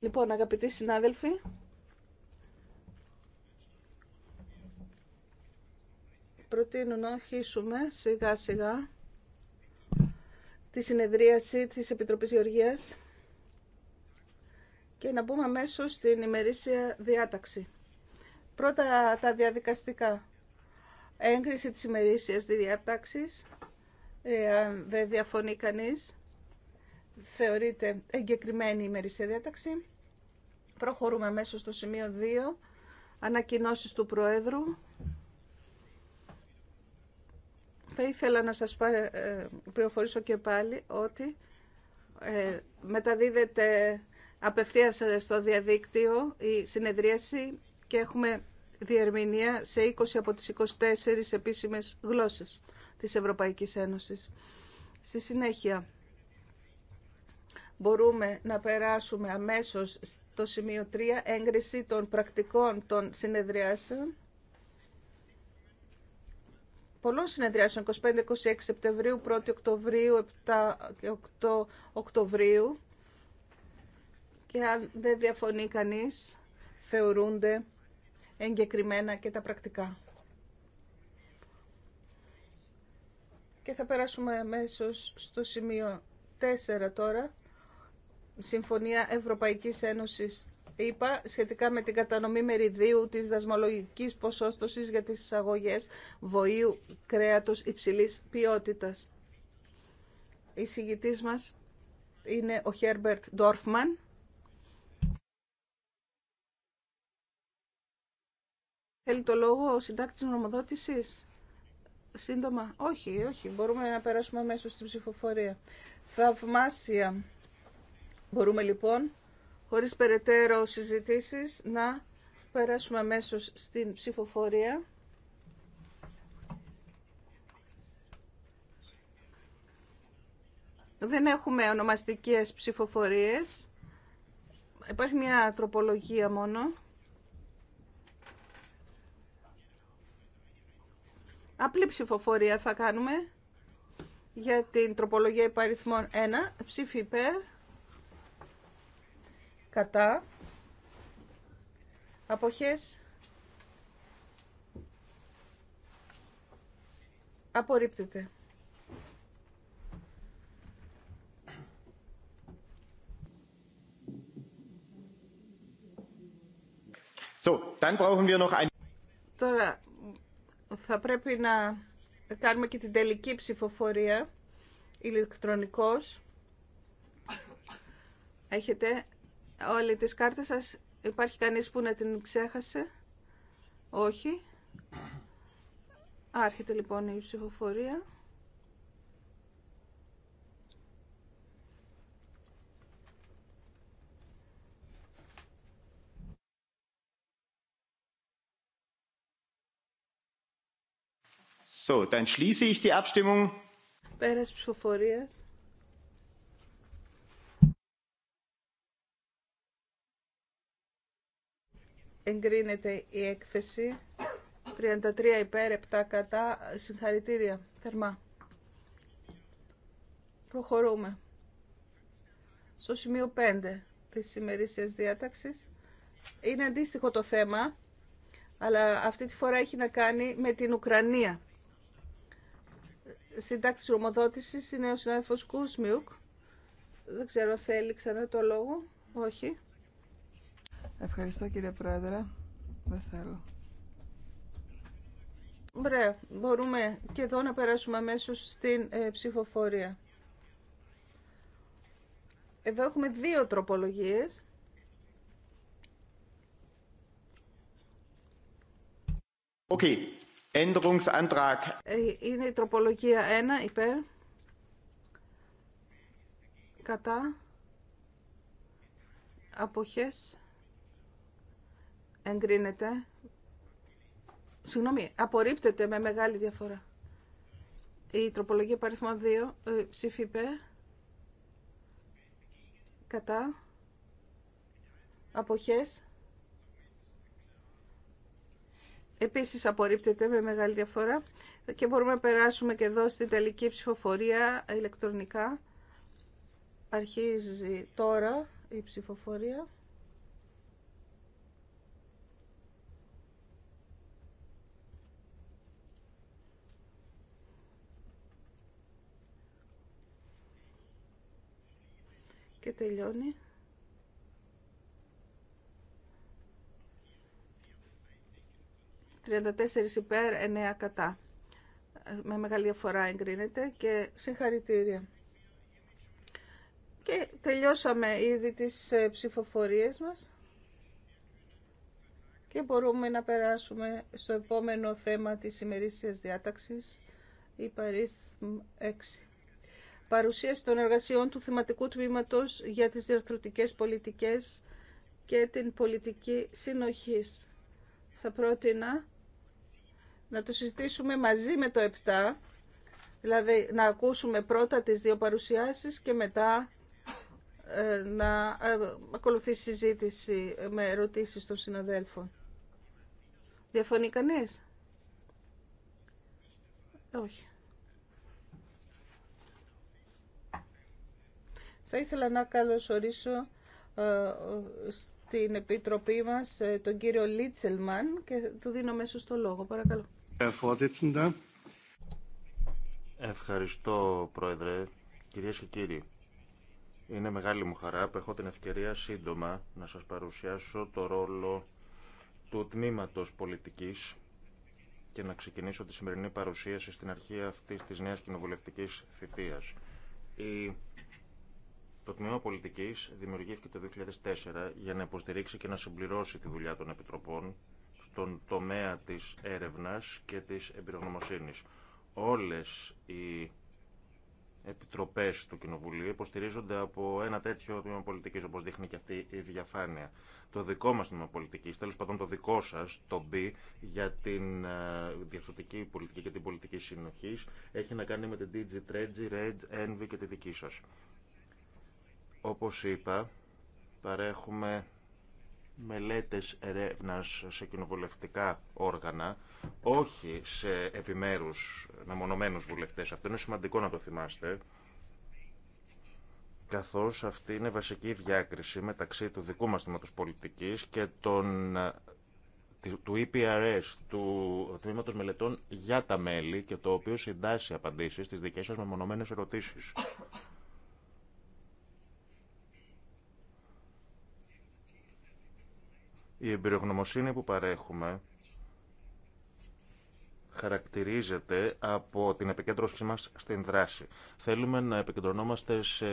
Λοιπόν, αγαπητοί συνάδελφοι, προτείνω να αρχίσουμε σιγά σιγά τη συνεδρίαση της Επιτροπής Γεωργίας και να μπούμε αμέσω στην ημερήσια διάταξη. Πρώτα τα διαδικαστικά. Έγκριση της ημερήσιας διάταξης, αν δεν διαφωνεί κανείς, θεωρείται εγκεκριμένη η ημερήσια διάταξη. Προχωρούμε αμέσως στο σημείο 2, ανακοινώσεις του Προέδρου. Θα ήθελα να σας ε, πληροφορήσω και πάλι ότι ε, μεταδίδεται απευθείας ε, στο διαδίκτυο η συνεδρίαση και έχουμε διερμηνία σε 20 από τις 24 επίσημες γλώσσες της Ευρωπαϊκής Ένωσης. Στη συνέχεια, μπορούμε να περάσουμε αμέσως στο σημείο 3, έγκριση των πρακτικών των συνεδριάσεων. Πολλών συνεδριάσεων, 25-26 Σεπτεμβρίου, 1 Οκτωβρίου, 7 και 8 Οκτωβρίου. Και αν δεν διαφωνεί κανείς, θεωρούνται εγκεκριμένα και τα πρακτικά. Και θα περάσουμε αμέσως στο σημείο 4 τώρα. Συμφωνία Ευρωπαϊκής Ένωσης είπα, σχετικά με την κατανομή μεριδίου της δασμολογικής ποσόστοσης για τις εισαγωγές βοήου κρέατος υψηλής ποιότητας. Η συγητής μας είναι ο Χέρμπερτ Ντόρφμαν. Θέλει το λόγο ο συντάκτης νομοδότησης. Σύντομα. Όχι, όχι. Μπορούμε να περάσουμε αμέσως στην ψηφοφορία. Θαυμάσια. Μπορούμε λοιπόν, χωρίς περαιτέρω συζητήσεις, να περάσουμε αμέσω στην ψηφοφορία. Δεν έχουμε ονομαστικές ψηφοφορίες. Υπάρχει μια τροπολογία μόνο. Απλή ψηφοφορία θα κάνουμε για την τροπολογία υπαριθμών 1. Ψήφι υπέρ κατά αποχές απορρίπτεται. So, dann brauchen wir Τώρα θα πρέπει να κάνουμε και την τελική ψηφοφορία ηλεκτρονικός. Έχετε Όλη τις κάρτες σας. Υπάρχει κανείς που να την ξέχασε. Όχι. Άρχεται λοιπόν η ψηφοφορία. So, dann schließe ich die Abstimmung. Πέρας εγκρίνεται η έκθεση. 33 υπέρ, 7 κατά. Συγχαρητήρια. Θερμά. Προχωρούμε. Στο σημείο 5 της ημερήσιας διάταξης. Είναι αντίστοιχο το θέμα, αλλά αυτή τη φορά έχει να κάνει με την Ουκρανία. Συντάκτης ρομοδότησης είναι ο συνάδελφος Κούσμιουκ. Δεν ξέρω θέλει ξανά το λόγο. Όχι. Ευχαριστώ κύριε Πρόεδρε. Δεν θέλω. Ωραία. Μπορούμε και εδώ να περάσουμε αμέσω στην ε, ψηφοφορία. Εδώ έχουμε δύο τροπολογίες. Okay. Änderungsantrag. Ε, είναι η τροπολογία 1 υπέρ. Κατά. Αποχές εγκρίνεται. Συγγνώμη, απορρίπτεται με μεγάλη διαφορά. Η τροπολογία παριθμό 2 ε, ψηφίπε, Κατά. Αποχές. Επίσης απορρίπτεται με μεγάλη διαφορά και μπορούμε να περάσουμε και εδώ στην τελική ψηφοφορία ηλεκτρονικά. Αρχίζει τώρα η ψηφοφορία. και τελειώνει. «34 υπέρ, 9 κατά». Με μεγάλη διαφορά εγκρίνεται και συγχαρητήρια. Και τελειώσαμε ήδη τις ε, ψηφοφορίες μας και μπορούμε να περάσουμε στο επόμενο θέμα της ημερήσιας διάταξης, υπαρίθμ 6 παρουσίαση των εργασιών του θεματικού τμήματος για τις διαρθρωτικές πολιτικές και την πολιτική συνοχής. Θα πρότεινα να το συζητήσουμε μαζί με το 7, δηλαδή να ακούσουμε πρώτα τις δύο παρουσιάσεις και μετά ε, να ε, ακολουθήσει συζήτηση με ερωτήσεις των συναδέλφων. Διαφωνεί κανείς? Όχι. Θα ήθελα να καλωσορίσω ε, στην Επιτροπή μας ε, τον κύριο Λίτσελμαν και του δίνω μέσω στο λόγο. Παρακαλώ. Ευχαριστώ, Πρόεδρε. Κυρίες και κύριοι, είναι μεγάλη μου χαρά που έχω την ευκαιρία σύντομα να σας παρουσιάσω το ρόλο του Τμήματος Πολιτικής και να ξεκινήσω τη σημερινή παρουσίαση στην αρχή αυτής της νέας κοινοβουλευτικής θητείας. Η το Τμήμα Πολιτική δημιουργήθηκε το 2004 για να υποστηρίξει και να συμπληρώσει τη δουλειά των Επιτροπών στον τομέα τη έρευνα και τη εμπειρογνωμοσύνη. Όλε οι επιτροπέ του Κοινοβουλίου υποστηρίζονται από ένα τέτοιο τμήμα πολιτική, όπω δείχνει και αυτή η διαφάνεια. Το δικό μα τμήμα πολιτική, τέλο πάντων το δικό σα, το B, για την ε, διευθυντική πολιτική και την πολιτική συνοχή, έχει να κάνει με την DG Trade, Red, Envy και τη δική σα. Όπως είπα, παρέχουμε μελέτες ερεύνας σε κοινοβουλευτικά όργανα, όχι σε επιμέρους μεμονωμένους βουλευτές. Αυτό είναι σημαντικό να το θυμάστε, καθώς αυτή είναι βασική διάκριση μεταξύ του δικού μας τμήματος πολιτικής και των, ε, του EPRS, του Τμήματος Μελετών για τα μέλη και το οποίο συντάσσει απαντήσεις στις δικές σας μεμονωμένες ερωτήσεις. Η εμπειρογνωμοσύνη που παρέχουμε χαρακτηρίζεται από την επικέντρωσή μας στην δράση. Θέλουμε να επικεντρωνόμαστε σε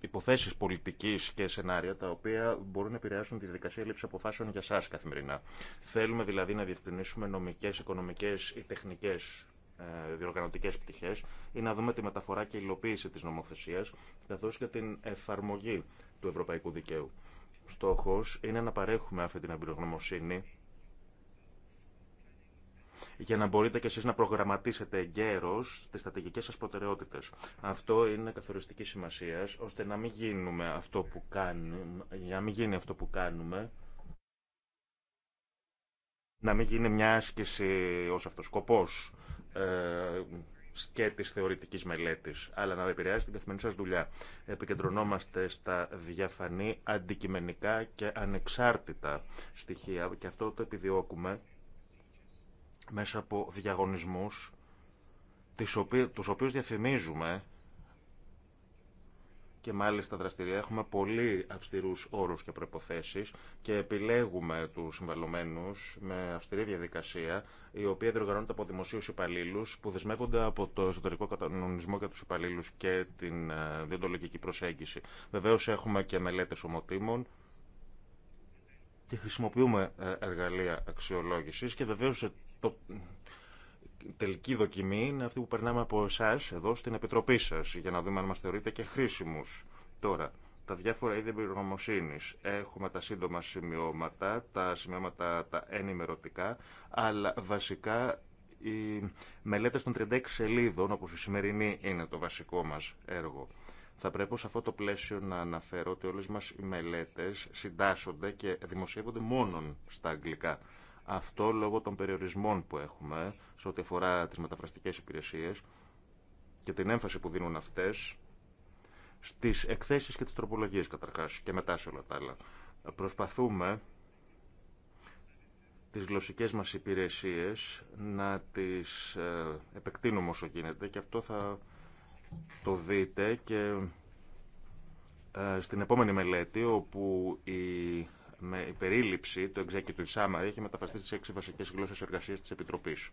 υποθέσεις πολιτικής και σενάρια τα οποία μπορούν να επηρεάσουν τη δικασία λήψη αποφάσεων για σας καθημερινά. Θέλουμε δηλαδή να διευκρινίσουμε νομικές, οικονομικές ή τεχνικές ε, διοργανωτικές πτυχές ή να δούμε τη μεταφορά και υλοποίηση της νομοθεσίας καθώς και την εφαρμογή του ευρωπαϊκού δικαίου στόχος είναι να παρέχουμε αυτή την εμπειρογνωμοσύνη για να μπορείτε και εσείς να προγραμματίσετε εγκαίρως τις στρατηγικές σας προτεραιότητες. Αυτό είναι καθοριστική σημασία, ώστε να μην, γίνουμε αυτό που κάνουμε, να μην γίνει αυτό που κάνουμε, να μην γίνει μια άσκηση ως αυτός σκοπός, ε, και τη θεωρητική μελέτη, αλλά να επηρεάσει την καθημερινή σα δουλειά. Επικεντρωνόμαστε στα διαφανή, αντικειμενικά και ανεξάρτητα στοιχεία και αυτό το επιδιώκουμε μέσα από διαγωνισμούς τους οποίους διαφημίζουμε και μάλιστα δραστηρία. Έχουμε πολύ αυστηρούς όρου και προποθέσει και επιλέγουμε του συμβαλωμένου με αυστηρή διαδικασία η οποία διοργανώνεται από δημοσίου υπαλλήλου που δεσμεύονται από το εσωτερικό κατανομισμό για τους υπαλλήλου και την ε, διοντολογική προσέγγιση. Βεβαίω έχουμε και μελέτες ομοτήμων και χρησιμοποιούμε ε, εργαλεία αξιολόγηση και βεβαίως το τελική δοκιμή είναι αυτή που περνάμε από εσά εδώ στην Επιτροπή σα, για να δούμε αν μα θεωρείτε και χρήσιμου. Τώρα, τα διάφορα είδη εμπειρογνωμοσύνη. Έχουμε τα σύντομα σημειώματα, τα σημειώματα τα ενημερωτικά, αλλά βασικά οι μελέτε των 36 σελίδων, όπω η σημερινή είναι το βασικό μα έργο. Θα πρέπει σε αυτό το πλαίσιο να αναφέρω ότι όλες μας οι μελέτες συντάσσονται και δημοσιεύονται μόνον στα αγγλικά. Αυτό λόγω των περιορισμών που έχουμε σε ό,τι αφορά τις μεταφραστικές υπηρεσίες και την έμφαση που δίνουν αυτές στις εκθέσεις και τις τροπολογίες καταρχάς και μετά σε όλα τα άλλα. Προσπαθούμε τις γλωσσικές μας υπηρεσίες να τις ε, επεκτείνουμε όσο γίνεται και αυτό θα το δείτε και ε, στην επόμενη μελέτη όπου η με υπερίληψη, το executive summary έχει μεταφραστεί στις έξι βασικές γλώσσες εργασίας της Επιτροπής.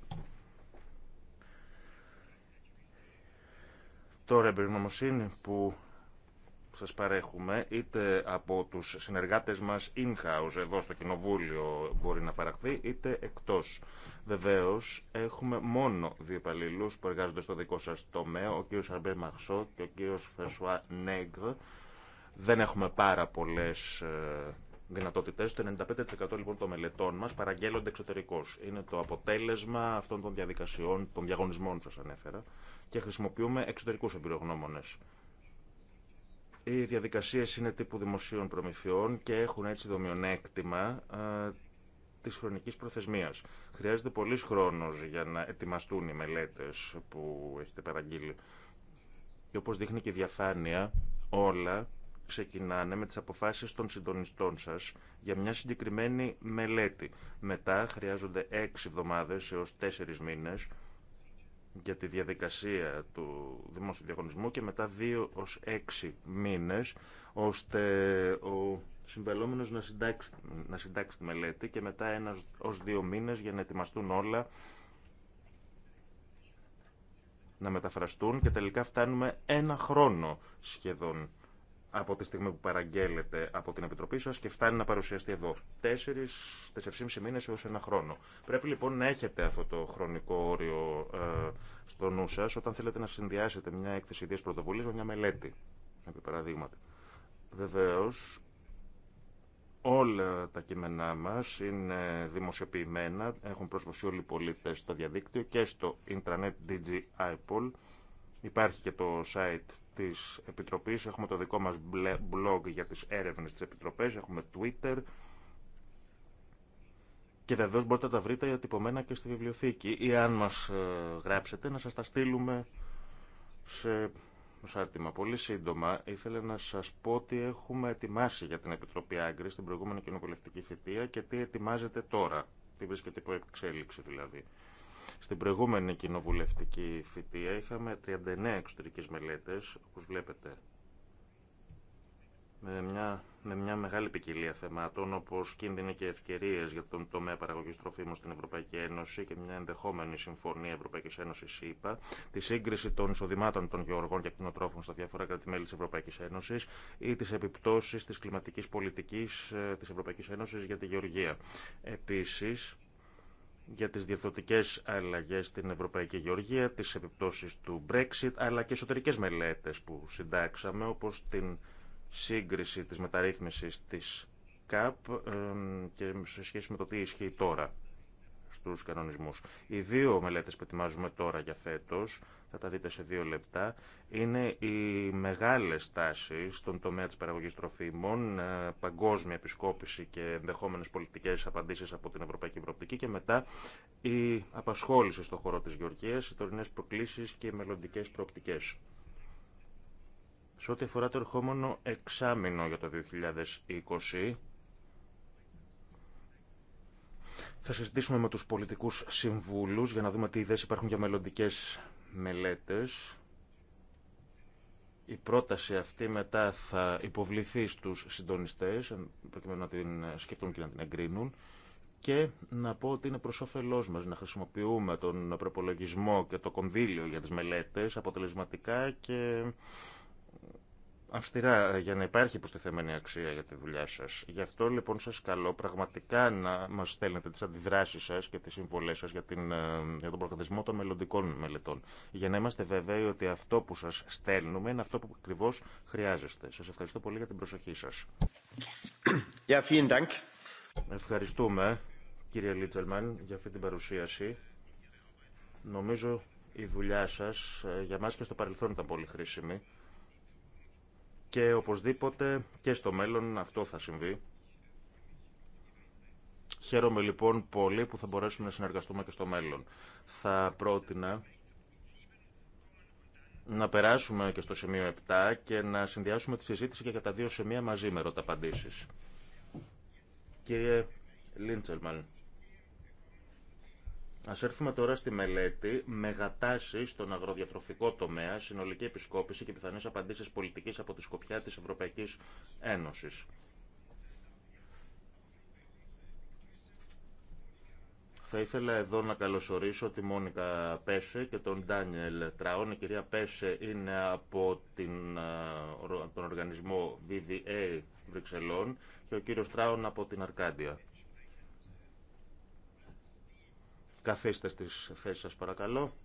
Τώρα, εμπειρογνωμοσύνη που σας παρέχουμε, είτε από τους συνεργάτες μας in-house εδώ στο Κοινοβούλιο μπορεί να παραχθεί, είτε εκτός. Βεβαίως, έχουμε μόνο δύο υπαλλήλου που εργάζονται στο δικό σας τομέα, ο κ. Αρμπέρ Μαχσό και ο κ. Φεσουά Νέγκ. Δεν έχουμε πάρα πολλές ε, δυνατότητες. Το 95% λοιπόν των μελετών μας παραγγέλλονται εξωτερικώς. Είναι το αποτέλεσμα αυτών των διαδικασιών, των διαγωνισμών που σας ανέφερα και χρησιμοποιούμε εξωτερικούς εμπειρογνώμονες. Οι διαδικασίες είναι τύπου δημοσίων προμηθειών και έχουν έτσι δομιονέκτημα τη χρονική προθεσμία. Χρειάζεται πολλή χρόνο για να ετοιμαστούν οι μελέτε που έχετε παραγγείλει. Και όπω δείχνει και η διαφάνεια, όλα ξεκινάνε με τις αποφάσεις των συντονιστών σας για μια συγκεκριμένη μελέτη. Μετά χρειάζονται έξι εβδομάδες έως τέσσερις μήνες για τη διαδικασία του δημόσιου διαγωνισμού και μετά δύο ως έξι μήνες ώστε ο συμπελόμενος να συντάξει, να συντάξει τη μελέτη και μετά ένα ως δύο μήνες για να ετοιμαστούν όλα να μεταφραστούν και τελικά φτάνουμε ένα χρόνο σχεδόν από τη στιγμή που παραγγέλλεται από την Επιτροπή σα και φτάνει να παρουσιαστεί εδώ. Τέσσερι, τεσσερισήμιση μήνε έω ένα χρόνο. Πρέπει λοιπόν να έχετε αυτό το χρονικό όριο ε, στο νου σα όταν θέλετε να συνδυάσετε μια έκθεση ιδέα πρωτοβουλία με μια μελέτη. Επί παραδείγματο. Βεβαίω, όλα τα κείμενά μα είναι δημοσιοποιημένα, έχουν πρόσβαση όλοι οι πολίτε στο διαδίκτυο και στο intranet DG Υπάρχει και το site της Επιτροπής. Έχουμε το δικό μας blog για τις έρευνες της Επιτροπής. Έχουμε Twitter. Και βεβαίω μπορείτε να τα βρείτε ατυπωμένα και στη βιβλιοθήκη. Ή αν μας ε, γράψετε να σας τα στείλουμε σε Άρτημα. Πολύ σύντομα ήθελα να σας πω τι έχουμε ετοιμάσει για την Επιτροπή Άγκρη στην προηγούμενη κοινοβουλευτική θητεία και τι ετοιμάζεται τώρα. Τι βρίσκεται υπό εξέλιξη δηλαδή. Στην προηγούμενη κοινοβουλευτική φοιτεία είχαμε 39 εξωτερικές μελέτες, όπως βλέπετε, με μια, με μια μεγάλη ποικιλία θεμάτων, όπως κίνδυνοι και ευκαιρίες για τον τομέα παραγωγής τροφίμων στην Ευρωπαϊκή Ένωση και μια ενδεχόμενη συμφωνία Ευρωπαϊκής Ένωσης, ΗΠΑ, τη σύγκριση των εισοδημάτων των γεωργών και κτηνοτρόφων στα διάφορα κράτη-μέλη της Ευρωπαϊκής Ένωσης ή τις επιπτώσεις της κλιματικής πολιτική ε, της Ευρωπαϊκής Ένωσης για τη γεωργία. Επίσης, για τις διευθυντικές αλλαγές στην Ευρωπαϊκή Γεωργία, τις επιπτώσεις του Brexit, αλλά και εσωτερικές μελέτες που συντάξαμε, όπως την σύγκριση της μεταρρύθμισης της ΚΑΠ και σε σχέση με το τι ισχύει τώρα κανονισμούς. Οι δύο μελέτες που ετοιμάζουμε τώρα για φέτος, θα τα δείτε σε δύο λεπτά, είναι οι μεγάλες τάσει στον τομέα της παραγωγής τροφίμων, ε, παγκόσμια επισκόπηση και ενδεχόμενες πολιτικές απαντήσεις από την Ευρωπαϊκή Προοπτική και μετά η απασχόληση στον χώρο της Γεωργίας, οι τωρινές προκλήσεις και οι μελλοντικέ προοπτικές. Σε ό,τι αφορά το ερχόμενο εξάμεινο για το 2020, Θα συζητήσουμε με τους πολιτικούς συμβούλους για να δούμε τι ιδέες υπάρχουν για μελλοντικές μελέτες. Η πρόταση αυτή μετά θα υποβληθεί στους συντονιστές, προκειμένου να την σκεφτούν και να την εγκρίνουν. Και να πω ότι είναι προς όφελός μα να χρησιμοποιούμε τον προπολογισμό και το κονδύλιο για τις μελέτες αποτελεσματικά και αυστηρά για να υπάρχει υποστηθέμενη αξία για τη δουλειά σα. Γι' αυτό λοιπόν σα καλώ πραγματικά να μα στέλνετε τι αντιδράσει σα και τι συμβολέ σα για, ε, για τον προγραμματισμό των μελλοντικών μελετών. Για να είμαστε βεβαίοι ότι αυτό που σα στέλνουμε είναι αυτό που ακριβώ χρειάζεστε. Σα ευχαριστώ πολύ για την προσοχή σα. Ja, Ευχαριστούμε κύριε Λίτσελμαν για αυτή την παρουσίαση. Νομίζω η δουλειά σας ε, για μας και στο παρελθόν ήταν πολύ χρήσιμη και οπωσδήποτε και στο μέλλον αυτό θα συμβεί. Χαίρομαι λοιπόν πολύ που θα μπορέσουμε να συνεργαστούμε και στο μέλλον. Θα πρότεινα να περάσουμε και στο σημείο 7 και να συνδυάσουμε τη συζήτηση και για τα δύο σημεία μαζί με ρωταπαντήσεις. Κύριε Λίντσελμαν, Α έρθουμε τώρα στη μελέτη μεγατάσει στον αγροδιατροφικό τομέα, συνολική επισκόπηση και πιθανέ απαντήσεις πολιτική από τη σκοπιά της Ευρωπαϊκής Ένωσης. Θα ήθελα εδώ να καλωσορίσω τη Μόνικα Πέσε και τον Ντάνιελ Τραόν. Η κυρία Πέσε είναι από ε, τον οργανισμό VVA Βρυξελών και ο κύριος Τράον από την Αρκάντια. Καθίστε στις θέσεις σας παρακαλώ.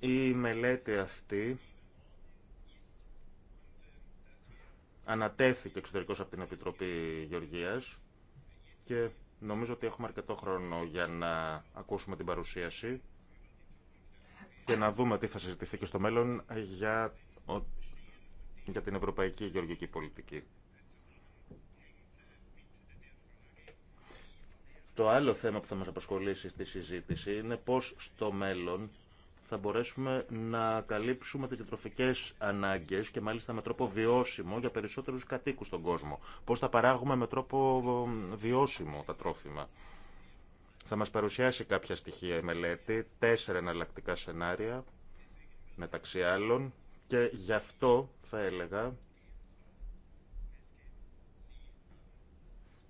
Η μελέτη αυτή ανατέθηκε εξωτερικώς από την Επιτροπή Γεωργίας και νομίζω ότι έχουμε αρκετό χρόνο για να ακούσουμε την παρουσίαση και να δούμε τι θα συζητηθεί και στο μέλλον για, για την ευρωπαϊκή γεωργική πολιτική. Το άλλο θέμα που θα μας απασχολήσει στη συζήτηση είναι πώς στο μέλλον θα μπορέσουμε να καλύψουμε τις διατροφικές ανάγκες και μάλιστα με τρόπο βιώσιμο για περισσότερους κατοίκους στον κόσμο. Πώς θα παράγουμε με τρόπο βιώσιμο τα τρόφιμα. Θα μας παρουσιάσει κάποια στοιχεία η μελέτη, τέσσερα εναλλακτικά σενάρια μεταξύ άλλων και γι' αυτό θα έλεγα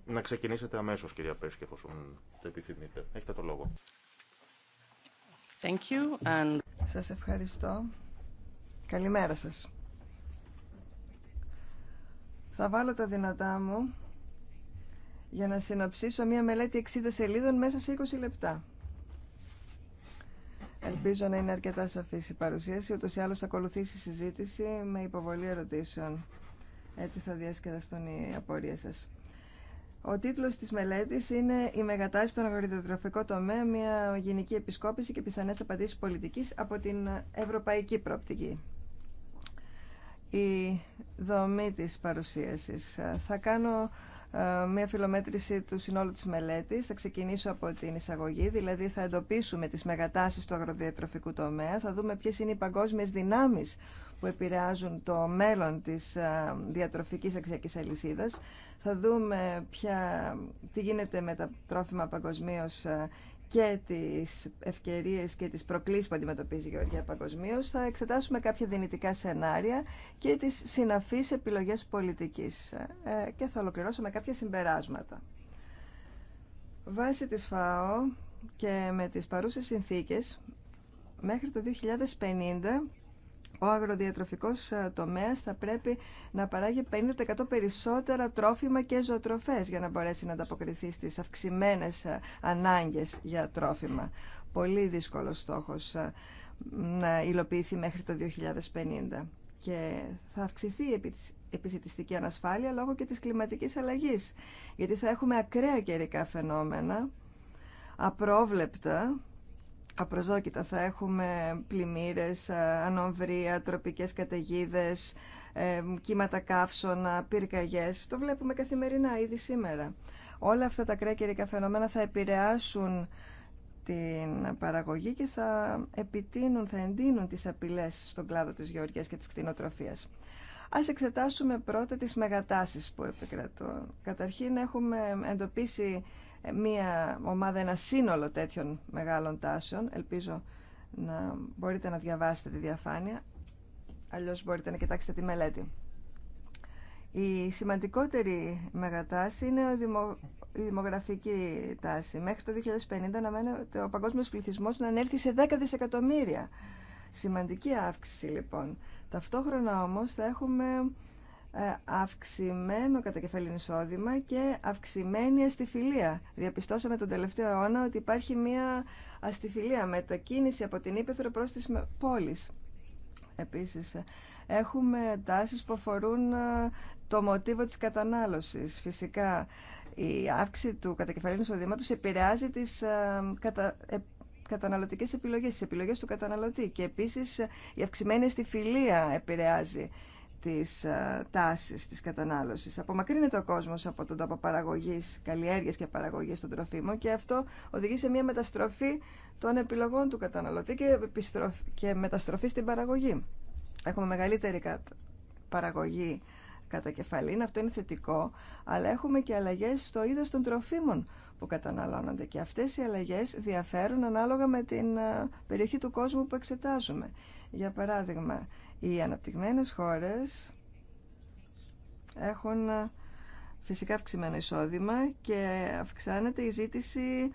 Να ξεκινήσετε αμέσω κυρία Πέσκη, εφόσον το επιθυμείτε. Έχετε το λόγο. Σας ευχαριστώ. Καλημέρα σας. Θα βάλω τα δυνατά μου για να συνοψίσω μία μελέτη 60 σελίδων μέσα σε 20 λεπτά. Ελπίζω να είναι αρκετά σαφής η παρουσίαση, ούτως ή άλλως θα ακολουθήσει η συζήτηση με υποβολή ερωτήσεων. Έτσι θα διασκεδαστούν οι απορίες σας. Ο τίτλος της μελέτης είναι «Η μεγατάση στον αγροδιοτροφικό τομέα, μια γενική επισκόπηση και πιθανές απαντήσεις πολιτικής από την ευρωπαϊκή προοπτική». Η δομή της παρουσίασης. Θα κάνω ε, μια φιλομέτρηση του συνόλου της μελέτης. Θα ξεκινήσω από την εισαγωγή, δηλαδή θα εντοπίσουμε τις μεγατάσεις του αγροδιατροφικού τομέα, θα δούμε ποιες είναι οι παγκόσμιες δυνάμεις που επηρεάζουν το μέλλον της ε, διατροφικής αξιακής αλυσίδας. Θα δούμε ποια, τι γίνεται με τα τρόφιμα παγκοσμίω ε, και τις ευκαιρίες και τις προκλήσεις που αντιμετωπίζει η Γεωργία παγκοσμίω. Θα εξετάσουμε κάποια δυνητικά σενάρια και τις συναφείς επιλογές πολιτικής ε, και θα ολοκληρώσουμε κάποια συμπεράσματα. Βάσει της ΦΑΟ και με τις παρούσες συνθήκες, μέχρι το 2050 ο αγροδιατροφικός ε, τομέας θα πρέπει να παράγει 50% περισσότερα τρόφιμα και ζωοτροφές για να μπορέσει να ανταποκριθεί στις αυξημένες ε, ανάγκες για τρόφιμα. Πολύ δύσκολος στόχος ε, να υλοποιηθεί μέχρι το 2050 και θα αυξηθεί η επισητιστική ανασφάλεια λόγω και της κλιματικής αλλαγής γιατί θα έχουμε ακραία καιρικά φαινόμενα απρόβλεπτα απροσδόκητα θα έχουμε πλημμύρες, ε, ανομβρία, τροπικές καταιγίδε, ε, κύματα καύσωνα, πυρκαγιές. Το βλέπουμε καθημερινά ήδη σήμερα. Όλα αυτά τα κρέκερικα φαινομένα θα επηρεάσουν την παραγωγή και θα επιτείνουν, θα εντείνουν τις απειλές στον κλάδο της γεωργίας και της κτηνοτροφίας. Ας εξετάσουμε πρώτα τις μεγατάσεις που επικρατούν. Καταρχήν έχουμε εντοπίσει μία ομάδα, ένα σύνολο τέτοιων μεγάλων τάσεων. Ελπίζω να μπορείτε να διαβάσετε τη διαφάνεια, αλλιώς μπορείτε να κοιτάξετε τη μελέτη. Η σημαντικότερη μεγατάση είναι η δημογραφική τάση. Μέχρι το 2050 αναμένεται ο παγκόσμιος πληθυσμός να ανέλθει σε 10 δισεκατομμύρια. Σημαντική αύξηση λοιπόν. Ταυτόχρονα όμως θα έχουμε ε, αυξημένο κατακεφαλήν εισόδημα και αυξημένη αστιφιλία. Διαπιστώσαμε τον τελευταίο αιώνα ότι υπάρχει μια αστιφιλία μετακίνηση από την Ήπεθρο προς τις πόλεις. Επίσης, έχουμε τάσεις που αφορούν ε, το μοτίβο της κατανάλωσης. Φυσικά, η αύξηση του κατακεφαλήν εισόδηματο επηρεάζει τις ε, κατα καταναλωτικέ επιλογέ, τι του καταναλωτή. Και επίσης η αυξημένη αστιφιλία επηρεάζει τις ε, τάσεις της κατανάλωσης. Απομακρύνεται ο κόσμος από τον τόπο παραγωγής, καλλιέργειας και παραγωγής των τροφίμων και αυτό οδηγεί σε μια μεταστροφή των επιλογών του καταναλωτή και μεταστροφή στην παραγωγή. Έχουμε μεγαλύτερη παραγωγή κατά κεφαλή, αυτό είναι θετικό, αλλά έχουμε και αλλαγές στο είδος των τροφίμων που καταναλώνονται και αυτές οι αλλαγές διαφέρουν ανάλογα με την ε, περιοχή του κόσμου που εξετάζουμε. Για παράδειγμα, οι αναπτυγμένες χώρες έχουν ε, φυσικά αυξημένο εισόδημα και αυξάνεται η ζήτηση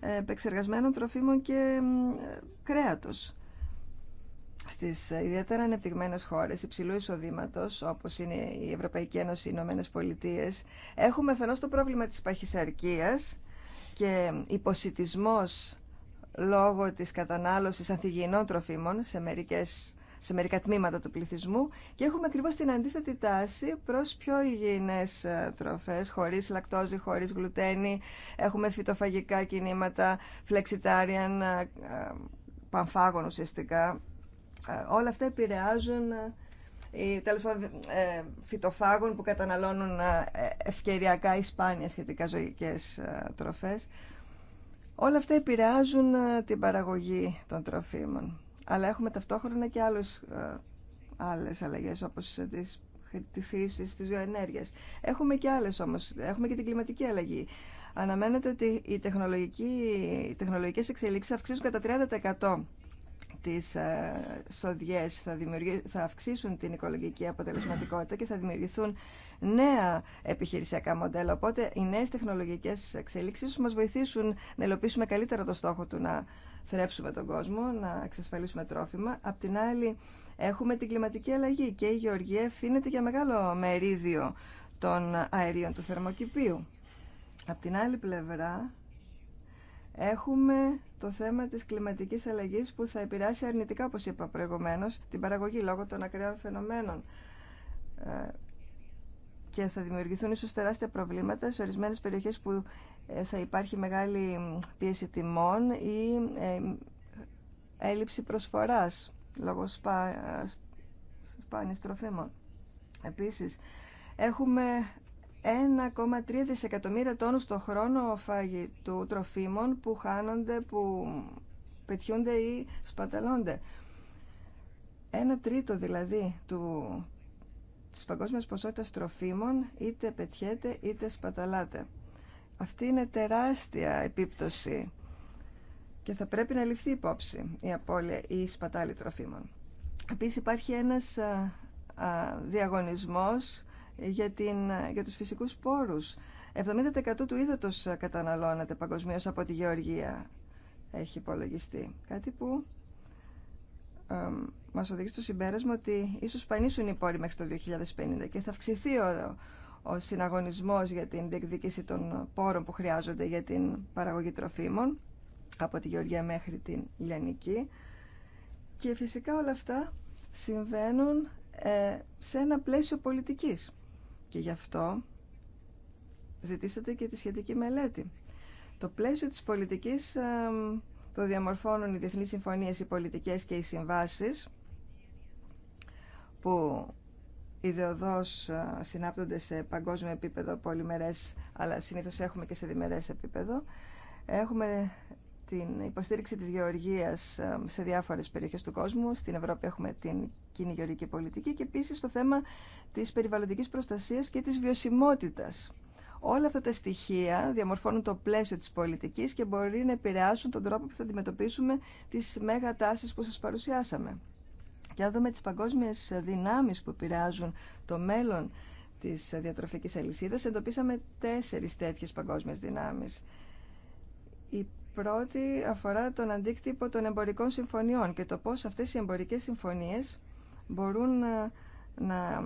ε, επεξεργασμένων τροφίμων και ε, κρέατος. Στις ιδιαίτερα ανεπτυγμένες χώρες υψηλού εισοδήματο, όπως είναι η Ευρωπαϊκή Ένωση, οι Ηνωμένε Πολιτείε, έχουμε αφενός το πρόβλημα της παχυσαρκίας και υποσυτισμός λόγω της κατανάλωσης ανθυγιεινών τροφίμων σε μερικές σε μερικά τμήματα του πληθυσμού και έχουμε ακριβώς την αντίθετη τάση προς πιο υγιεινές ε, τροφές, χωρίς λακτόζη, χωρίς γλουτένη. Έχουμε φυτοφαγικά κινήματα, flexitarian, ε, ε, πανφάγων ουσιαστικά. Όλα αυτά επηρεάζουν ή τέλος πάντων φυτοφάγων που καταναλώνουν ευκαιριακά ή σπάνια σχετικά ζωικές τροφές. Όλα αυτά επηρεάζουν την παραγωγή των τροφίμων αλλά έχουμε ταυτόχρονα και άλλους, ε, άλλες αλλαγές όπως τις τη χρήση τη βιοενέργεια. Έχουμε και άλλε όμω. Έχουμε και την κλιματική αλλαγή. Αναμένεται ότι οι, οι τεχνολογικέ εξελίξει αυξήσουν κατά 30% τις ε, σοδιές θα, θα αυξήσουν την οικολογική αποτελεσματικότητα και θα δημιουργηθούν νέα επιχειρησιακά μοντέλα. Οπότε οι νέε τεχνολογικέ εξελίξει μα βοηθήσουν να υλοποιήσουμε καλύτερα το στόχο του να θρέψουμε τον κόσμο, να εξασφαλίσουμε τρόφιμα. Απ' την άλλη, έχουμε την κλιματική αλλαγή και η γεωργία ευθύνεται για μεγάλο μερίδιο των αερίων του θερμοκηπίου. Απ' την άλλη πλευρά, έχουμε το θέμα της κλιματικής αλλαγής που θα επηρεάσει αρνητικά, όπως είπα προηγουμένως, την παραγωγή λόγω των ακραίων φαινομένων ε, και θα δημιουργηθούν ίσως τεράστια προβλήματα σε ορισμένες περιοχές που ε, θα υπάρχει μεγάλη πίεση τιμών ή ε, έλλειψη προσφοράς λόγω σπα... σπάνιες τροφίμων. Επίσης, έχουμε 1,3 δισεκατομμύρια τόνους το χρόνο φαγητού τροφίμων που χάνονται, που πετιούνται ή σπαταλώνται. Ένα τρίτο δηλαδή του της παγκόσμιας ποσότητα τροφίμων είτε πετιέται είτε σπαταλάται. Αυτή είναι τεράστια επίπτωση και θα πρέπει να ληφθεί υπόψη η απώλεια ή η σπαταλη τροφίμων. Επίσης υπάρχει ένας διαγωνισμός για, την, για τους φυσικούς πόρους. 70% του ύδατος καταναλώνεται παγκοσμίως από τη γεωργία, έχει υπολογιστεί. Κάτι που Μα οδηγεί στο συμπέρασμα ότι ίσω πανίσουν οι πόροι μέχρι το 2050 και θα αυξηθεί ο, ο συναγωνισμό για την διεκδίκηση των πόρων που χρειάζονται για την παραγωγή τροφίμων από τη Γεωργία μέχρι την Λιανική και φυσικά όλα αυτά συμβαίνουν ε, σε ένα πλαίσιο πολιτικής και γι' αυτό ζητήσατε και τη σχετική μελέτη. Το πλαίσιο της πολιτικής το διαμορφώνουν οι διεθνείς συμφωνίες, οι πολιτικές και οι συμβάσεις που ιδεωδώς ε, συνάπτονται σε παγκόσμιο επίπεδο πολυμερές, αλλά συνήθως έχουμε και σε διμερές επίπεδο. Έχουμε την υποστήριξη της γεωργίας ε, σε διάφορες περιοχές του κόσμου. Στην Ευρώπη έχουμε την κοινή γεωργική πολιτική και επίσης το θέμα της περιβαλλοντικής προστασίας και της βιωσιμότητας. Όλα αυτά τα στοιχεία διαμορφώνουν το πλαίσιο της πολιτικής και μπορεί να επηρεάσουν τον τρόπο που θα αντιμετωπίσουμε τις μέγα τάσεις που σας παρουσιάσαμε. Και να δούμε τις παγκόσμιες δυνάμεις που επηρεάζουν το μέλλον της διατροφικής αλυσίδας, εντοπίσαμε τέσσερις τέτοιες παγκόσμιες δυνάμεις. Η πρώτη αφορά τον αντίκτυπο των εμπορικών συμφωνιών και το πώς αυτές οι εμπορικές συμφωνίες μπορούν να, ε, να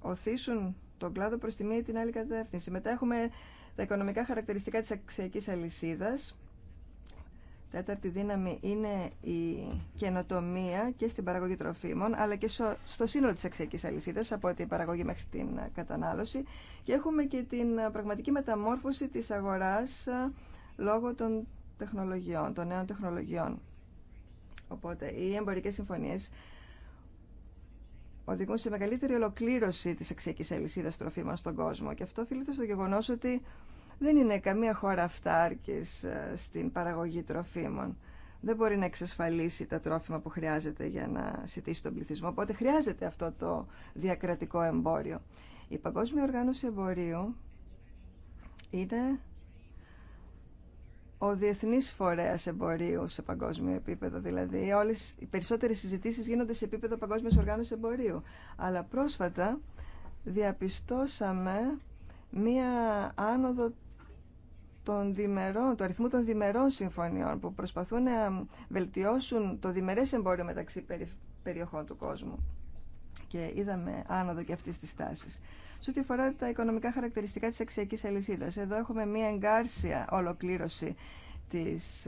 οθήσουν τον κλάδο προς τη μία ή την άλλη κατεύθυνση. Μετά έχουμε τα οικονομικά χαρακτηριστικά της αξιακής αλυσίδας, τέταρτη δύναμη είναι η καινοτομία και στην παραγωγή τροφίμων, αλλά και στο σύνολο της αξιακής αλυσίδας, από την παραγωγή μέχρι την κατανάλωση. Και έχουμε και την πραγματική μεταμόρφωση της αγοράς ε, λόγω των τεχνολογιών, των νέων τεχνολογιών. Οπότε, οι εμπορικές συμφωνίες οδηγούν σε μεγαλύτερη ολοκλήρωση της αξιακής αλυσίδας τροφίμων στον κόσμο. Και αυτό οφείλεται στο γεγονός ότι δεν είναι καμία χώρα αυτάρκης ε, στην παραγωγή τροφίμων. Δεν μπορεί να εξασφαλίσει τα τρόφιμα που χρειάζεται για να σητήσει τον πληθυσμό. Οπότε χρειάζεται αυτό το διακρατικό εμπόριο. Η Παγκόσμια Οργάνωση Εμπορίου είναι ο διεθνής φορέας εμπορίου σε παγκόσμιο επίπεδο. Δηλαδή, όλες οι περισσότερες συζητήσεις γίνονται σε επίπεδο Παγκόσμιας Οργάνωσης Εμπορίου. Αλλά πρόσφατα διαπιστώσαμε μία άνοδο των διμερών, του αριθμού των διμερών συμφωνιών που προσπαθούν να βελτιώσουν το διμερές εμπόριο μεταξύ περιοχών του κόσμου. Και είδαμε άνοδο και αυτή τη τάση. Σε ό,τι αφορά τα οικονομικά χαρακτηριστικά τη αξιακή αλυσίδα, εδώ έχουμε μία εγκάρσια ολοκλήρωση τη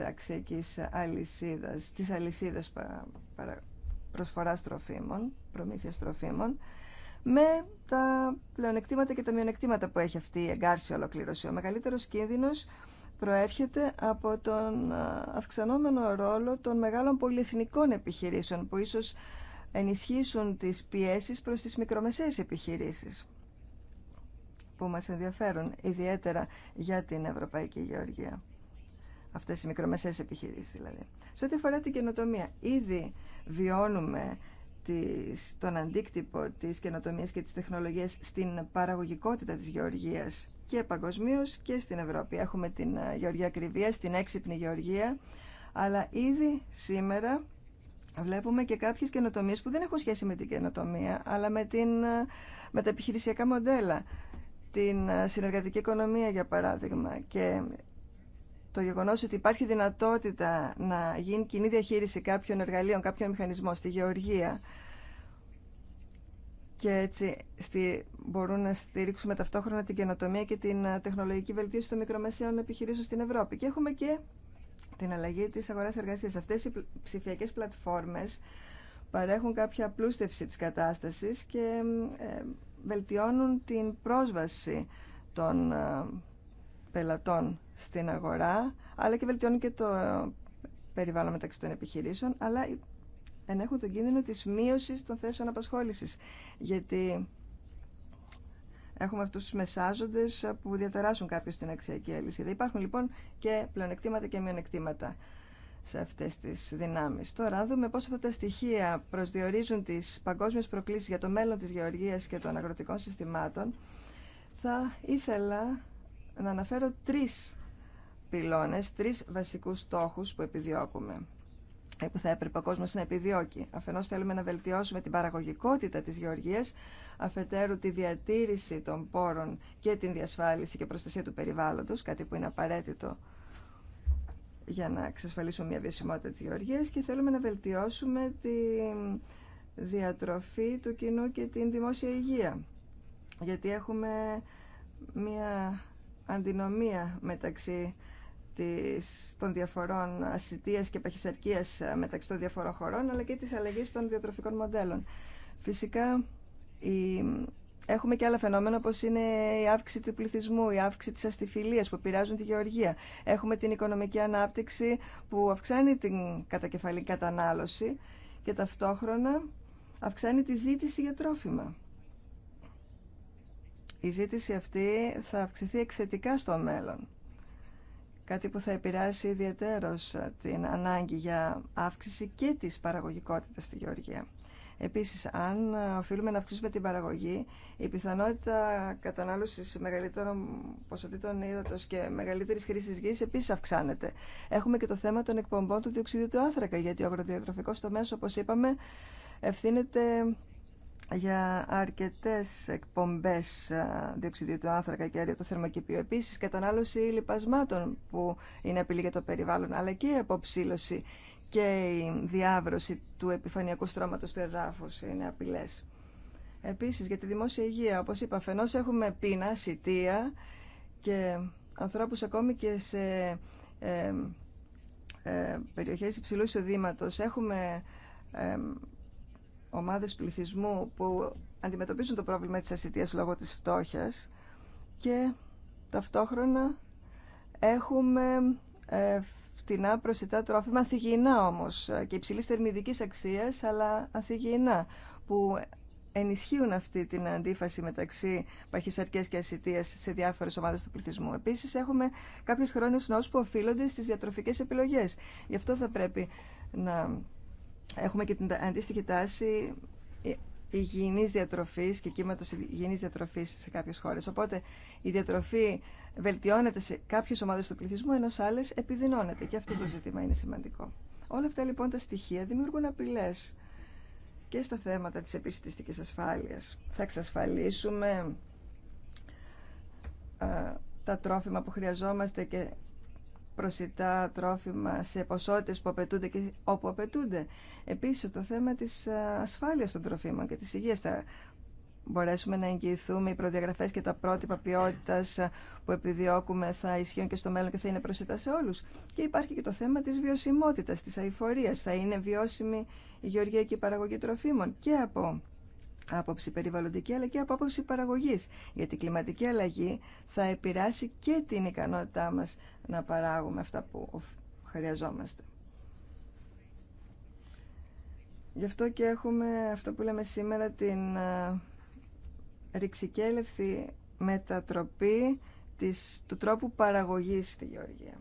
αξιακή αλυσίδα, τη αλυσίδα προσφορά τροφίμων, προμήθεια τροφίμων με τα πλεονεκτήματα και τα μειονεκτήματα που έχει αυτή η εγκαρση ολοκλήρωση. Ο μεγαλύτερος κίνδυνος προέρχεται από τον αυξανόμενο ρόλο των μεγάλων πολυεθνικών επιχειρήσεων που ίσως ενισχύσουν τις πιέσεις προς τις μικρομεσαίες επιχειρήσεις που μας ενδιαφέρουν ιδιαίτερα για την Ευρωπαϊκή Γεωργία. Αυτές οι μικρομεσαίες επιχειρήσεις δηλαδή. Σε ό,τι αφορά την καινοτομία, ήδη βιώνουμε της, τον αντίκτυπο της καινοτομίας και της τεχνολογίας στην παραγωγικότητα της γεωργίας και παγκοσμίω και στην Ευρώπη. Έχουμε την ε, γεωργία ακριβία, την έξυπνη γεωργία, αλλά ήδη σήμερα βλέπουμε και κάποιες καινοτομίες που δεν έχουν σχέση με την καινοτομία, αλλά με, την, ε, με τα επιχειρησιακά μοντέλα. Την ε, συνεργατική οικονομία, για παράδειγμα, και το γεγονό ότι υπάρχει δυνατότητα να γίνει κοινή διαχείριση κάποιων εργαλείων, κάποιων μηχανισμών στη γεωργία και έτσι στη, μπορούν να στηρίξουμε ταυτόχρονα την καινοτομία και την ε, τεχνολογική βελτίωση των μικρομεσαίων επιχειρήσεων στην Ευρώπη. Και έχουμε και την αλλαγή της αγοράς εργασίας. Αυτές οι ψηφιακέ πλατφόρμες παρέχουν κάποια πλούστευση τη κατάσταση και ε, βελτιώνουν την πρόσβαση των ε, πελατών στην αγορά, αλλά και βελτιώνουν και το περιβάλλον μεταξύ των επιχειρήσεων, αλλά ενέχουν τον κίνδυνο της μείωσης των θέσεων απασχόλησης, γιατί έχουμε αυτούς τους μεσάζοντες που διαταράσσουν κάποιο στην αξιακή αλυσίδα. Υπάρχουν λοιπόν και πλεονεκτήματα και μειονεκτήματα σε αυτές τις δυνάμεις. Τώρα, να δούμε πώς αυτά τα στοιχεία προσδιορίζουν τις παγκόσμιες προκλήσεις για το μέλλον της γεωργίας και των αγροτικών συστημάτων, θα ήθελα να αναφέρω τρεις πυλώνες, τρεις βασικούς στόχους που επιδιώκουμε που θα έπρεπε ο κόσμος να επιδιώκει. Αφενός θέλουμε να βελτιώσουμε την παραγωγικότητα της γεωργίας, αφετέρου τη διατήρηση των πόρων και την διασφάλιση και προστασία του περιβάλλοντος, κάτι που είναι απαραίτητο για να εξασφαλίσουμε μια βιωσιμότητα της γεωργίας και θέλουμε να βελτιώσουμε τη διατροφή του κοινού και την δημόσια υγεία. Γιατί έχουμε μια αντινομία μεταξύ της, των διαφορών ασυτείας και παχυσαρκίας ε, μεταξύ των διαφορών χωρών, αλλά και της αλλαγής των διατροφικών μοντέλων. Φυσικά, η, έχουμε και άλλα φαινόμενα όπως είναι η αύξηση του πληθυσμού, η αύξηση της αστιφιλίας που πειράζουν τη γεωργία. Έχουμε την οικονομική ανάπτυξη που αυξάνει την κατακεφαλή κατανάλωση και ταυτόχρονα αυξάνει τη ζήτηση για τρόφιμα η ζήτηση αυτή θα αυξηθεί εκθετικά στο μέλλον. Κάτι που θα επηρεάσει ιδιαίτερως την ανάγκη για αύξηση και της παραγωγικότητας στη Γεωργία. Επίσης, αν οφείλουμε να αυξήσουμε την παραγωγή, η πιθανότητα κατανάλωσης μεγαλύτερων ποσοτήτων ύδατος και μεγαλύτερης χρήσης γης επίσης αυξάνεται. Έχουμε και το θέμα των εκπομπών του διοξιδίου του άνθρακα, γιατί ο αγροδιατροφικός τομέας, όπως είπαμε, ευθύνεται για αρκετές εκπομπές διοξιδίου του άνθρακα και αέριο του θερμοκηπίου. Επίσης, κατανάλωση λιπασμάτων που είναι απειλή για το περιβάλλον, αλλά και η αποψήλωση και η διάβρωση του επιφανειακού στρώματος του εδάφους είναι απειλές. Επίσης, για τη δημόσια υγεία, όπως είπα, αφενός έχουμε πείνα, σιτία και ανθρώπους ακόμη και σε ε, ε περιοχές υψηλού εισοδήματος. Έχουμε ε, ομάδες πληθυσμού που αντιμετωπίζουν το πρόβλημα της ασυτείας λόγω της φτώχειας και ταυτόχρονα έχουμε ε, φτηνά προσιτά τρόφιμα ανθυγιεινά όμως ε, και υψηλή θερμιδικής αξίας αλλά ανθυγιεινά που ενισχύουν αυτή την αντίφαση μεταξύ παχυσαρκές και ασυτείας σε διάφορες ομάδες του πληθυσμού. Επίσης έχουμε κάποιες χρόνιες νόσους που οφείλονται στις διατροφικές επιλογές. Γι' αυτό θα πρέπει να έχουμε και την αντίστοιχη τάση ε, υγιεινής διατροφής και κύματος υγιεινής διατροφής σε κάποιες χώρες. Οπότε η διατροφή βελτιώνεται σε κάποιες ομάδες του πληθυσμού, ενώ σε άλλες επιδεινώνεται. Και αυτό το ζήτημα είναι σημαντικό. Όλα αυτά λοιπόν τα στοιχεία δημιουργούν απειλές και στα θέματα της επιστημιστικής ασφάλειας. Θα εξασφαλίσουμε ε, τα τρόφιμα που χρειαζόμαστε και προσιτά τρόφιμα σε ποσότητες που απαιτούνται και όπου απαιτούνται. Επίσης το θέμα της ε, ασφάλειας των τροφίμων και της υγείας θα μπορέσουμε να εγγυηθούμε οι προδιαγραφές και τα πρότυπα ποιότητα ε, που επιδιώκουμε θα ισχύουν και στο μέλλον και θα είναι προσιτά σε όλους. Και υπάρχει και το θέμα της βιωσιμότητας, της αηφορίας. Θα είναι βιώσιμη η γεωργία και η παραγωγή τροφίμων και από άποψη περιβαλλοντική αλλά και από άποψη παραγωγής. Γιατί η κλιματική αλλαγή θα επηρεάσει και την ικανότητά μας να παράγουμε αυτά που χρειαζόμαστε. Γι' αυτό και έχουμε αυτό που λέμε σήμερα την ε, ρηξικέλευθη μετατροπή της, του τρόπου παραγωγής στη Γεωργία.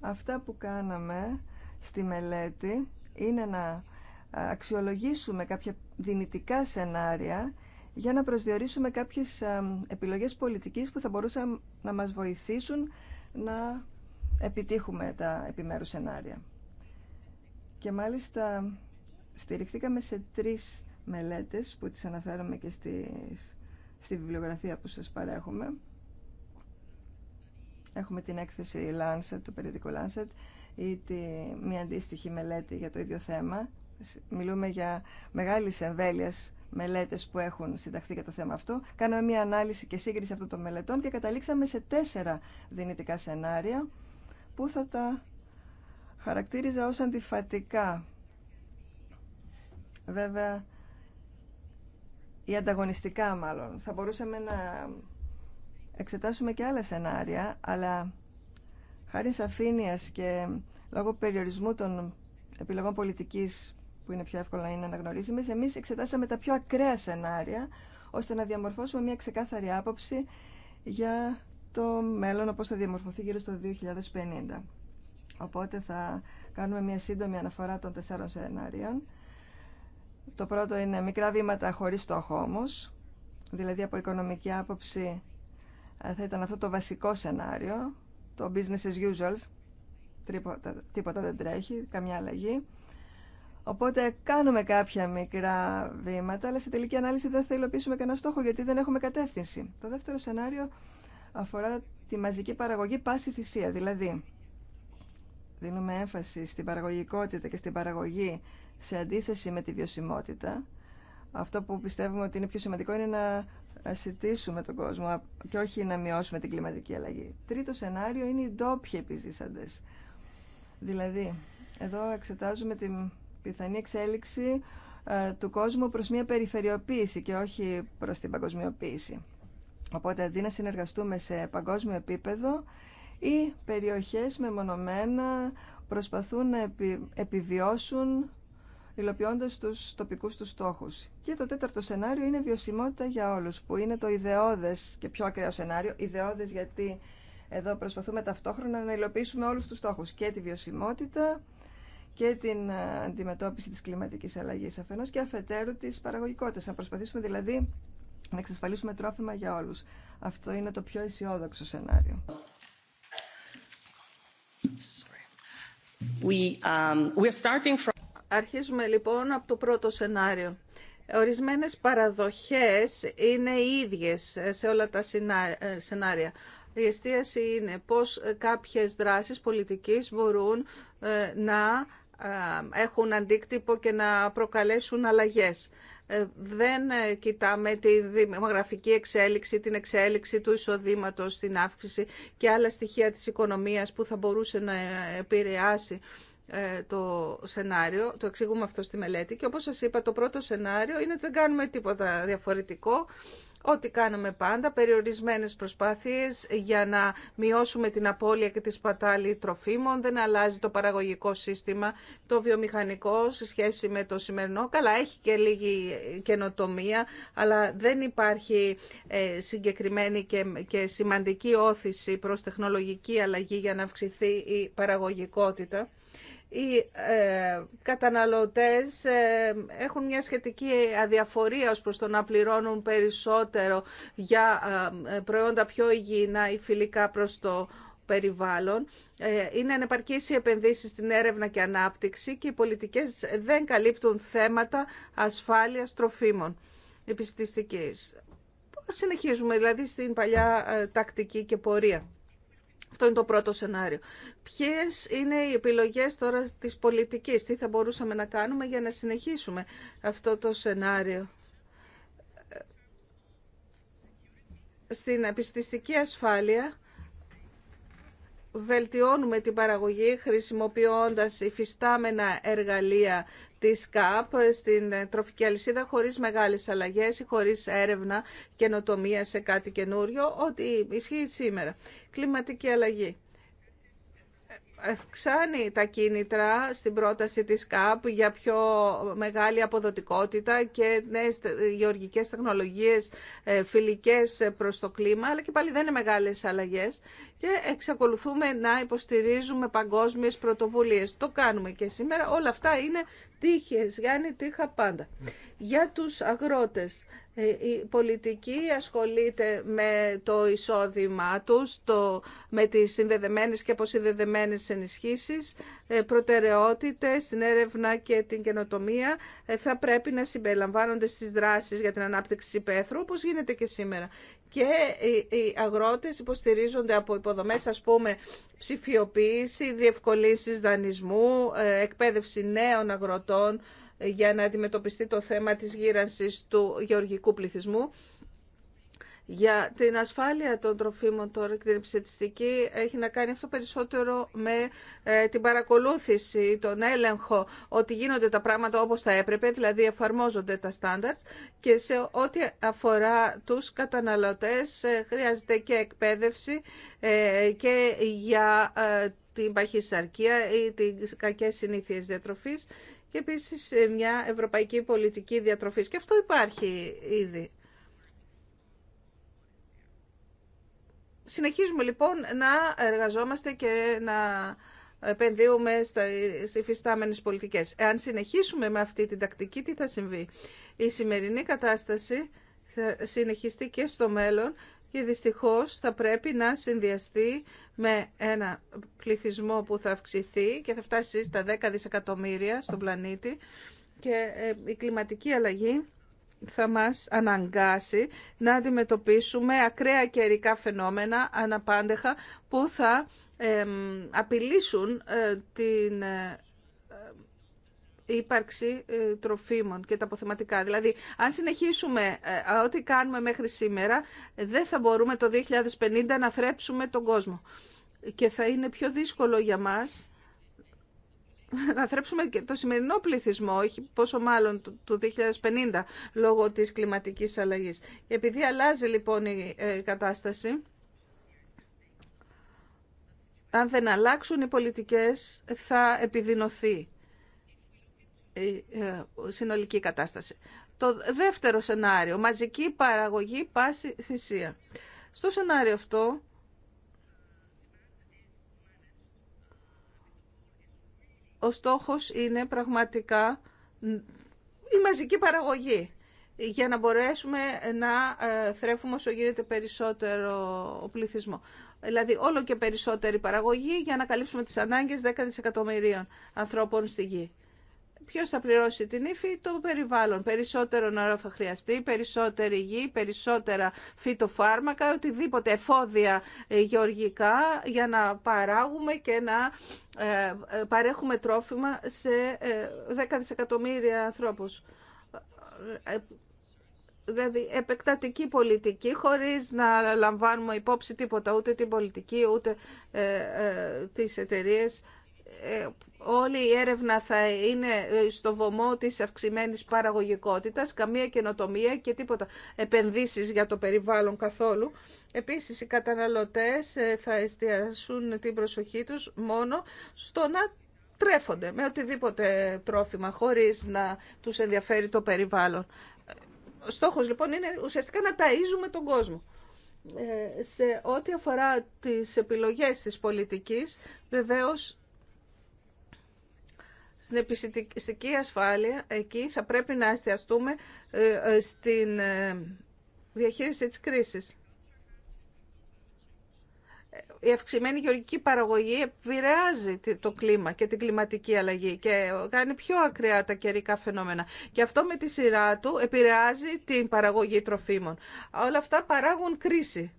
Αυτά που κάναμε στη μελέτη είναι να αξιολογήσουμε κάποια δυνητικά σενάρια για να προσδιορίσουμε κάποιες ε, επιλογές πολιτικής που θα μπορούσαν να μας βοηθήσουν να επιτύχουμε τα επιμέρους σενάρια. Και μάλιστα στηριχθήκαμε σε τρεις μελέτες που τις αναφέρομαι και στη, στη βιβλιογραφία που σας παρέχουμε. Έχουμε την έκθεση Lancet, το περιοδικό Lancet, ή τη, μια αντίστοιχη μελέτη για το ίδιο θέμα μιλούμε για μεγάλες εμβέλειας μελέτες που έχουν συνταχθεί για το θέμα αυτό. Κάναμε μια ανάλυση και σύγκριση αυτών των μελετών και καταλήξαμε σε τέσσερα δυνητικά σενάρια που θα τα χαρακτήριζα ως αντιφατικά. Βέβαια, ή ανταγωνιστικά μάλλον. Θα μπορούσαμε να εξετάσουμε και άλλα σενάρια, αλλά χάρη σαφήνειας και λόγω περιορισμού των επιλογών πολιτικής που είναι πιο εύκολο να είναι αναγνωρίσιμε, εμεί εξετάσαμε τα πιο ακραία σενάρια ώστε να διαμορφώσουμε μια ξεκάθαρη άποψη για το μέλλον, όπως θα διαμορφωθεί γύρω στο 2050. Οπότε θα κάνουμε μια σύντομη αναφορά των τεσσάρων σενάριων. Το πρώτο είναι μικρά βήματα χωρίς στόχο όμως, δηλαδή από οικονομική άποψη ε, θα ήταν αυτό το βασικό σενάριο, το business as usual, τίποτα δεν τρέχει, καμιά αλλαγή. Οπότε κάνουμε κάποια μικρά βήματα, αλλά σε τελική ανάλυση δεν θα υλοποιήσουμε κανένα στόχο γιατί δεν έχουμε κατεύθυνση. Το δεύτερο σενάριο αφορά τη μαζική παραγωγή πάση θυσία. Δηλαδή, δίνουμε έμφαση στην παραγωγικότητα και στην παραγωγή σε αντίθεση με τη βιωσιμότητα. Αυτό που πιστεύουμε ότι είναι πιο σημαντικό είναι να ασυτίσουμε τον κόσμο και όχι να μειώσουμε την κλιματική αλλαγή. Τρίτο σενάριο είναι οι ντόπιοι επιζήσαντες. Δηλαδή, εδώ εξετάζουμε την πιθανή εξέλιξη ε, του κόσμου προς μια περιφερειοποίηση και όχι προς την παγκοσμιοποίηση. Οπότε αντί να συνεργαστούμε σε παγκόσμιο επίπεδο, οι περιοχές μεμονωμένα προσπαθούν να επιβιώσουν υλοποιώντα τους τοπικούς τους στόχους. Και το τέταρτο σενάριο είναι βιωσιμότητα για όλους, που είναι το ιδεώδες και πιο ακραίο σενάριο. Ιδεώδες γιατί εδώ προσπαθούμε ταυτόχρονα να υλοποιήσουμε όλους τους στόχους και τη βιωσιμότητα και την ε, αντιμετώπιση της κλιματικής αλλαγής αφενός και αφετέρου της παραγωγικότητας. Να προσπαθήσουμε δηλαδή να εξασφαλίσουμε τρόφιμα για όλους. Αυτό είναι το πιο αισιόδοξο σενάριο. We, um, we are from... Αρχίζουμε λοιπόν από το πρώτο σενάριο. Ορισμένες παραδοχές είναι οι ίδιες ε, σε όλα τα ε, σενάρια. Η εστίαση είναι πώς κάποιες δράσεις πολιτικής μπορούν να έχουν αντίκτυπο και να προκαλέσουν αλλαγές. Ε, δεν ε, κοιτάμε τη δημογραφική εξέλιξη, την εξέλιξη του εισοδήματος, την αύξηση και άλλα στοιχεία της οικονομίας που θα μπορούσε να επηρεάσει ε, το σενάριο. Το εξηγούμε αυτό στη μελέτη. Και όπως σας είπα, το πρώτο σενάριο είναι ότι δεν κάνουμε τίποτα διαφορετικό Ό,τι κάναμε πάντα, περιορισμένες προσπάθειες για να μειώσουμε την απώλεια και τη σπατάλη τροφίμων. Δεν αλλάζει το παραγωγικό σύστημα, το βιομηχανικό σε σχέση με το σημερινό. Καλά, έχει και λίγη καινοτομία, αλλά δεν υπάρχει ε, συγκεκριμένη και σημαντική όθηση προς τεχνολογική αλλαγή για να αυξηθεί η παραγωγικότητα οι ε, καταναλωτές ε, έχουν μια σχετική αδιαφορία ως προς το να πληρώνουν περισσότερο για ε, προϊόντα πιο υγιεινά ή φιλικά προς το περιβάλλον. Είναι ανεπαρκής οι επενδύσεις στην έρευνα και ανάπτυξη και οι πολιτικές δεν καλύπτουν θέματα ασφάλειας τροφίμων επιστηστικής. Συνεχίζουμε δηλαδή στην παλιά τακτική και πορεία. Αυτό είναι το πρώτο σενάριο. Ποιες είναι οι επιλογές τώρα της πολιτικής, τι θα μπορούσαμε να κάνουμε για να συνεχίσουμε αυτό το σενάριο. Στην επιστηστική ασφάλεια βελτιώνουμε την παραγωγή χρησιμοποιώντας υφιστάμενα εργαλεία της ΚΑΠ στην ε, τροφική αλυσίδα χωρίς μεγάλες αλλαγές ή χωρίς έρευνα καινοτομία σε κάτι καινούριο, ότι ισχύει σήμερα. Κλιματική αλλαγή ε, αυξάνει τα κίνητρα στην πρόταση της ΚΑΠ για πιο μεγάλη αποδοτικότητα και νέες γεωργικές τεχνολογίες ε, φιλικές προς το κλίμα, αλλά και πάλι δεν είναι μεγάλες αλλαγές και εξακολουθούμε να υποστηρίζουμε παγκόσμιες πρωτοβουλίες. Το κάνουμε και σήμερα. Όλα αυτά είναι τύχες, Γιάννη τύχα πάντα. Ναι. Για τους αγρότες, ε, η πολιτική ασχολείται με το εισόδημά τους, το, με τις συνδεδεμένες και αποσυνδεδεμένες ενισχύσεις, ε, προτεραιότητες στην έρευνα και την καινοτομία ε, θα πρέπει να συμπεριλαμβάνονται στις δράσεις για την ανάπτυξη υπαίθρου, όπως γίνεται και σήμερα και οι αγρότες υποστηρίζονται από υποδομές, ας πούμε, ψηφιοποίηση, διευκολύνσεις δανεισμού, ε, εκπαίδευση νέων αγροτών ε, για να αντιμετωπιστεί το θέμα της γύρανσης του γεωργικού πληθυσμού για την ασφάλεια των τροφίμων τώρα και την ψηφιστική έχει να κάνει αυτό περισσότερο με ε, την παρακολούθηση, τον έλεγχο ότι γίνονται τα πράγματα όπως θα έπρεπε, δηλαδή εφαρμόζονται τα standards και σε ό,τι αφορά τους καταναλωτές ε, χρειάζεται και εκπαίδευση ε, και για την παχυσαρκία ή τις κακές συνήθειες διατροφής και επίσης μια ευρωπαϊκή πολιτική διατροφής. Και αυτό υπάρχει ήδη. Συνεχίζουμε λοιπόν να εργαζόμαστε και να επενδύουμε στις υφιστάμενες πολιτικές. Εάν συνεχίσουμε με αυτή την τακτική, τι θα συμβεί. Η σημερινή κατάσταση θα συνεχιστεί και στο μέλλον και δυστυχώς θα πρέπει να συνδυαστεί με ένα πληθυσμό που θα αυξηθεί και θα φτάσει στα 10 δισεκατομμύρια στον πλανήτη και ε, η κλιματική αλλαγή θα μας αναγκάσει να αντιμετωπίσουμε ακραία καιρικά φαινόμενα αναπάντεχα που θα απειλήσουν ε, την ε, ε, ύπαρξη τροφίμων και τα αποθεματικά. Δηλαδή, αν συνεχίσουμε ό,τι κάνουμε μέχρι σήμερα, δεν θα μπορούμε το 2050 να θρέψουμε τον κόσμο. Και θα είναι πιο δύσκολο για μας να θρέψουμε και το σημερινό πληθυσμό, όχι πόσο μάλλον του 2050 λόγω της κλιματικής αλλαγής. Επειδή αλλάζει λοιπόν ε, η κατάσταση, αν δεν αλλάξουν οι πολιτικές θα επιδεινωθεί η ε, συνολική κατάσταση. Το δεύτερο σενάριο, μαζική παραγωγή πάση θυσία. Στο σενάριο αυτό ο στόχος είναι πραγματικά η μαζική παραγωγή για να μπορέσουμε να ε, θρέφουμε όσο γίνεται περισσότερο πληθυσμό. Δηλαδή όλο και περισσότερη παραγωγή για να καλύψουμε τις ανάγκες 10 δισεκατομμυρίων ανθρώπων στη γη. Ποιος θα πληρώσει την ύφη, το περιβάλλον. Περισσότερο νερό θα χρειαστεί, περισσότερη γη, περισσότερα φυτοφάρμακα, οτιδήποτε εφόδια ε, γεωργικά για να παράγουμε και να ε, ε, παρέχουμε τρόφιμα σε 10 δισεκατομμύρια ανθρώπους. Δηλαδή επεκτατική πολιτική χωρίς να λαμβάνουμε υπόψη τίποτα, ούτε την πολιτική, ούτε τις εταιρείες όλη η έρευνα θα είναι στο βωμό της αυξημένης παραγωγικότητας, καμία καινοτομία και τίποτα επενδύσεις για το περιβάλλον καθόλου. Επίσης, οι καταναλωτές ε, θα εστιασούν την προσοχή τους μόνο στο να τρέφονται με οτιδήποτε τρόφιμα, χωρίς να τους ενδιαφέρει το περιβάλλον. Ο στόχος λοιπόν είναι ουσιαστικά να ταΐζουμε τον κόσμο ε, σε ό,τι αφορά τις επιλογές της πολιτικής, βεβαίως στην επιστημιστική ασφάλεια, εκεί θα πρέπει να εστιαστούμε ε, ε, στην ε, διαχείριση της κρίσης. Η αυξημένη γεωργική παραγωγή επηρεάζει το κλίμα και την κλιματική αλλαγή και κάνει πιο ακραία τα καιρικά φαινόμενα. Και αυτό με τη σειρά του επηρεάζει την παραγωγή τροφίμων. Όλα αυτά παράγουν κρίση.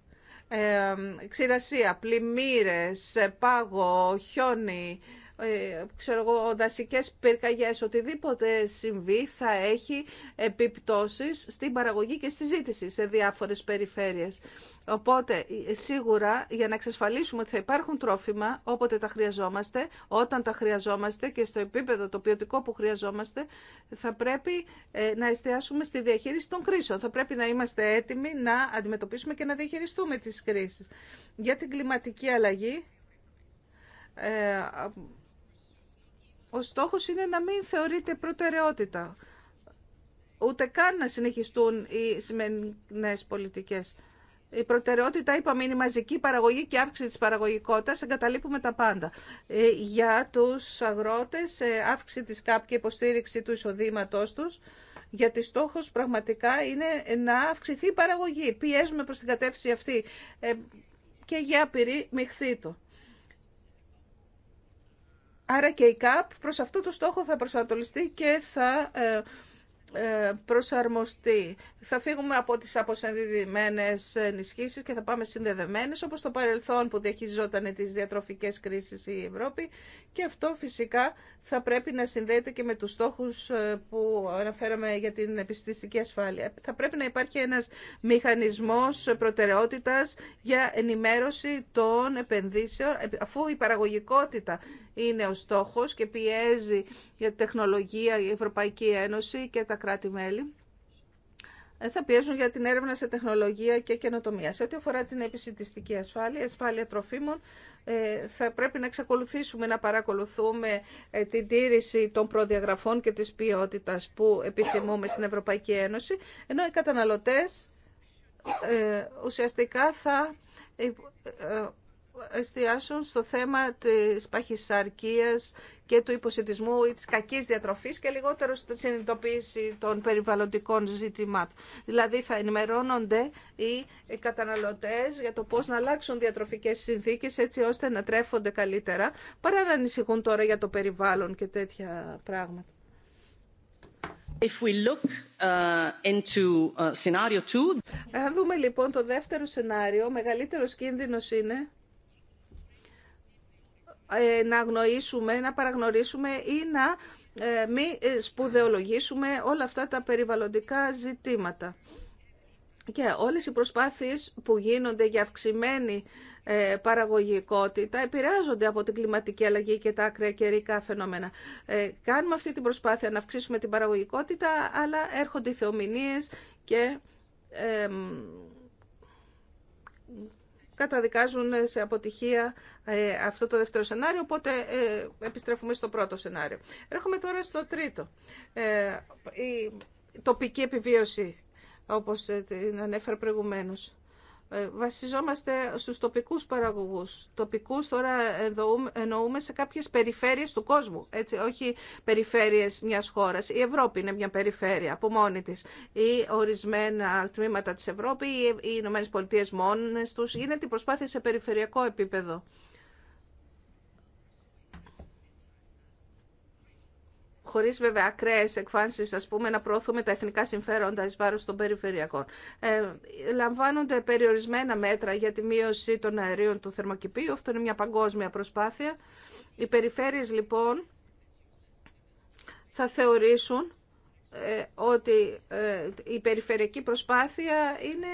Ε, ξηρασία, πλημμύρες, πάγο, χιόνι, ε, ξέρω εγώ, δασικές πυρκαγιές, οτιδήποτε συμβεί θα έχει επιπτώσεις στην παραγωγή και στη ζήτηση σε διάφορες περιφέρειες. Οπότε, ε, σίγουρα, για να εξασφαλίσουμε ότι θα υπάρχουν τρόφιμα όποτε τα χρειαζόμαστε, όταν τα χρειαζόμαστε και στο επίπεδο το ποιοτικό που χρειαζόμαστε, θα πρέπει ε, να εστιάσουμε στη διαχείριση των κρίσεων. Θα πρέπει να είμαστε έτοιμοι να αντιμετωπίσουμε και να διαχειριστούμε τις κρίσεις. Για την κλιματική αλλαγή, ο στόχος είναι να μην θεωρείται προτεραιότητα, ούτε καν να συνεχιστούν οι σημερινέ πολιτικές. Η προτεραιότητα, είπαμε, είναι η μαζική παραγωγή και αύξηση της παραγωγικότητας. Εγκαταλείπουμε τα πάντα. Ε, για τους αγρότες, ε, αύξηση της ΚΑΠ και υποστήριξη του εισοδήματός τους, γιατί στόχος πραγματικά είναι να αυξηθεί η παραγωγή. Πιέζουμε προς την κατεύθυνση αυτή ε, και για απειρή το. Άρα και η ΚΑΠ προς αυτό το στόχο θα προσανατολιστεί και θα ε, ε, προσαρμοστεί. Θα φύγουμε από τις αποσυνδεδεμένες ενισχύσεις και θα πάμε συνδεδεμένες, όπως το παρελθόν που διαχειριζόταν τις διατροφικές κρίσεις η Ευρώπη και αυτό φυσικά θα πρέπει να συνδέεται και με τους στόχους ε, που αναφέραμε για την επιστηστική ασφάλεια. Θα πρέπει να υπάρχει ένας μηχανισμός προτεραιότητας για ενημέρωση των επενδύσεων, αφού η παραγωγικότητα είναι ο στόχος και πιέζει για τη τεχνολογία, η Ευρωπαϊκή Ένωση και τα κράτη-μέλη ε, θα πιέζουν για την έρευνα σε τεχνολογία και καινοτομία. Σε ό,τι αφορά την επισητιστική ασφάλεια, ασφάλεια τροφίμων, ε, θα πρέπει να εξακολουθήσουμε να παρακολουθούμε ε, την τήρηση των προδιαγραφών και της ποιότητας που επιθυμούμε στην Ευρωπαϊκή Ένωση, ενώ οι καταναλωτές ουσιαστικά θα εστιάσουν στο θέμα της παχυσαρκίας και του υποσυντισμού ή της κακής διατροφής και λιγότερο στη συνειδητοποίηση των περιβαλλοντικών ζητημάτων. Δηλαδή θα ενημερώνονται οι καταναλωτές για το πώς να αλλάξουν διατροφικές συνθήκες έτσι ώστε να τρέφονται καλύτερα παρά να ανησυχούν τώρα για το περιβάλλον και τέτοια πράγματα. If uh, uh, Αν δούμε λοιπόν το δεύτερο σενάριο, μεγαλύτερος κίνδυνος είναι ε, να αγνοήσουμε, να παραγνωρίσουμε ή να ε, μη σπουδαιολογήσουμε όλα αυτά τα περιβαλλοντικά ζητήματα. Και όλες οι προσπάθειες που γίνονται για αυξημένη ε, παραγωγικότητα επηρεάζονται από την κλιματική αλλαγή και τα ακραία καιρικά φαινόμενα. Κάνουμε αυτή την προσπάθεια να αυξήσουμε την παραγωγικότητα, αλλά έρχονται οι θεομηνίες και καταδικάζουν σε αποτυχία ε, αυτό το δεύτερο σενάριο, οπότε ε, επιστρέφουμε στο πρώτο σενάριο. Έρχομαι τώρα στο τρίτο. Ε, η τοπική επιβίωση, όπως την ανέφερα προηγουμένως. Ε, βασιζόμαστε στους τοπικούς παραγωγούς. Τοπικούς τώρα εννοούμε σε κάποιες περιφέρειες του κόσμου, έτσι, όχι περιφέρειες μιας χώρας. Η Ευρώπη είναι μια περιφέρεια από μόνη της. Ή ορισμένα τμήματα της Ευρώπη, οι Ηνωμένες Πολιτείες μόνες τους. Γίνεται η προσπάθεια σε περιφερειακό επίπεδο. χωρίς βέβαια ακραίε εκφάνσει πούμε, να προωθούμε τα εθνικά συμφέροντα ει βάρο των περιφερειακών. Ε, λαμβάνονται περιορισμένα μέτρα για τη μείωση των αερίων του θερμοκηπίου. Αυτό είναι μια παγκόσμια προσπάθεια. Οι περιφέρειες, λοιπόν, θα θεωρήσουν ε, ότι ε, η περιφερειακή προσπάθεια είναι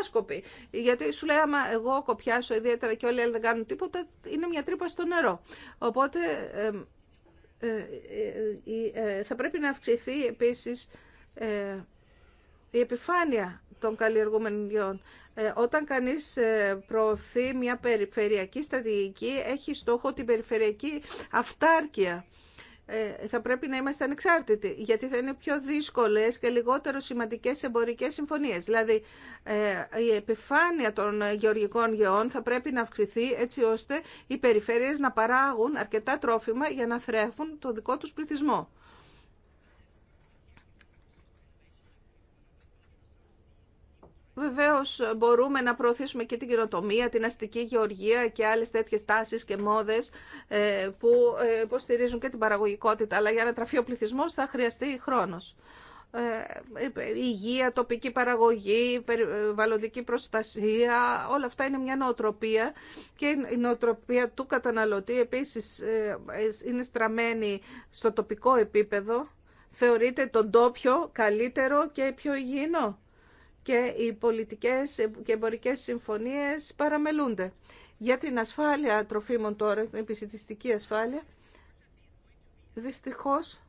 άσκοπη. Γιατί σου λέει, άμα εγώ κοπιάσω ιδιαίτερα και όλοι οι άλλοι δεν κάνουν τίποτα, είναι μια τρύπα στο νερό. Οπότε ε, ε, ε, ε, θα πρέπει να αυξηθεί επίσης η επιφάνεια των καλλιεργούμενων Όταν κανείς προωθεί μια περιφερειακή στρατηγική, έχει στόχο την περιφερειακή αυτάρκεια ε, θα πρέπει να είμαστε ανεξάρτητοι, γιατί θα είναι πιο δύσκολες και λιγότερο σημαντικές εμπορικές συμφωνίες. Δηλαδή, ε, η επιφάνεια των γεωργικών γεών θα πρέπει να αυξηθεί έτσι ώστε οι περιφέρειες να παράγουν αρκετά τρόφιμα για να θρέφουν το δικό τους πληθυσμό. Βεβαίως μπορούμε να προωθήσουμε και την κοινοτομία, την αστική γεωργία και άλλες τέτοιες τάσει και μόδες ε, που ε, υποστηρίζουν και την παραγωγικότητα, αλλά για να τραφεί ο πληθυσμό θα χρειαστεί χρόνος. Ε, υγεία, τοπική παραγωγή, περιβαλλοντική προστασία, όλα αυτά είναι μια νοοτροπία και η νοοτροπία του καταναλωτή επίσης είναι στραμμένη στο τοπικό επίπεδο. Θεωρείται τον τόπιο καλύτερο και πιο υγιεινό και οι πολιτικές και εμπορικέ συμφωνίες παραμελούνται. Για την ασφάλεια τροφίμων τώρα, την επιστημιστική ασφάλεια, δυστυχώς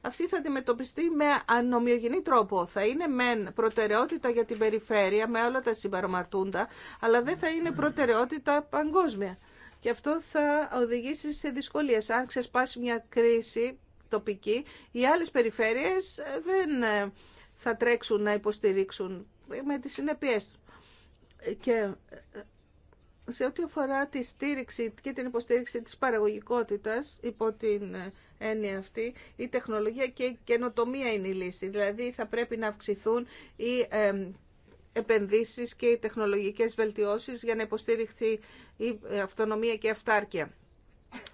αυτή θα αντιμετωπιστεί με ανομοιογενή τρόπο. Θα είναι μεν προτεραιότητα για την περιφέρεια με όλα τα συμπαρομαρτούντα, αλλά δεν θα είναι προτεραιότητα παγκόσμια. Και αυτό θα οδηγήσει σε δυσκολίες. Αν ξεσπάσει μια κρίση τοπική, οι άλλες περιφέρειες ε, δεν ε, θα τρέξουν να υποστηρίξουν με τις συνέπειές του. Και ε, σε ό,τι αφορά τη στήριξη και την υποστήριξη της παραγωγικότητας υπό την ε, έννοια αυτή, η τεχνολογία και η καινοτομία είναι η λύση. Δηλαδή θα πρέπει να αυξηθούν οι επενδύσεις και οι τεχνολογικές βελτιώσεις για να υποστηριχθεί η ε, αυτονομία και η αυτάρκεια.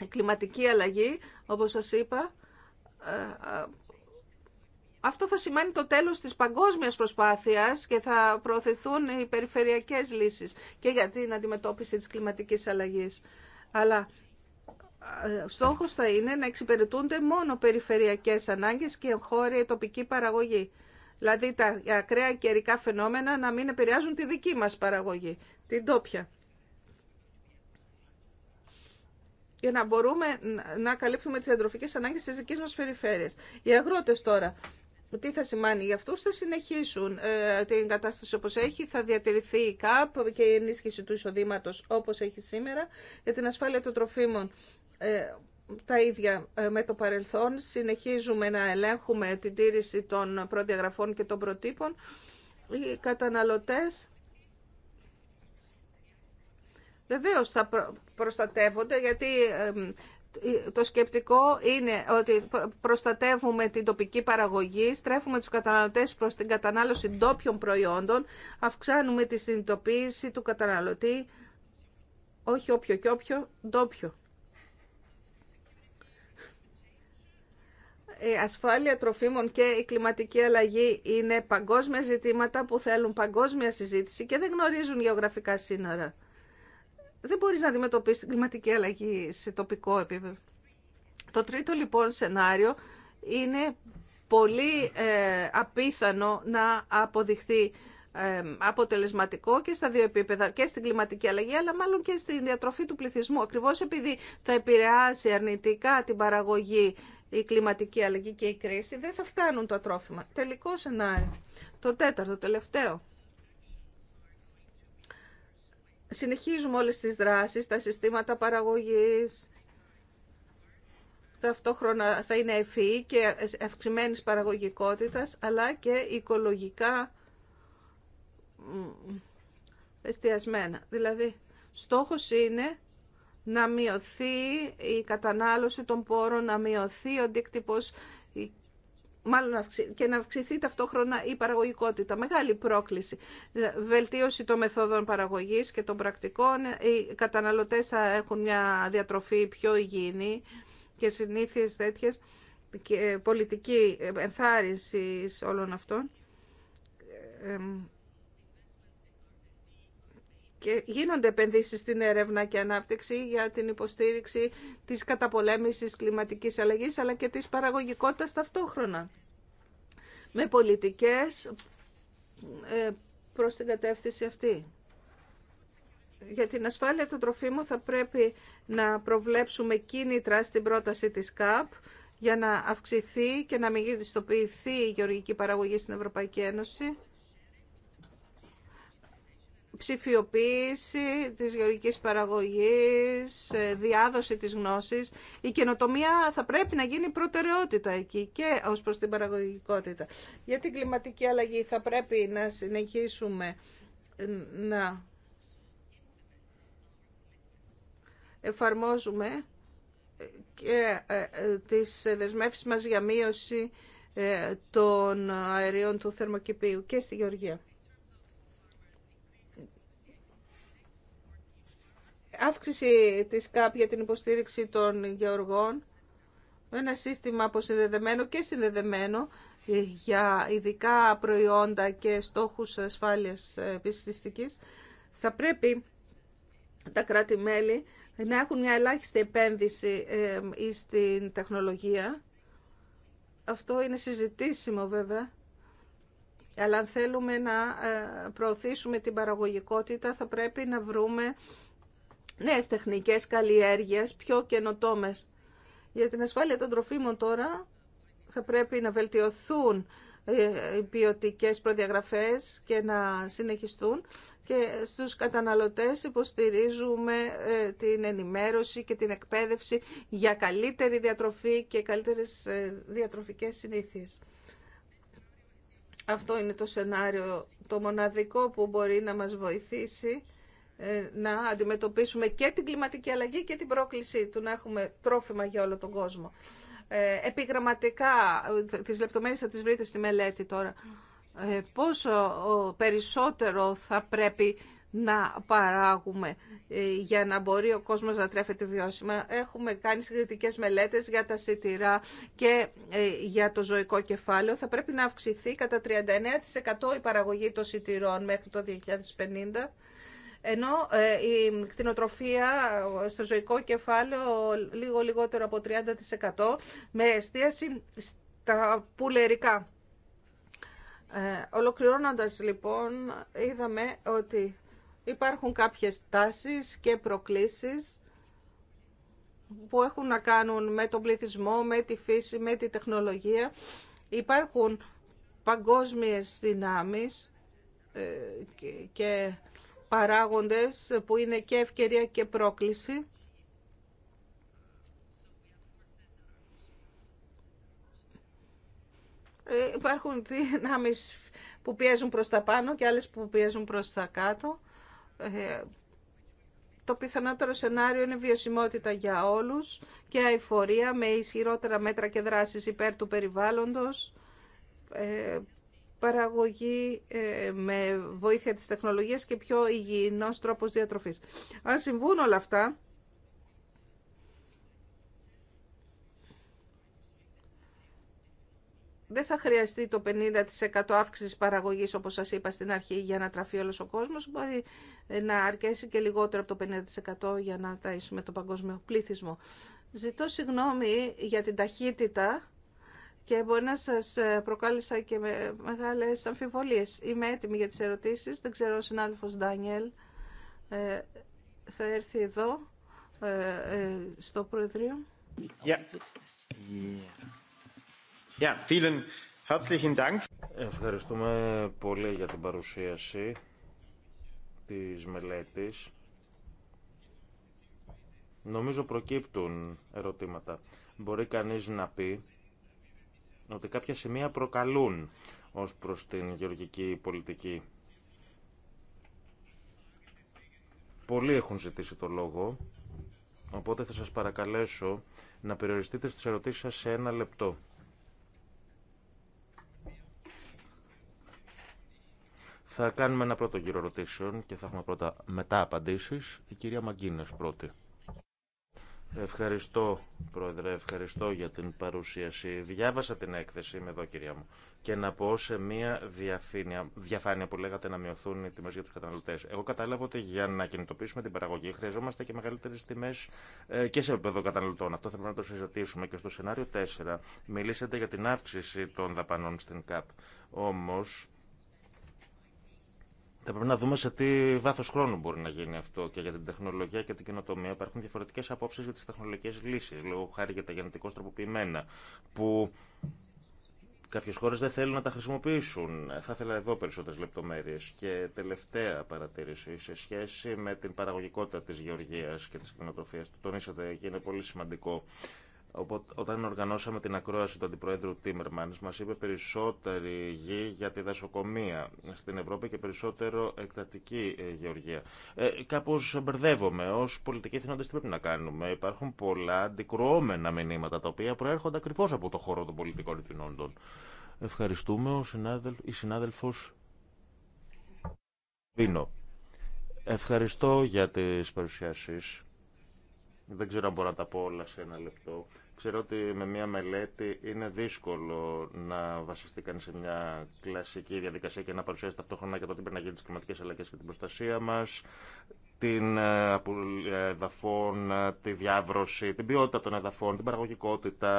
Η κλιματική αλλαγή, όπως σας είπα, αυτό θα σημαίνει το τέλος της παγκόσμιας προσπάθειας και θα προωθηθούν οι περιφερειακές λύσεις και για την αντιμετώπιση της κλιματικής αλλαγής. Αλλά ε, στόχος θα είναι να εξυπηρετούνται μόνο περιφερειακές ανάγκες και χώρια τοπική παραγωγή. Δηλαδή τα ακραία καιρικά φαινόμενα να μην επηρεάζουν τη δική μας παραγωγή, την τόπια. Για να μπορούμε να καλύψουμε τις διατροφικές ανάγκες της δικής μας περιφέρειας. Οι αγρότες τώρα τι θα σημαίνει για αυτούς, θα συνεχίσουν ε, την κατάσταση όπως έχει, θα διατηρηθεί η ΚΑΠ και η ενίσχυση του εισοδήματο όπως έχει σήμερα, για την ασφάλεια των τροφίμων. Ε, τα ίδια ε, με το παρελθόν, συνεχίζουμε να ελέγχουμε την τήρηση των προδιαγραφών και των προτύπων. Οι καταναλωτές βεβαίως θα προστατεύονται γιατί το σκεπτικό είναι ότι προστατεύουμε την τοπική παραγωγή, στρέφουμε τους καταναλωτές προς την κατανάλωση ντόπιων προϊόντων, αυξάνουμε τη συνειδητοποίηση του καταναλωτή, όχι όποιο και όποιο, ντόπιο. Η ασφάλεια τροφίμων και η κλιματική αλλαγή είναι παγκόσμια ζητήματα που θέλουν παγκόσμια συζήτηση και δεν γνωρίζουν γεωγραφικά σύνορα δεν μπορείς να αντιμετωπίσεις την κλιματική αλλαγή σε τοπικό επίπεδο. Το τρίτο λοιπόν σενάριο είναι πολύ ε, απίθανο να αποδειχθεί ε, αποτελεσματικό και στα δύο επίπεδα, και στην κλιματική αλλαγή, αλλά μάλλον και στη διατροφή του πληθυσμού. Ακριβώς επειδή θα επηρεάσει αρνητικά την παραγωγή η κλιματική αλλαγή και η κρίση, δεν θα φτάνουν τα τρόφιμα. Τελικό σενάριο. Το τέταρτο, τελευταίο συνεχίζουμε όλες τις δράσεις, τα συστήματα παραγωγής, ταυτόχρονα θα είναι ευφυή και αυξημένης παραγωγικότητας, αλλά και οικολογικά εστιασμένα. Δηλαδή, στόχος είναι να μειωθεί η κατανάλωση των πόρων, να μειωθεί ο αντίκτυπος μάλλον και να αυξηθεί ταυτόχρονα η παραγωγικότητα. Μεγάλη πρόκληση. Βελτίωση των μεθόδων παραγωγής και των πρακτικών. Οι καταναλωτές θα έχουν μια διατροφή πιο υγιεινή και συνήθειες τέτοιες και πολιτική ενθάρρυνση όλων αυτών ε, και γίνονται επενδύσεις στην έρευνα και ανάπτυξη για την υποστήριξη της καταπολέμησης κλιματικής αλλαγής αλλά και της παραγωγικότητας ταυτόχρονα. Με πολιτικές ε, προς την κατεύθυνση αυτή. Για την ασφάλεια του τροφίμου θα πρέπει να προβλέψουμε κίνητρα στην πρόταση της ΚΑΠ για να αυξηθεί και να το η γεωργική παραγωγή στην Ευρωπαϊκή Ένωση ψηφιοποίηση της γεωργικής παραγωγής, ε, διάδοση της γνώσης. Η καινοτομία θα πρέπει να γίνει προτεραιότητα εκεί και ως προς την παραγωγικότητα. Για την κλιματική αλλαγή θα πρέπει να συνεχίσουμε να εφαρμόζουμε και ε, ε, τις δεσμεύσεις μας για μείωση των αερίων του θερμοκηπίου και στη Γεωργία. αύξηση της ΚΑΠ για την υποστήριξη των γεωργών με ένα σύστημα αποσυνδεδεμένο και συνδεδεμένο για ειδικά προϊόντα και στόχους ασφάλειας ε, επιστηστικής θα πρέπει τα κράτη-μέλη να έχουν μια ελάχιστη επένδυση στην ε, τεχνολογία. Αυτό είναι συζητήσιμο βέβαια. Αλλά αν θέλουμε να ε, προωθήσουμε την παραγωγικότητα θα πρέπει να βρούμε νέες τεχνικές καλλιέργειας, πιο καινοτόμες. Για την ασφάλεια των τροφίμων τώρα θα πρέπει να βελτιωθούν ε, οι ποιοτικέ προδιαγραφές και να συνεχιστούν και στους καταναλωτές υποστηρίζουμε ε, την ενημέρωση και την εκπαίδευση για καλύτερη διατροφή και καλύτερες ε, διατροφικές συνήθειες. Αυτό είναι το σενάριο, το μοναδικό που μπορεί να μας βοηθήσει ε, να αντιμετωπίσουμε και την κλιματική αλλαγή και την πρόκληση του να έχουμε τρόφιμα για όλο τον κόσμο. Ε, επιγραμματικά, τις λεπτομέρειες θα τις βρείτε στη μελέτη τώρα, ε, πόσο περισσότερο θα πρέπει να παράγουμε για να μπορεί ο κόσμος να τρέφεται βιώσιμα. Έχουμε κάνει συγκριτικές μελέτες για τα σιτηρά και για το ζωικό κεφάλαιο. Θα πρέπει να αυξηθεί κατά 39% η παραγωγή των σιτηρών μέχρι το 2050 ενώ ε, η κτηνοτροφία στο ζωικό κεφάλαιο λίγο λιγότερο από 30% με εστίαση στα πουλερικά. Ε, ολοκληρώνοντας λοιπόν, είδαμε ότι υπάρχουν κάποιες τάσεις και προκλήσεις που έχουν να κάνουν με τον πληθυσμό, με τη φύση, με τη τεχνολογία. Υπάρχουν παγκόσμιες δυνάμεις ε, και παράγοντες που είναι και ευκαιρία και πρόκληση. Ε, υπάρχουν δυνάμεις που πιέζουν προς τα πάνω και άλλες που πιέζουν προς τα κάτω. Ε, το πιθανότερο σενάριο είναι βιωσιμότητα για όλους και αηφορία με ισχυρότερα μέτρα και δράσεις υπέρ του περιβάλλοντος, ε, παραγωγή ε, με βοήθεια της τεχνολογίας και πιο υγιεινός τρόπος διατροφής. Αν συμβούν όλα αυτά, δεν θα χρειαστεί το 50% αύξηση παραγωγής, όπως σας είπα στην αρχή, για να τραφεί όλος ο κόσμος. Μπορεί να αρκέσει και λιγότερο από το 50% για να ταΐσουμε το παγκόσμιο πληθυσμό. Ζητώ συγγνώμη για την ταχύτητα και μπορεί να σας ε, προκάλεσα και με μεγάλες αμφιβολίες. Είμαι έτοιμη για τις ερωτήσεις. Δεν ξέρω ο συνάδελφος Ντάνιελ ε, θα έρθει εδώ ε, στο Προεδρείο. Ευχαριστούμε πολύ για την παρουσίαση της μελέτης. Νομίζω προκύπτουν ερωτήματα. Μπορεί κανείς να πει ότι κάποια σημεία προκαλούν ως προς την γεωργική πολιτική. Πολλοί έχουν ζητήσει το λόγο, οπότε θα σας παρακαλέσω να περιοριστείτε στις ερωτήσεις σας σε ένα λεπτό. Θα κάνουμε ένα πρώτο γύρο ερωτήσεων και θα έχουμε πρώτα μετά απαντήσεις. Η κυρία Μαγκίνες πρώτη. Ευχαριστώ, Πρόεδρε, ευχαριστώ για την παρουσίαση. Διάβασα την έκθεση, είμαι εδώ, κυρία μου, και να πω σε μία διαφάνεια που λέγατε να μειωθούν οι τιμές για τους καταναλωτές. Εγώ κατάλαβα ότι για να κινητοποιήσουμε την παραγωγή χρειαζόμαστε και μεγαλύτερες τιμές ε, και σε επίπεδο καταναλωτών. Αυτό θέλουμε να το συζητήσουμε και στο σενάριο 4. Μιλήσατε για την αύξηση των δαπανών στην ΚΑΠ. Όμως, θα πρέπει να δούμε σε τι βάθο χρόνου μπορεί να γίνει αυτό και για την τεχνολογία και την καινοτομία. Υπάρχουν διαφορετικέ απόψει για τι τεχνολογικέ λύσει, λόγω χάρη για τα γενετικώ τροποποιημένα, που κάποιε χώρε δεν θέλουν να τα χρησιμοποιήσουν. Θα ήθελα εδώ περισσότερε λεπτομέρειε. Και τελευταία παρατήρηση σε σχέση με την παραγωγικότητα τη γεωργία και τη κοινοτροφία. Το τονίσατε και είναι πολύ σημαντικό. Οπότε, όταν οργανώσαμε την ακρόαση του Αντιπροέδρου Τίμερμαν, μα είπε περισσότερη γη για τη δασοκομεία στην Ευρώπη και περισσότερο εκτατική ε, γεωργία. Ε, Κάπω μπερδεύομαι. Ω πολιτικοί θυνόντε, τι πρέπει να κάνουμε. Υπάρχουν πολλά αντικρουόμενα μηνύματα τα οποία προέρχονται ακριβώ από το χώρο των πολιτικών θυνόντων. Ευχαριστούμε. Ο συνάδελφο Βίνο. Ευχαριστώ για τις παρουσιάσεις. Δεν ξέρω αν μπορώ να τα πω όλα σε ένα λεπτό. Ξέρω ότι με μια μελέτη είναι δύσκολο να βασιστεί κανεί σε μια κλασική διαδικασία και να παρουσιάσει ταυτόχρονα και το τι πρέπει να γίνει τι κλιματικέ αλλαγέ και την προστασία μα, την ε, ε, εδαφών, ε, τη διάβρωση, την ποιότητα των εδαφών, την παραγωγικότητα,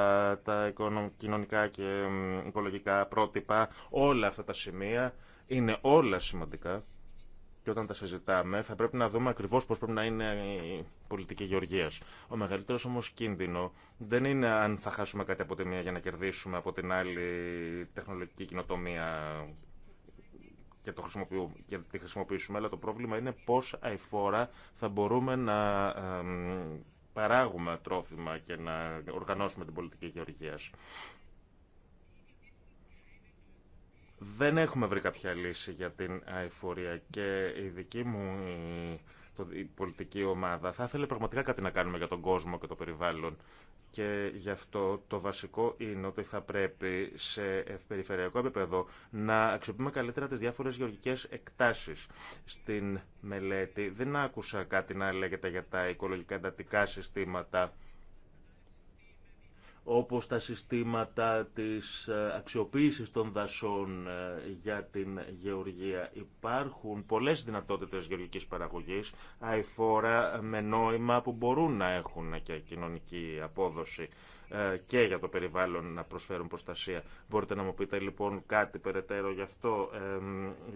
τα κοινωνικά και οικολογικά πρότυπα. Όλα αυτά τα σημεία είναι όλα σημαντικά και όταν τα συζητάμε θα πρέπει να δούμε ακριβώς πώς πρέπει να είναι η πολιτική γεωργία. Ο μεγαλύτερος όμως κίνδυνο δεν είναι αν θα χάσουμε κάτι από τη μία για να κερδίσουμε από την άλλη τεχνολογική κοινοτομία και, το και τη χρησιμοποιήσουμε, αλλά το πρόβλημα είναι πώς αηφόρα θα μπορούμε να παράγουμε τρόφιμα και να οργανώσουμε την πολιτική γεωργίας. Δεν έχουμε βρει κάποια λύση για την αηφορία και η δική μου η πολιτική ομάδα θα ήθελε πραγματικά κάτι να κάνουμε για τον κόσμο και το περιβάλλον. Και γι' αυτό το βασικό είναι ότι θα πρέπει σε περιφερειακό επίπεδο να αξιοποιούμε καλύτερα τις διάφορες γεωργικές εκτάσεις. Στην μελέτη δεν άκουσα κάτι να λέγεται για τα οικολογικά εντατικά συστήματα όπως τα συστήματα της ε, αξιοποίησης των δασών ε, για την γεωργία. Υπάρχουν πολλές δυνατότητες γεωργικής παραγωγής, αεφόρα με νόημα που μπορούν να έχουν και κοινωνική απόδοση. Ε, και για το περιβάλλον να προσφέρουν προστασία. Μπορείτε να μου πείτε λοιπόν κάτι περαιτέρω γι' αυτό,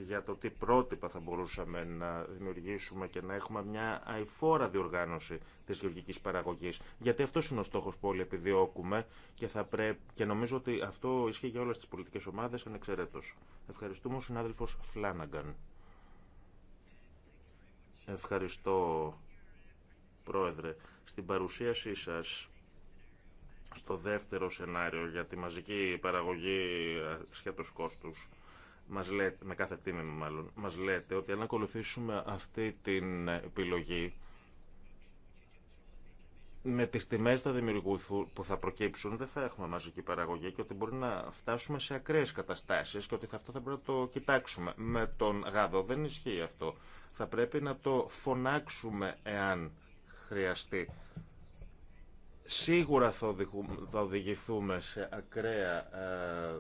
για το τι πρότυπα θα μπορούσαμε να δημιουργήσουμε και να έχουμε μια αηφόρα διοργάνωση της γεωργικής παραγωγής. Γιατί αυτό είναι ο στόχος που όλοι επιδιώκουμε και, θα πρέ... και νομίζω ότι αυτό ισχύει για όλες τις πολιτικές ομάδες ανεξαιρέτως. Ευχαριστούμε ο συνάδελφος Φλάναγκαν. Ευχαριστώ, Πρόεδρε. Στην παρουσίασή σας στο δεύτερο σενάριο για τη μαζική παραγωγή ε, σχέτως κόστους, μας λέτε, με κάθε τίμημα μάλλον, μας λέτε ότι αν ακολουθήσουμε αυτή την επιλογή, με τις τιμές θα που θα προκύψουν δεν θα έχουμε μαζική παραγωγή και ότι μπορεί να φτάσουμε σε ακραίες καταστάσεις και ότι αυτό θα πρέπει να το κοιτάξουμε. Με τον γάδο δεν ισχύει αυτό. Θα πρέπει να το φωνάξουμε εάν χρειαστεί Σίγουρα θα οδηγηθούμε σε ακραία ε,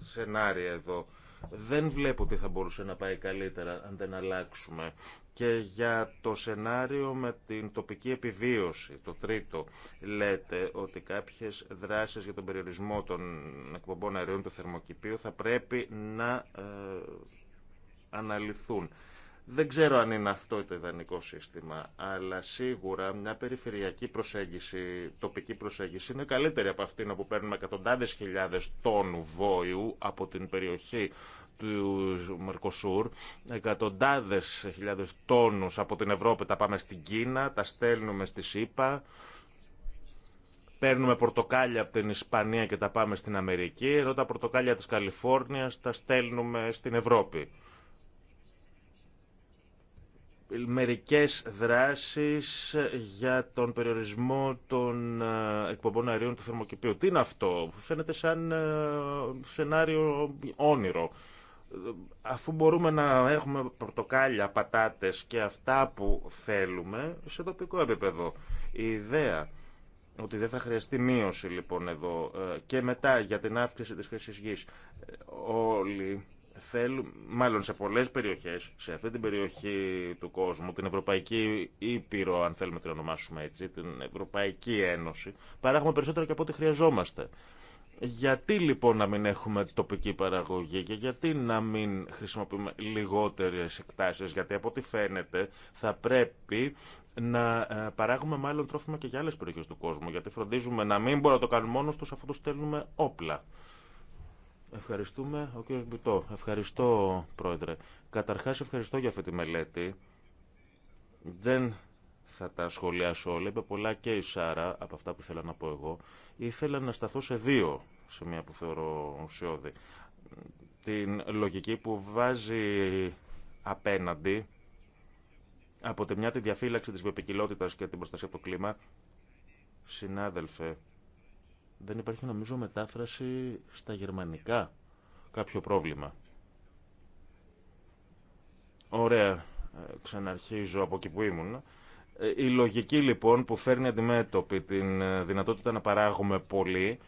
σενάρια εδώ. Δεν βλέπω ότι θα μπορούσε να πάει καλύτερα αν δεν αλλάξουμε. Και για το σενάριο με την τοπική επιβίωση, το τρίτο, λέτε ότι κάποιες δράσεις για τον περιορισμό των εκπομπών αερίων του θερμοκηπίου θα πρέπει να ε, αναλυθούν. Δεν ξέρω αν είναι αυτό το ιδανικό σύστημα, αλλά σίγουρα μια περιφερειακή προσέγγιση, τοπική προσέγγιση είναι καλύτερη από αυτήν όπου παίρνουμε εκατοντάδες χιλιάδες τόνου βόηου από την περιοχή του Μερκοσούρ, εκατοντάδες χιλιάδες τόνους από την Ευρώπη τα πάμε στην Κίνα, τα στέλνουμε στη ΣΥΠΑ, παίρνουμε πορτοκάλια από την Ισπανία και τα πάμε στην Αμερική, ενώ τα πορτοκάλια της Καλιφόρνιας τα στέλνουμε στην Ευρώπη μερικές δράσεις για τον περιορισμό των ε, εκπομπών αερίων του θερμοκηπίου. Τι είναι αυτό, φαίνεται σαν ε, σενάριο όνειρο. Αφού μπορούμε να έχουμε πορτοκάλια, πατάτες και αυτά που θέλουμε σε τοπικό επίπεδο. Η ιδέα ότι δεν θα χρειαστεί μείωση λοιπόν εδώ ε, και μετά για την αύξηση της χρήσης γης. Όλοι θέλουν, μάλλον σε πολλές περιοχές, σε αυτή την περιοχή του κόσμου, την Ευρωπαϊκή Ήπειρο, αν θέλουμε να την ονομάσουμε έτσι, την Ευρωπαϊκή Ένωση, παράγουμε περισσότερο και από ό,τι χρειαζόμαστε. Γιατί λοιπόν να μην έχουμε τοπική παραγωγή και γιατί να μην χρησιμοποιούμε λιγότερες εκτάσεις, γιατί από ό,τι φαίνεται θα πρέπει να ε, παράγουμε μάλλον τρόφιμα και για άλλες περιοχές του κόσμου, γιατί φροντίζουμε να μην μπορούμε να το κάνουμε μόνο τους αφού τους στέλνουμε όπλα. Ευχαριστούμε, ο κύριος Μπιτό. Ευχαριστώ, Πρόεδρε. Καταρχάς, ευχαριστώ για αυτή τη μελέτη. Δεν θα τα σχολιάσω όλα, είπε πολλά και η Σάρα από αυτά που ήθελα να πω εγώ. Ήθελα να σταθώ σε δύο σημεία που θεωρώ ουσιώδη. Την λογική που βάζει απέναντι από τη μια τη διαφύλαξη της βιοπικιλότητας και την προστασία από το κλίμα. Συνάδελφε, δεν υπάρχει νομίζω μετάφραση στα γερμανικά. Κάποιο πρόβλημα. Ωραία. Ε, ξαναρχίζω από εκεί που ήμουν. Ε, η λογική λοιπόν που φέρνει αντιμέτωπη την ε, δυνατότητα να παράγουμε πολύ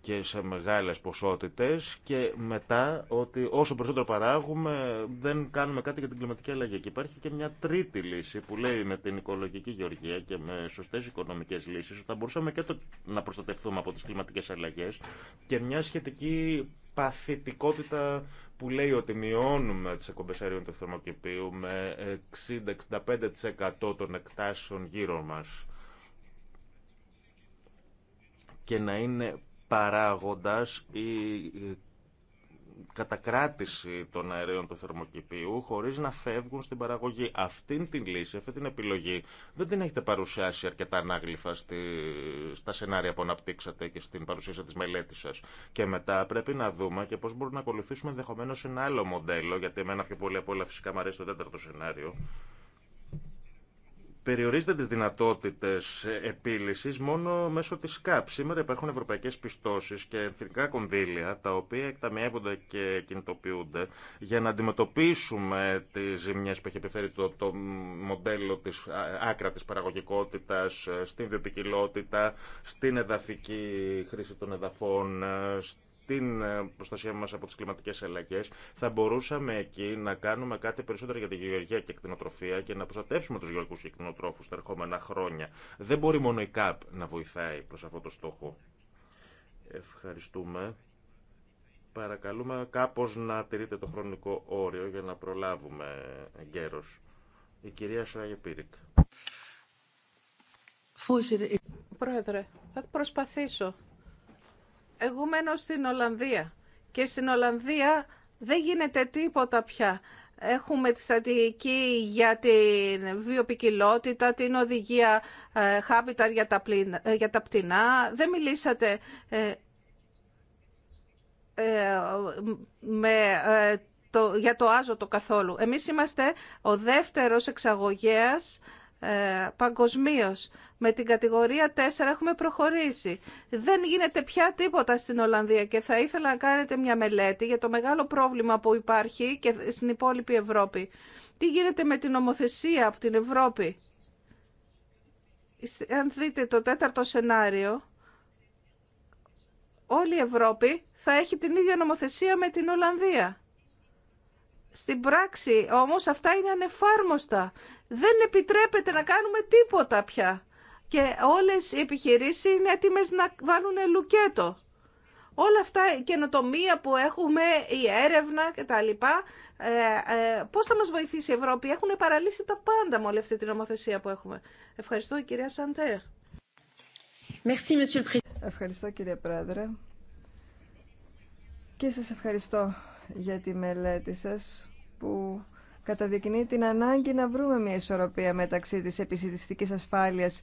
και σε μεγάλες ποσότητες και μετά ότι όσο περισσότερο παράγουμε δεν κάνουμε κάτι για την κλιματική αλλαγή. Και υπάρχει και μια τρίτη λύση που λέει με την οικολογική γεωργία και με σωστές οικονομικές λύσεις ότι θα μπορούσαμε και να προστατευτούμε από τις κλιματικές αλλαγές και μια σχετική παθητικότητα που λέει ότι μειώνουμε τις εκπομπές αερίων του θερμοκηπίου με 60-65% των εκτάσεων γύρω μας και να είναι παράγοντας η κατακράτηση των αερίων του θερμοκηπίου χωρίς να φεύγουν στην παραγωγή. Αυτήν την λύση, αυτή την επιλογή δεν την έχετε παρουσιάσει αρκετά ανάγλυφα στη, στα σενάρια που αναπτύξατε και στην παρουσίαση της μελέτης σας. Και μετά πρέπει να δούμε και πώς μπορούμε να ακολουθήσουμε ενδεχομένω ένα άλλο μοντέλο, γιατί εμένα πιο πολύ από όλα φυσικά μου αρέσει το τέταρτο σενάριο, Περιορίζεται τις δυνατότητες επίλυσης μόνο μέσω της ΚΑΠ. Σήμερα υπάρχουν ευρωπαϊκές πιστώσεις και εθνικά κονδύλια τα οποία εκταμιεύονται και κινητοποιούνται για να αντιμετωπίσουμε τις ζημιέ που έχει επιφέρει το, το μοντέλο της άκρα της παραγωγικότητας ε, στην βιοπικιλότητα, στην εδαφική χρήση των εδαφών, ε, την ε, προστασία μας από τις κλιματικές αλλαγές, θα μπορούσαμε εκεί να κάνουμε κάτι περισσότερο για τη γεωργία και κτηνοτροφία και να προστατεύσουμε τους γεωργικού και τα ερχόμενα χρόνια. Δεν μπορεί μόνο η ΚΑΠ να βοηθάει προς αυτό το στόχο. Ευχαριστούμε. Παρακαλούμε κάπω να τηρείτε το χρονικό όριο για να προλάβουμε γέρο. Η κυρία Σάγε Πύρικ. Πρόεδρε, θα προσπαθήσω εγώ μένω στην Ολλανδία και στην Ολλανδία δεν γίνεται τίποτα πια. Έχουμε τη στρατηγική για την βιοπικιλότητα, την οδηγία ε, Habitat ε, για τα, πτηνά. Δεν μιλήσατε ε, με, το, για το άζωτο καθόλου. Εμείς είμαστε ο δεύτερος εξαγωγέας παγκοσμίως. Με την κατηγορία 4 έχουμε προχωρήσει. Δεν γίνεται πια τίποτα στην Ολλανδία και θα ήθελα να κάνετε μια μελέτη για το μεγάλο πρόβλημα που υπάρχει και στην υπόλοιπη Ευρώπη. Τι γίνεται με την ομοθεσία από την Ευρώπη. Αν δείτε το τέταρτο σενάριο, όλη η Ευρώπη θα έχει την ίδια νομοθεσία με την Ολλανδία. Στην πράξη όμως αυτά είναι ανεφάρμοστα. Δεν επιτρέπεται να κάνουμε τίποτα πια και όλες οι επιχειρήσεις είναι έτοιμες να βάλουν λουκέτο. Όλα αυτά η καινοτομία που έχουμε, η έρευνα κτλ. Ε, ε, πώς θα μας βοηθήσει η Ευρώπη. Έχουν παραλύσει τα πάντα με όλη αυτή την νομοθεσία που έχουμε. Ευχαριστώ κυρία Σαντέρ. Ευχαριστώ κύριε Πρόεδρε. Και σας ευχαριστώ για τη μελέτη σας που καταδεικνύει την ανάγκη να βρούμε μια ισορροπία μεταξύ της επισητιστικής ασφάλειας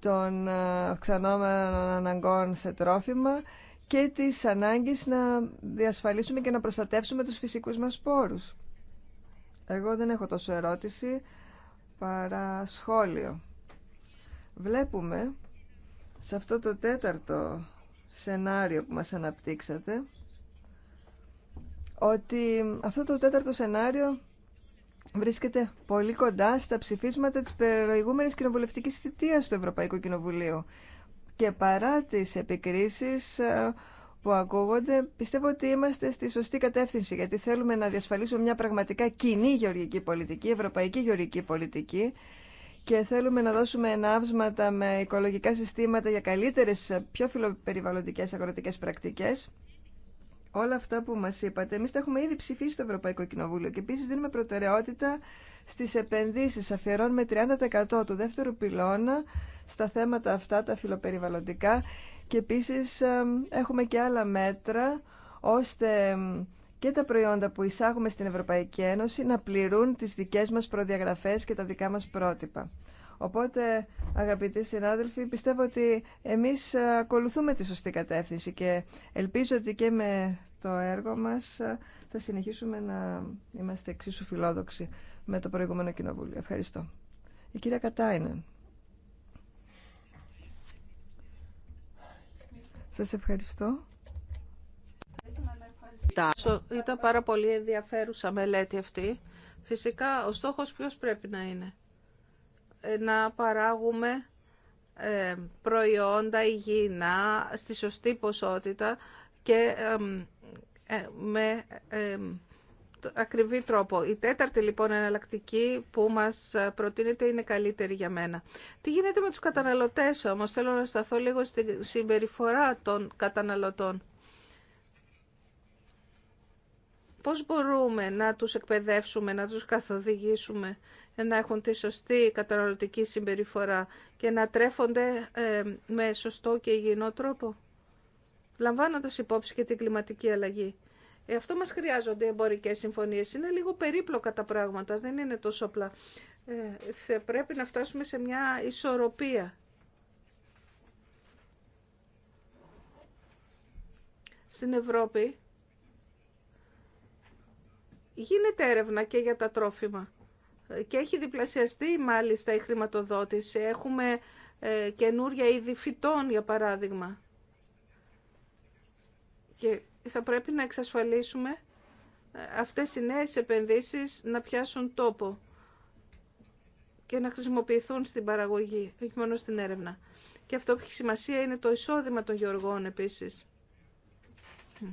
των ε, αυξανόμενων αναγκών σε τρόφιμα και τις ανάγκης να διασφαλίσουμε και να προστατεύσουμε τους φυσικούς μας πόρους. Εγώ δεν έχω τόσο ερώτηση παρά σχόλιο. Βλέπουμε σε αυτό το τέταρτο σενάριο που μας αναπτύξατε ότι αυτό το τέταρτο σενάριο βρίσκεται πολύ κοντά στα ψηφίσματα της προηγούμενης κοινοβουλευτικής θητείας του Ευρωπαϊκού Κοινοβουλίου. Και παρά τις επικρίσεις ε, που ακούγονται, πιστεύω ότι είμαστε στη σωστή κατεύθυνση, γιατί θέλουμε να διασφαλίσουμε μια πραγματικά κοινή γεωργική πολιτική, ευρωπαϊκή γεωργική πολιτική, και θέλουμε να δώσουμε ναύσματα με οικολογικά συστήματα για καλύτερες, πιο φιλοπεριβαλλοντικές αγροτικές πρακτικές όλα αυτά που μα είπατε, εμεί τα έχουμε ήδη ψηφίσει στο Ευρωπαϊκό Κοινοβούλιο και επίση δίνουμε προτεραιότητα στι επενδύσει Αφιερώνουμε 30% του δεύτερου πυλώνα στα θέματα αυτά τα φιλοπεριβαλλοντικά και επίση ε, έχουμε και άλλα μέτρα ώστε και τα προϊόντα που εισάγουμε στην Ευρωπαϊκή Ένωση να πληρούν τις δικές μας προδιαγραφές και τα δικά μας πρότυπα. Οπότε, αγαπητοί συνάδελφοι, πιστεύω ότι εμείς ε, ακολουθούμε τη σωστή κατεύθυνση και ελπίζω ότι και με το έργο μας θα συνεχίσουμε να είμαστε εξίσου φιλόδοξοι με το προηγούμενο κοινοβούλιο. Ευχαριστώ. Η κυρία Κατάινεν. Σας ευχαριστώ. Ήταν πάρα πολύ ενδιαφέρουσα μελέτη αυτή. Φυσικά, ο στόχος ποιος πρέπει να είναι. Ε, να παράγουμε ε, προϊόντα υγιεινά στη σωστή ποσότητα και ε, με ακριβή τρόπο. Η τέταρτη λοιπόν εναλλακτική που μας προτείνεται είναι καλύτερη για μένα. Τι γίνεται με τους καταναλωτές όμως, θέλω να σταθώ λίγο στην συμπεριφορά των καταναλωτών. Πώς μπορούμε να τους εκπαιδεύσουμε, να τους καθοδηγήσουμε, να έχουν τη σωστή καταναλωτική συμπεριφορά και να τρέφονται ε, με σωστό και υγιεινό τρόπο λαμβάνοντας υπόψη και την κλιματική αλλαγή. Ε, αυτό μας χρειάζονται οι εμπορικές συμφωνίες. Είναι λίγο περίπλοκα τα πράγματα, δεν είναι τόσο απλά. Ε, πρέπει να φτάσουμε σε μια ισορροπία. Στην Ευρώπη γίνεται έρευνα και για τα τρόφιμα. Ε, και έχει διπλασιαστεί μάλιστα η χρηματοδότηση. Έχουμε ε, καινούρια είδη φυτών, για παράδειγμα. Και θα πρέπει να εξασφαλίσουμε ε, αυτές οι νέες επενδύσεις να πιάσουν τόπο και να χρησιμοποιηθούν στην παραγωγή, όχι μόνο στην έρευνα. Και αυτό που έχει σημασία είναι το εισόδημα των γεωργών επίσης. Ε,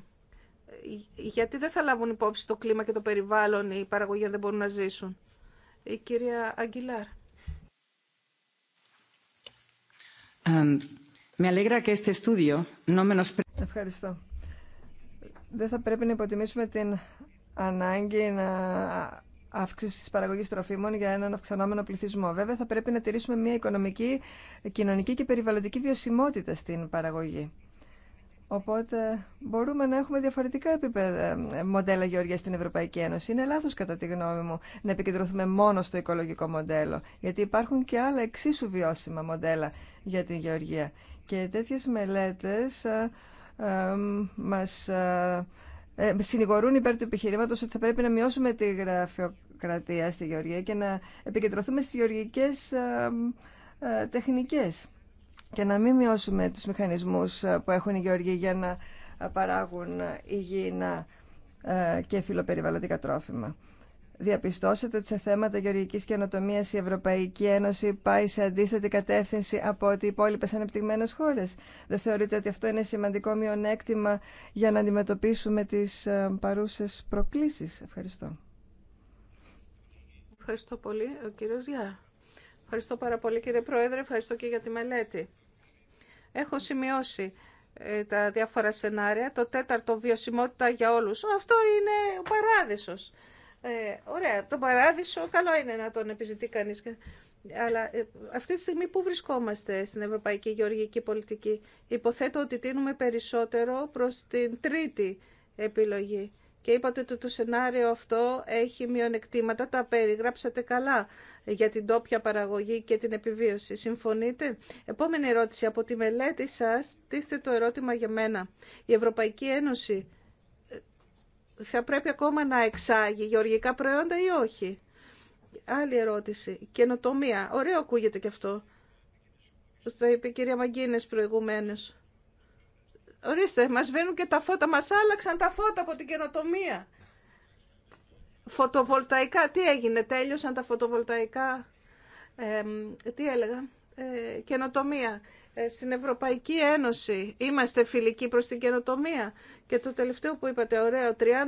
γιατί δεν θα λάβουν υπόψη το κλίμα και το περιβάλλον οι παραγωγοί δεν μπορούν να ζήσουν. Η κυρία Αγγιλάρ. Ευχαριστώ δεν θα πρέπει να υποτιμήσουμε την ανάγκη να αύξηση τη παραγωγή τροφίμων για έναν αυξανόμενο πληθυσμό. Βέβαια, θα πρέπει να τηρήσουμε μια οικονομική, κοινωνική και περιβαλλοντική βιωσιμότητα στην παραγωγή. Οπότε μπορούμε να έχουμε διαφορετικά επίπεδα, ε, μοντέλα γεωργίας στην Ευρωπαϊκή Ένωση. Είναι λάθος κατά τη γνώμη μου να επικεντρωθούμε μόνο στο οικολογικό μοντέλο, γιατί υπάρχουν και άλλα εξίσου βιώσιμα μοντέλα για την γεωργία. Και τέτοιε μελέτες ε, μας ε, ε, συνηγορούν υπέρ του επιχειρήματος ότι θα πρέπει να μειώσουμε τη γραφειοκρατία στη Γεωργία και να επικεντρωθούμε στις γεωργικές ε, τεχνικές και να μην μειώσουμε τους μηχανισμούς που έχουν οι Γεωργοί για να παράγουν υγιεινά και φιλοπεριβαλλοντικά τρόφιμα διαπιστώσετε ότι σε θέματα γεωργικής καινοτομίας η Ευρωπαϊκή Ένωση πάει σε αντίθετη κατεύθυνση από ότι οι υπόλοιπε ανεπτυγμένες χώρες. Δεν θεωρείτε ότι αυτό είναι σημαντικό μειονέκτημα για να αντιμετωπίσουμε τις ε, παρούσες προκλήσεις. Ευχαριστώ. Ευχαριστώ πολύ, ο κύριος Ευχαριστώ πάρα πολύ κύριε Πρόεδρε, ευχαριστώ και για τη μελέτη. Έχω σημειώσει ε, τα διάφορα σενάρια, το τέταρτο βιωσιμότητα για όλους. Αυτό είναι ο παράδεισος. Ε, ωραία, τον παράδεισο καλό είναι να τον επιζητεί κανείς. Αλλά ε, αυτή τη στιγμή που βρισκόμαστε στην ευρωπαϊκή γεωργική πολιτική. Υποθέτω ότι τίνουμε περισσότερο προς την τρίτη επιλογή. Και είπατε ότι το σενάριο αυτό έχει μειονεκτήματα, τα περιγράψατε καλά για την τόπια παραγωγή και την επιβίωση. Συμφωνείτε? Επόμενη ερώτηση. Από τη μελέτη σας, τίθεται το ερώτημα για μένα. Η Ευρωπαϊκή Ένωση θα πρέπει ακόμα να εξάγει γεωργικά προϊόντα ή όχι. Άλλη ερώτηση. Καινοτομία. Ωραίο ακούγεται και αυτό. Το είπε η κυρία Μαγκίνες θα ειπε η κυρια Ορίστε, μας βαίνουν και τα φώτα. Μας άλλαξαν τα φώτα από την καινοτομία. Φωτοβολταϊκά. Τι έγινε, τέλειωσαν τα φωτοβολταϊκά. τι έλεγα. Ε, καινοτομία. Ε, στην Ευρωπαϊκή Ένωση. Είμαστε φιλικοί προς την καινοτομία. Και το τελευταίο που είπατε, ωραίο, 30%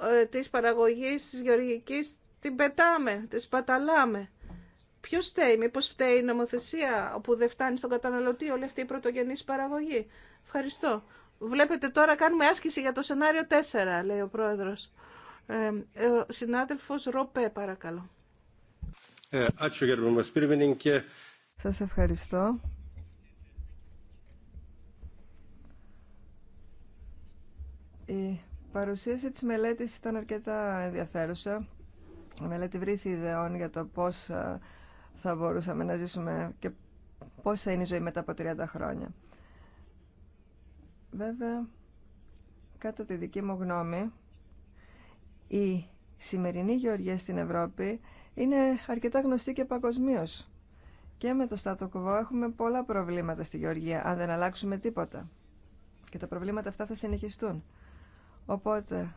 ε, της παραγωγής της γεωργικής την πετάμε, τη σπαταλάμε. Ποιο φταίει, μήπω φταίει η νομοθεσία όπου δεν φτάνει στον καταναλωτή όλη αυτή η πρωτογενή παραγωγή. Ευχαριστώ. Βλέπετε τώρα κάνουμε άσκηση για το σενάριο 4, λέει ο πρόεδρος. Ε, ε, ο συνάδελφος Ροπέ, παρακαλώ. Ε, σας ευχαριστώ. Η παρουσίαση της μελέτης ήταν αρκετά ενδιαφέρουσα. Η μελέτη βρήθη ιδεών για το πώς ε, θα μπορούσαμε να ζήσουμε και πώς θα είναι η ζωή μετά από 30 χρόνια. Βέβαια, κατά τη δική μου γνώμη, η σημερινή γεωργία στην Ευρώπη είναι αρκετά γνωστή και παγκοσμίως και με το στάτο έχουμε πολλά προβλήματα στη Γεωργία αν δεν αλλάξουμε τίποτα. Και τα προβλήματα αυτά θα συνεχιστούν. Οπότε,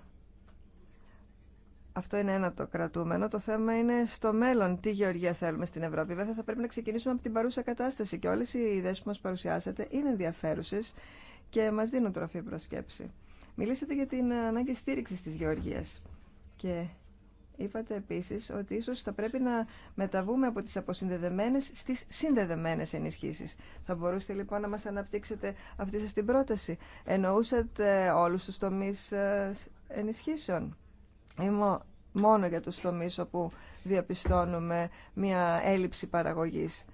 αυτό είναι ένα το κρατούμενο. Το θέμα είναι στο μέλλον τι γεωργία θέλουμε στην Ευρώπη. Βέβαια, θα πρέπει να ξεκινήσουμε από την παρούσα κατάσταση και όλες οι ιδέες που μας παρουσιάσατε είναι ενδιαφέρουσε και μας δίνουν τροφή προσκέψη. Μιλήσατε για την ανάγκη στήριξης της γεωργίας και Είπατε επίσης ότι ίσως θα πρέπει να μεταβούμε από τις αποσυνδεδεμένες στις συνδεδεμένες ενισχύσεις. Θα μπορούσατε λοιπόν να μας αναπτύξετε αυτή σας την πρόταση. Εννοούσατε όλους τους τομείς ε, ενισχύσεων. Είμαι μόνο για τους τομείς όπου διαπιστώνουμε μια έλλειψη παραγωγής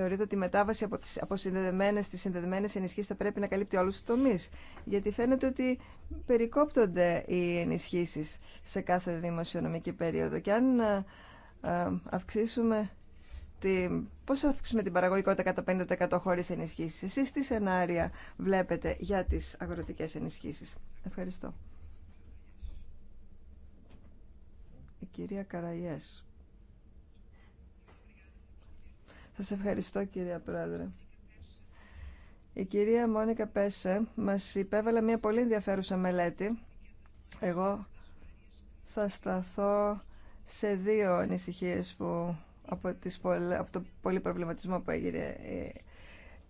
θεωρείτε ότι η μετάβαση από, τις, από συνδεδεμένες στις συνδεδεμένες ενισχύσεις θα πρέπει να καλύπτει όλους τους τομείς. Γιατί φαίνεται ότι περικόπτονται οι ενισχύσεις σε κάθε δημοσιονομική περίοδο. Και αν ε, ε, αυξήσουμε τη, πώς θα αυξήσουμε την παραγωγικότητα κατά 50% χωρίς ενισχύσεις. Εσείς τι σενάρια βλέπετε για τις αγροτικές ενισχύσεις. Ευχαριστώ. Η κυρία Καραγιές. Σας ευχαριστώ κυρία Πρόεδρε. Η κυρία Μόνικα Πέσε μας υπέβαλε μια πολύ ενδιαφέρουσα μελέτη. Εγώ θα σταθώ σε δύο ανησυχίε που από, τις, από το πολύ προβληματισμό που έγινε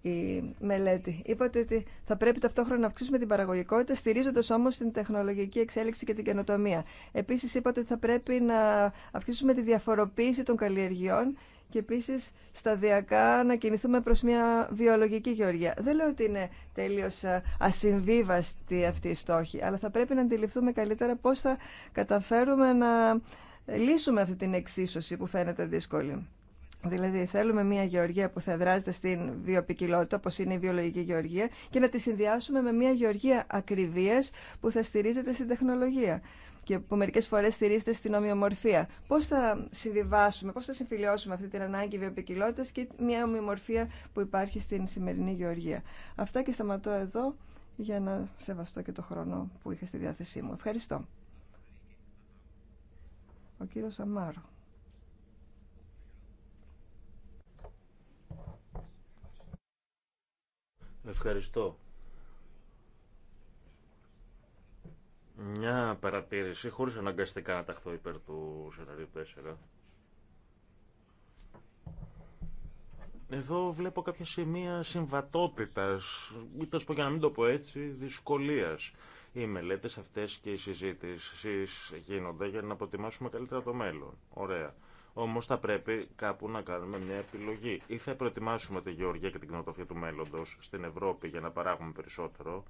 η, ε, η μελέτη. Είπατε ότι θα πρέπει ταυτόχρονα να αυξήσουμε την παραγωγικότητα, στηρίζοντα όμω την τεχνολογική εξέλιξη και την καινοτομία. Επίση, είπατε ότι θα πρέπει να αυξήσουμε τη διαφοροποίηση των καλλιεργειών και επίσης σταδιακά να κινηθούμε προς μια βιολογική γεωργία. Δεν λέω ότι είναι τελείω ε, ασυμβίβαστη αυτή η στόχη, αλλά θα πρέπει να αντιληφθούμε καλύτερα πώς θα καταφέρουμε να λύσουμε αυτή την εξίσωση που φαίνεται δύσκολη. Δηλαδή θέλουμε μια γεωργία που θα δράζεται στην βιοπικιλότητα, όπως είναι η βιολογική γεωργία, και να τη συνδυάσουμε με μια γεωργία ακριβία που θα στηρίζεται στην τεχνολογία και που μερικές φορές στηρίζεται στην ομοιομορφία. Πώς θα συμβιβάσουμε, πώς θα συμφιλιώσουμε αυτή την ανάγκη βιοπικιλότητας και μια ομοιομορφία που υπάρχει στην σημερινή γεωργία. Αυτά και σταματώ εδώ για να σεβαστώ και το χρόνο που είχα στη διάθεσή μου. Ευχαριστώ. Ο κύριος Αμάρο. Ευχαριστώ. Μια παρατήρηση, χωρίς αναγκαστικά να ταχθώ υπέρ του σενάριου 4. Εδώ βλέπω κάποια σημεία συμβατότητας, είτε πω για να μην το πω έτσι, δυσκολίας. Οι μελέτες αυτές και οι συζήτησεις γίνονται για να προτιμάσουμε καλύτερα το μέλλον. Ωραία. Όμως θα πρέπει κάπου να κάνουμε μια επιλογή. Ή θα προετοιμάσουμε τη γεωργία και την κοινοτοφία του μέλλοντος στην Ευρώπη για να παράγουμε περισσότερο,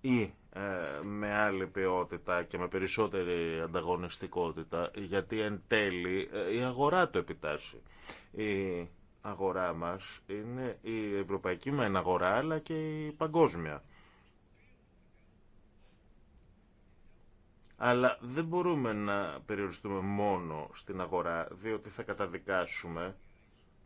ή ε, με άλλη ποιότητα και με περισσότερη ανταγωνιστικότητα, γιατί εν τέλει ε, η αγορά το επιτάσσει. Η αγορά μας είναι η ευρωπαϊκή με αγορά, αλλά και η παγκόσμια. Αλλά δεν μπορούμε να περιοριστούμε μόνο στην αγορά, διότι θα καταδικάσουμε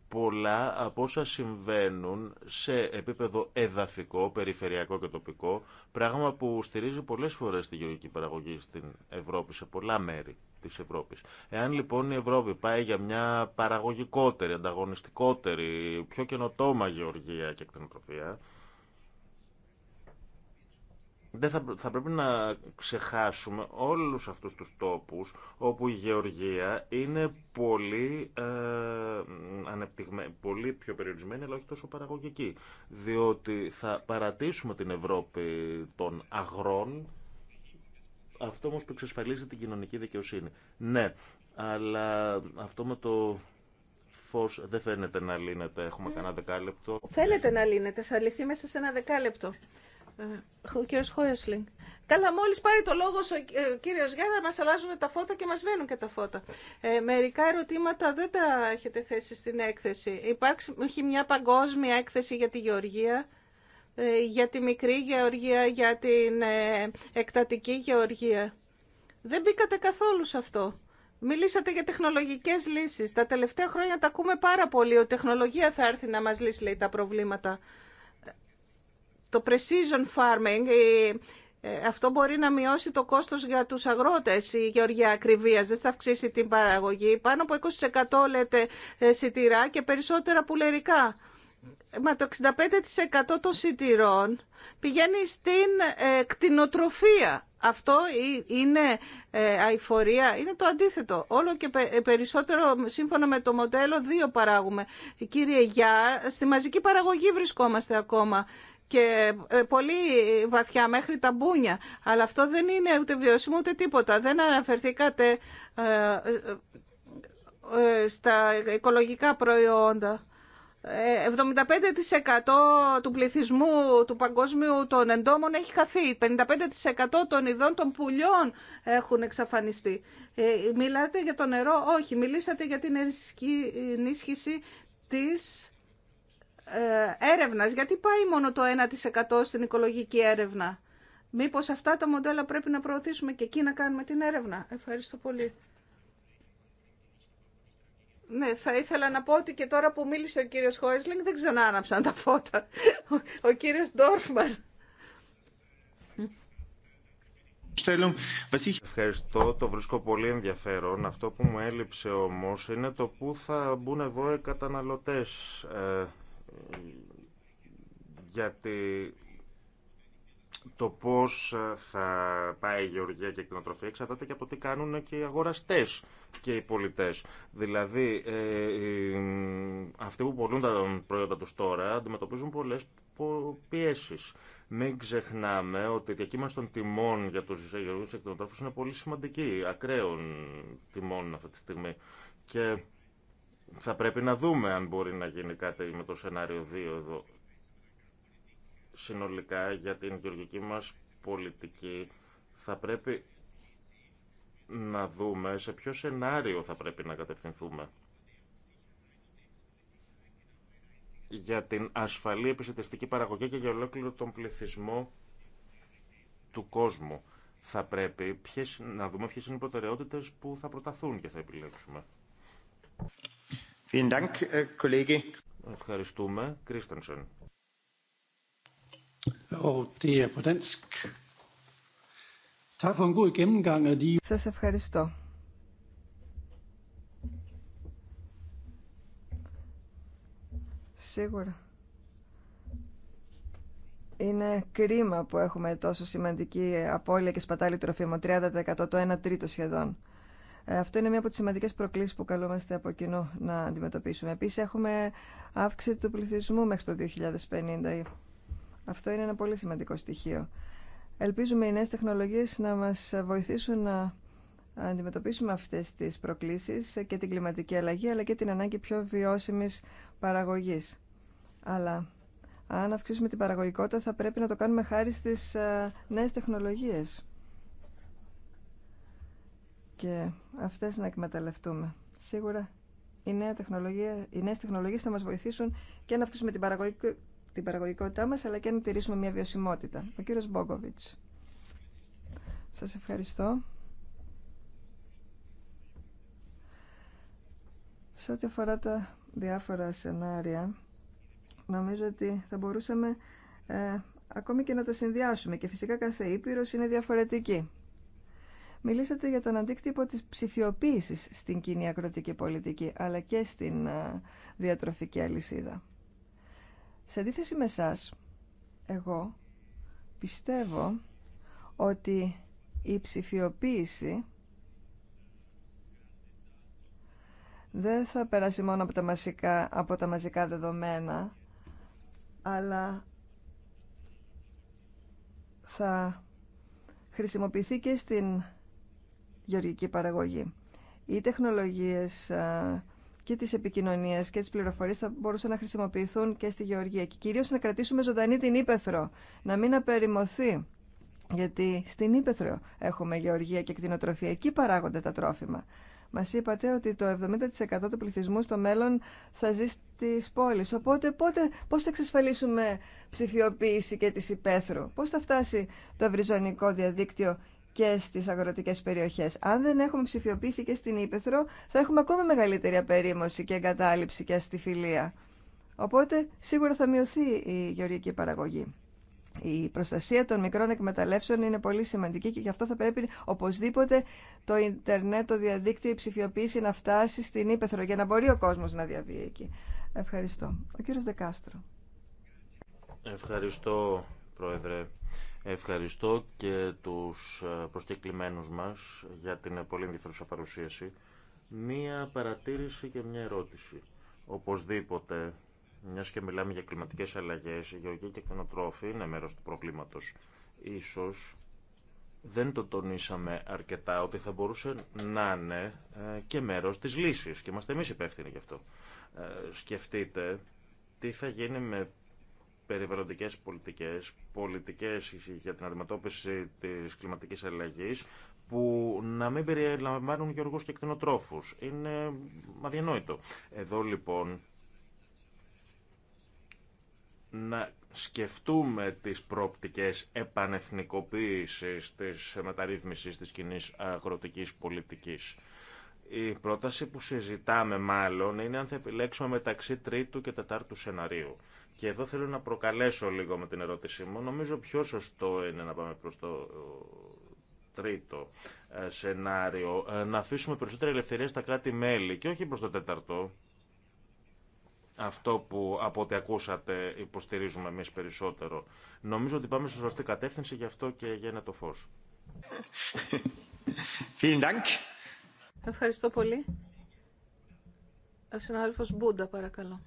πολλά από όσα συμβαίνουν σε επίπεδο εδαφικό, περιφερειακό και τοπικό, πράγμα που στηρίζει πολλές φορές τη γεωργική παραγωγή στην Ευρώπη, σε πολλά μέρη της Ευρώπης. Εάν λοιπόν η Ευρώπη πάει για μια παραγωγικότερη, ανταγωνιστικότερη, πιο καινοτόμα γεωργία και εκτενοτροφία, δεν θα, θα πρέπει να ξεχάσουμε όλους αυτούς τους τόπους όπου η γεωργία είναι πολύ, ε, πολύ πιο περιορισμένη αλλά όχι τόσο παραγωγική. Διότι θα παρατήσουμε την Ευρώπη των αγρών, αυτό όμως που εξασφαλίζει την κοινωνική δικαιοσύνη. Ναι, αλλά αυτό με το φως δεν φαίνεται να λύνεται. Έχουμε κανένα δεκάλεπτο. Φαίνεται να λύνεται, θα λυθεί μέσα σε ένα δεκάλεπτο. Ε, ο κύριο Χόεσλινγκ. Καλά, μόλι πάρει το λόγο ο ε, κύριο Γιάννα, μα αλλάζουν τα φώτα και μας βαίνουν και τα φώτα. Ε, μερικά ερωτήματα δεν τα έχετε θέσει στην έκθεση. Υπάρχει μια παγκόσμια έκθεση για τη γεωργία, ε, για τη μικρή γεωργία, για την εκτατική γεωργία. Δεν μπήκατε καθόλου σε αυτό. Μιλήσατε για τεχνολογικέ λύσει. Τα τελευταία χρόνια τα ακούμε πάρα πολύ. Ο τεχνολογία θα έρθει να μα λύσει, λέει, τα προβλήματα. Το precision farming, ε, αυτό μπορεί να μειώσει το κόστος για τους αγρότες η γεωργία ακριβίας, δεν θα αυξήσει την παραγωγή. Πάνω από 20% λέτε ε, σιτηρά και περισσότερα πουλερικά. Μα το 65% των σιτηρών πηγαίνει στην ε, κτηνοτροφία. Αυτό είναι αηφορία, είναι το αντίθετο. Όλο και περισσότερο, σύμφωνα με το μοντέλο, δύο παράγουμε. Κύριε Γιάρ, στη μαζική παραγωγή βρισκόμαστε ακόμα και ε, πολύ βαθιά μέχρι τα μπούνια. Αλλά αυτό δεν είναι ούτε βιώσιμο ούτε τίποτα. Δεν αναφερθήκατε ε, ε, στα οικολογικά προϊόντα. 75% του πληθυσμού του παγκόσμιου των εντόμων έχει χαθεί. 55% των ειδών των πουλιών έχουν εξαφανιστεί. Μιλάτε για το νερό. Όχι. Μιλήσατε για την ενίσχυση της ε, έρευνας. Γιατί πάει μόνο το 1% στην οικολογική έρευνα. Μήπως αυτά τα μοντέλα πρέπει να προωθήσουμε και εκεί να κάνουμε την έρευνα. Ευχαριστώ πολύ. Ναι, θα ήθελα να πω ότι και τώρα που μίλησε ο κύριος Χόισλινγκ δεν ξανάναψαν τα φώτα. Ο, ο κύριος Ντόρφμαν. Ευχαριστώ, το βρίσκω πολύ ενδιαφέρον. Αυτό που μου έλειψε όμως είναι το πού θα μπουν εδώ οι καταναλωτές ε, γιατί το πώς θα πάει η γεωργία και η κτηνοτροφία εξαρτάται και από το τι κάνουν και οι αγοραστές και οι πολιτές. Δηλαδή, ε, αυτοί που πολλούν τα προϊόντα τους τώρα αντιμετωπίζουν πολλές πιέσεις. Μην ξεχνάμε ότι η διακύμανση των τιμών για τους γεωργούς και είναι πολύ σημαντική, ακραίων τιμών αυτή τη στιγμή. Και θα πρέπει να δούμε αν μπορεί να γίνει κάτι με το σενάριο 2 εδώ. Συνολικά για την γεωργική μας πολιτική θα πρέπει να δούμε σε ποιο σενάριο θα πρέπει να κατευθυνθούμε. Για την ασφαλή επιστημιστική παραγωγή και για ολόκληρο τον πληθυσμό του κόσμου θα πρέπει ποιες, να δούμε ποιες είναι οι προτεραιότητες που θα προταθούν και θα επιλέξουμε. Äh, Ευχαριστούμε. Κρίστανσον. Σα ευχαριστώ. Σίγουρα. Είναι κρίμα που έχουμε τόσο σημαντική απώλεια και σπατάλη τροφίμων, 30% το 1 τρίτο σχεδόν. Ε, αυτό είναι μία από τις σημαντικές προκλήσεις που καλούμαστε από κοινού να αντιμετωπίσουμε. Επίσης έχουμε αύξηση του πληθυσμού μέχρι το 2050. Αυτό είναι ένα πολύ σημαντικό στοιχείο. Ελπίζουμε οι νέες τεχνολογίες να μας βοηθήσουν να αντιμετωπίσουμε αυτές τις προκλήσεις και την κλιματική αλλαγή αλλά και την ανάγκη πιο βιώσιμης παραγωγής. Αλλά αν αυξήσουμε την παραγωγικότητα θα πρέπει να το κάνουμε χάρη στις ε, νέες τεχνολογίες και αυτές να εκμεταλλευτούμε. Σίγουρα οι νέες τεχνολογίες θα μας βοηθήσουν και να αυξήσουμε την, παραγωγικο, παραγωγικότητά μας αλλά και να τηρήσουμε μια βιωσιμότητα. Ο κύριος Μπόγκοβιτς. Σας ευχαριστώ. Σε ό,τι αφορά τα διάφορα σενάρια, νομίζω ότι θα μπορούσαμε ε, ακόμη και να τα συνδυάσουμε και φυσικά κάθε ήπειρος είναι διαφορετική. Μιλήσατε για τον αντίκτυπο της ψηφιοποίησης στην κοινή ακροτική πολιτική, αλλά και στην ε, διατροφική αλυσίδα. Σε αντίθεση με εσά, εγώ πιστεύω ότι η ψηφιοποίηση δεν θα περάσει μόνο από τα μαζικά, από τα μαζικά δεδομένα, αλλά θα χρησιμοποιηθεί και στην γεωργική παραγωγή. Οι τεχνολογίες ε, και τις επικοινωνίες και τις πληροφορίες θα μπορούσαν να χρησιμοποιηθούν και στη γεωργία και κυρίως να κρατήσουμε ζωντανή την Ήπεθρο, να μην απεριμωθεί. Γιατί στην Ήπεθρο έχουμε γεωργία και κτηνοτροφία, εκεί παράγονται τα τρόφιμα. Μα είπατε ότι το 70% του πληθυσμού στο μέλλον θα ζει στι πόλει. Οπότε πότε, πώς θα εξασφαλίσουμε ψηφιοποίηση και τη υπαίθρου, πώς θα φτάσει το ευρυζωνικό διαδίκτυο και στι αγροτικές περιοχέ. Αν δεν έχουμε ψηφιοποιήσει και στην Ήπεθρο, θα έχουμε ακόμα μεγαλύτερη απερίμωση και εγκατάλειψη και αστιφιλία. Οπότε σίγουρα θα μειωθεί η γεωργική παραγωγή. Η προστασία των μικρών εκμεταλλεύσεων είναι πολύ σημαντική και γι' αυτό θα πρέπει οπωσδήποτε το ίντερνετ, το διαδίκτυο, η ψηφιοποίηση να φτάσει στην Ήπεθρο για να μπορεί ο κόσμο να διαβεί εκεί. Ευχαριστώ. Ο κύριο Δεκάστρο. Ευχαριστώ, Πρόεδρε. Ευχαριστώ και τους ε, προσκεκλημένους μας για την πολύ ενδιαφέρουσα παρουσίαση. Μία παρατήρηση και μία ερώτηση. Οπωσδήποτε, μια και μιλάμε για κλιματικές αλλαγές, η γεωργία και η είναι μέρος του προβλήματος. Ίσως δεν το τονίσαμε αρκετά ότι θα μπορούσε να είναι ε, και μέρος της λύσης και είμαστε εμείς υπεύθυνοι γι' αυτό. Ε, σκεφτείτε τι θα γίνει με περιβαλλοντικές πολιτικές, πολιτικέ για την αντιμετώπιση της κλιματικής αλλαγής που να μην περιλαμβάνουν γεωργού και κτηνοτρόφου. Είναι αδιανόητο. Εδώ λοιπόν να σκεφτούμε τις προοπτικές επανεθνικοποίησης της μεταρρύθμισης της κοινή αγροτικής πολιτικής. Η πρόταση που συζητάμε μάλλον είναι αν θα επιλέξουμε μεταξύ τρίτου και τετάρτου σεναρίου. Και εδώ θέλω να προκαλέσω λίγο με την ερώτησή μου. Νομίζω πιο σωστό είναι να πάμε προς το τρίτο ε, σενάριο, ε, να αφήσουμε περισσότερη ελευθερία στα κράτη-μέλη και όχι προς το τέταρτο, αυτό που από ό,τι ακούσατε υποστηρίζουμε εμείς περισσότερο. Νομίζω ότι πάμε σε σωστή κατεύθυνση, γι' αυτό και για το φως. Ευχαριστώ πολύ. Ο συνάδελφος Μπούντα, παρακαλώ.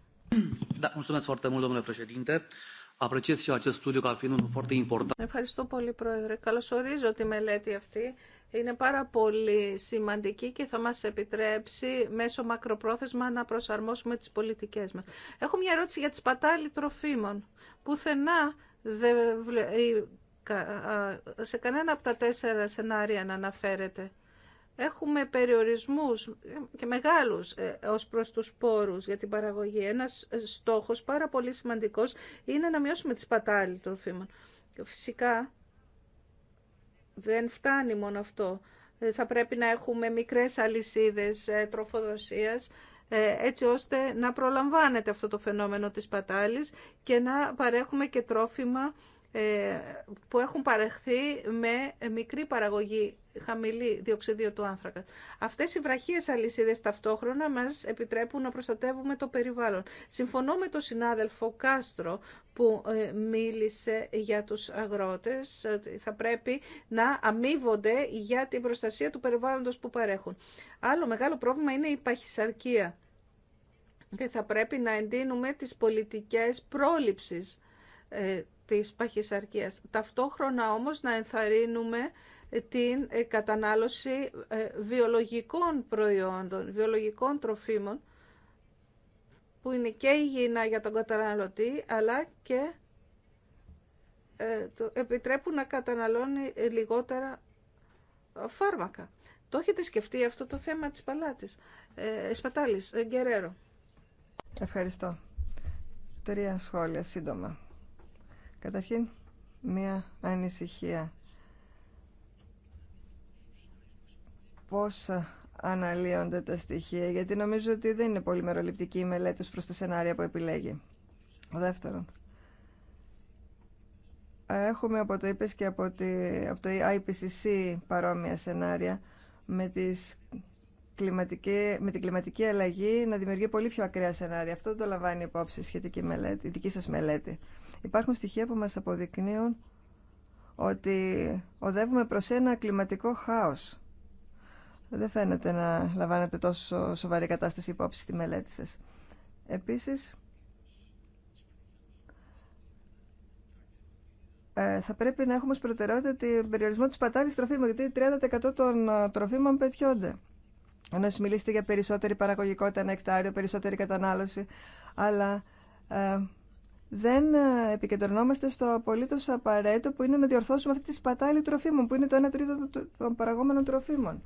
Ευχαριστώ πολύ, Πρόεδρε. Καλωσορίζω τη μελέτη αυτή. Είναι πάρα πολύ σημαντική και θα μας επιτρέψει μέσω μακροπρόθεσμα να προσαρμόσουμε τις πολιτικές μας. Έχω μια ερώτηση για τις σπατάλη τροφίμων. Πουθενά σε κανένα από τα τέσσερα σενάρια να αναφέρεται έχουμε περιορισμούς και μεγάλους ε, ως προς τους πόρους για την παραγωγή. Ένας ε, στόχος πάρα πολύ σημαντικός είναι να μειώσουμε τις πατάλη τροφίμων. Φυσικά δεν φτάνει μόνο αυτό. Ε, θα πρέπει να έχουμε μικρές αλυσίδες τροφοδοσίας έτσι ώστε να προλαμβάνεται αυτό το φαινόμενο της πατάλης και να παρέχουμε και τρόφιμα ε, που έχουν παρεχθεί με μικρή παραγωγή χαμηλή διοξιδίου του άνθρακα. Αυτές οι βραχίες αλυσίδε ταυτόχρονα μας επιτρέπουν να προστατεύουμε το περιβάλλον. Συμφωνώ με τον συνάδελφο Κάστρο που ε, μίλησε για τους αγρότες ότι θα πρέπει να αμείβονται για την προστασία του περιβάλλοντος που παρέχουν. Άλλο μεγάλο πρόβλημα είναι η παχυσαρκία και θα πρέπει να εντείνουμε τις πολιτικές πρόληψης ε, της παχυσαρκίας. Ταυτόχρονα όμως να ενθαρρύνουμε την ε, κατανάλωση ε, βιολογικών προϊόντων, βιολογικών τροφίμων, που είναι και υγιεινά για τον καταναλωτή, αλλά και ε, επιτρέπουν να καταναλώνει λιγότερα φάρμακα. Το έχετε σκεφτεί αυτό το θέμα της παλάτης. Ε, σπατάλης, ε, Γκερέρο. Ευχαριστώ. Τρία σχόλια σύντομα. Καταρχήν, μία ανησυχία. Πώς αναλύονται τα στοιχεία, γιατί νομίζω ότι δεν είναι πολύ μεροληπτική η μελέτη προς τα σενάρια που επιλέγει. Δεύτερον, έχουμε από το είπες και από, το IPCC παρόμοια σενάρια με, τις με την κλιματική αλλαγή να δημιουργεί πολύ πιο ακραία σενάρια. Αυτό δεν το λαμβάνει υπόψη η σχετική μελέτη, η δική σας μελέτη. Υπάρχουν στοιχεία που μας αποδεικνύουν ότι οδεύουμε προς ένα κλιματικό χάος. Δεν φαίνεται να λαμβάνετε τόσο σοβαρή κατάσταση υπόψη στη μελέτη σας. Επίσης, ε, θα πρέπει να έχουμε ως προτεραιότητα την περιορισμό της πατάλης τροφίμων, γιατί 30% των ε, τροφίμων πετιόνται. Ενώ μιλήσετε για περισσότερη παραγωγικότητα, ένα εκτάριο, περισσότερη κατανάλωση, αλλά ε, δεν ε, επικεντρωνόμαστε στο απολύτως απαραίτητο που είναι να διορθώσουμε αυτή τη σπατάλη τροφίμων, που είναι το 1 τρίτο των παραγόμενων τροφίμων.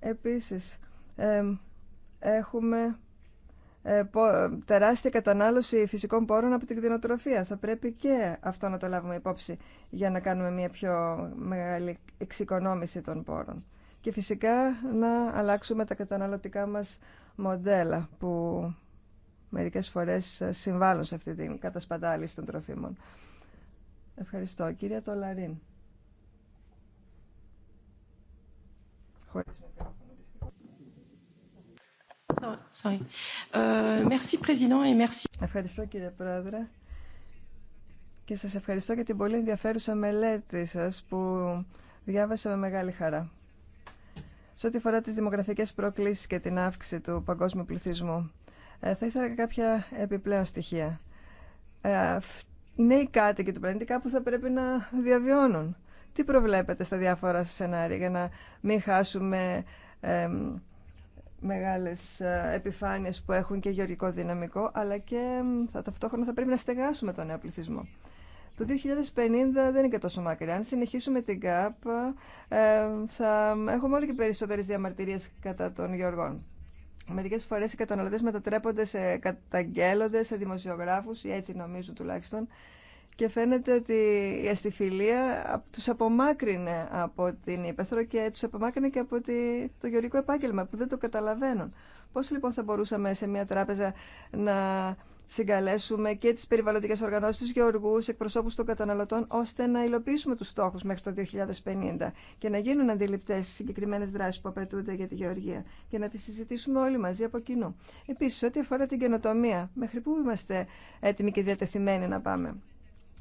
Επίσης, έχουμε ε, τεράστια κατανάλωση φυσικών πόρων από την κτηνοτροφία. Θα πρέπει και αυτό να το λάβουμε υπόψη για να κάνουμε μια πιο μεγάλη εξοικονόμηση των πόρων. Και φυσικά να αλλάξουμε τα καταναλωτικά μας μοντέλα που μερικές φορές ε, συμβάλλουν σε αυτή την κατασπατάληση των τροφίμων. Ευχαριστώ. Κύριε Τολαρίν. Ε, ευχαριστώ κύριε Πρόεδρε και σας ευχαριστώ για την πολύ ενδιαφέρουσα μελέτη σας που διάβασα με μεγάλη χαρά. Σε ό,τι αφορά τις δημογραφικές προκλήσεις και την αύξηση του παγκόσμιου πληθυσμού, ε, θα ήθελα κάποια επιπλέον στοιχεία. Ε, οι νέοι κάτοικοι του πλανήτη κάπου θα πρέπει να διαβιώνουν. Τι προβλέπετε στα διάφορα σενάρια για να μην χάσουμε ε, μεγάλες επιφάνειες που έχουν και γεωργικό δυναμικό, αλλά και θα, ταυτόχρονα θα πρέπει να στεγάσουμε τον νέο πληθυσμό. Το 2050 δεν είναι και τόσο μακριά. Αν συνεχίσουμε την ΚΑΠ, ε, θα έχουμε όλο και περισσότερες διαμαρτυρίες κατά των γεωργών. Μερικέ φορές οι καταναλωτέ μετατρέπονται σε καταγγέλλοντε, σε δημοσιογράφους ή έτσι νομίζουν τουλάχιστον και φαίνεται ότι η αστιφιλία τους απομάκρυνε από την Ήπεθρο και του απομάκρυνε και από το γεωργικό επάγγελμα που δεν το καταλαβαίνουν. Πώς λοιπόν θα μπορούσαμε σε μια τράπεζα να συγκαλέσουμε και τις περιβαλλοντικές οργανώσεις, τους γεωργούς, εκπροσώπους των καταναλωτών, ώστε να υλοποιήσουμε τους στόχους μέχρι το 2050 και να γίνουν αντιληπτές συγκεκριμένες δράσεις που απαιτούνται για τη γεωργία και να τις συζητήσουμε όλοι μαζί από κοινού. Επίσης, ό,τι αφορά την καινοτομία, μέχρι πού είμαστε έτοιμοι και διατεθειμένοι να πάμε.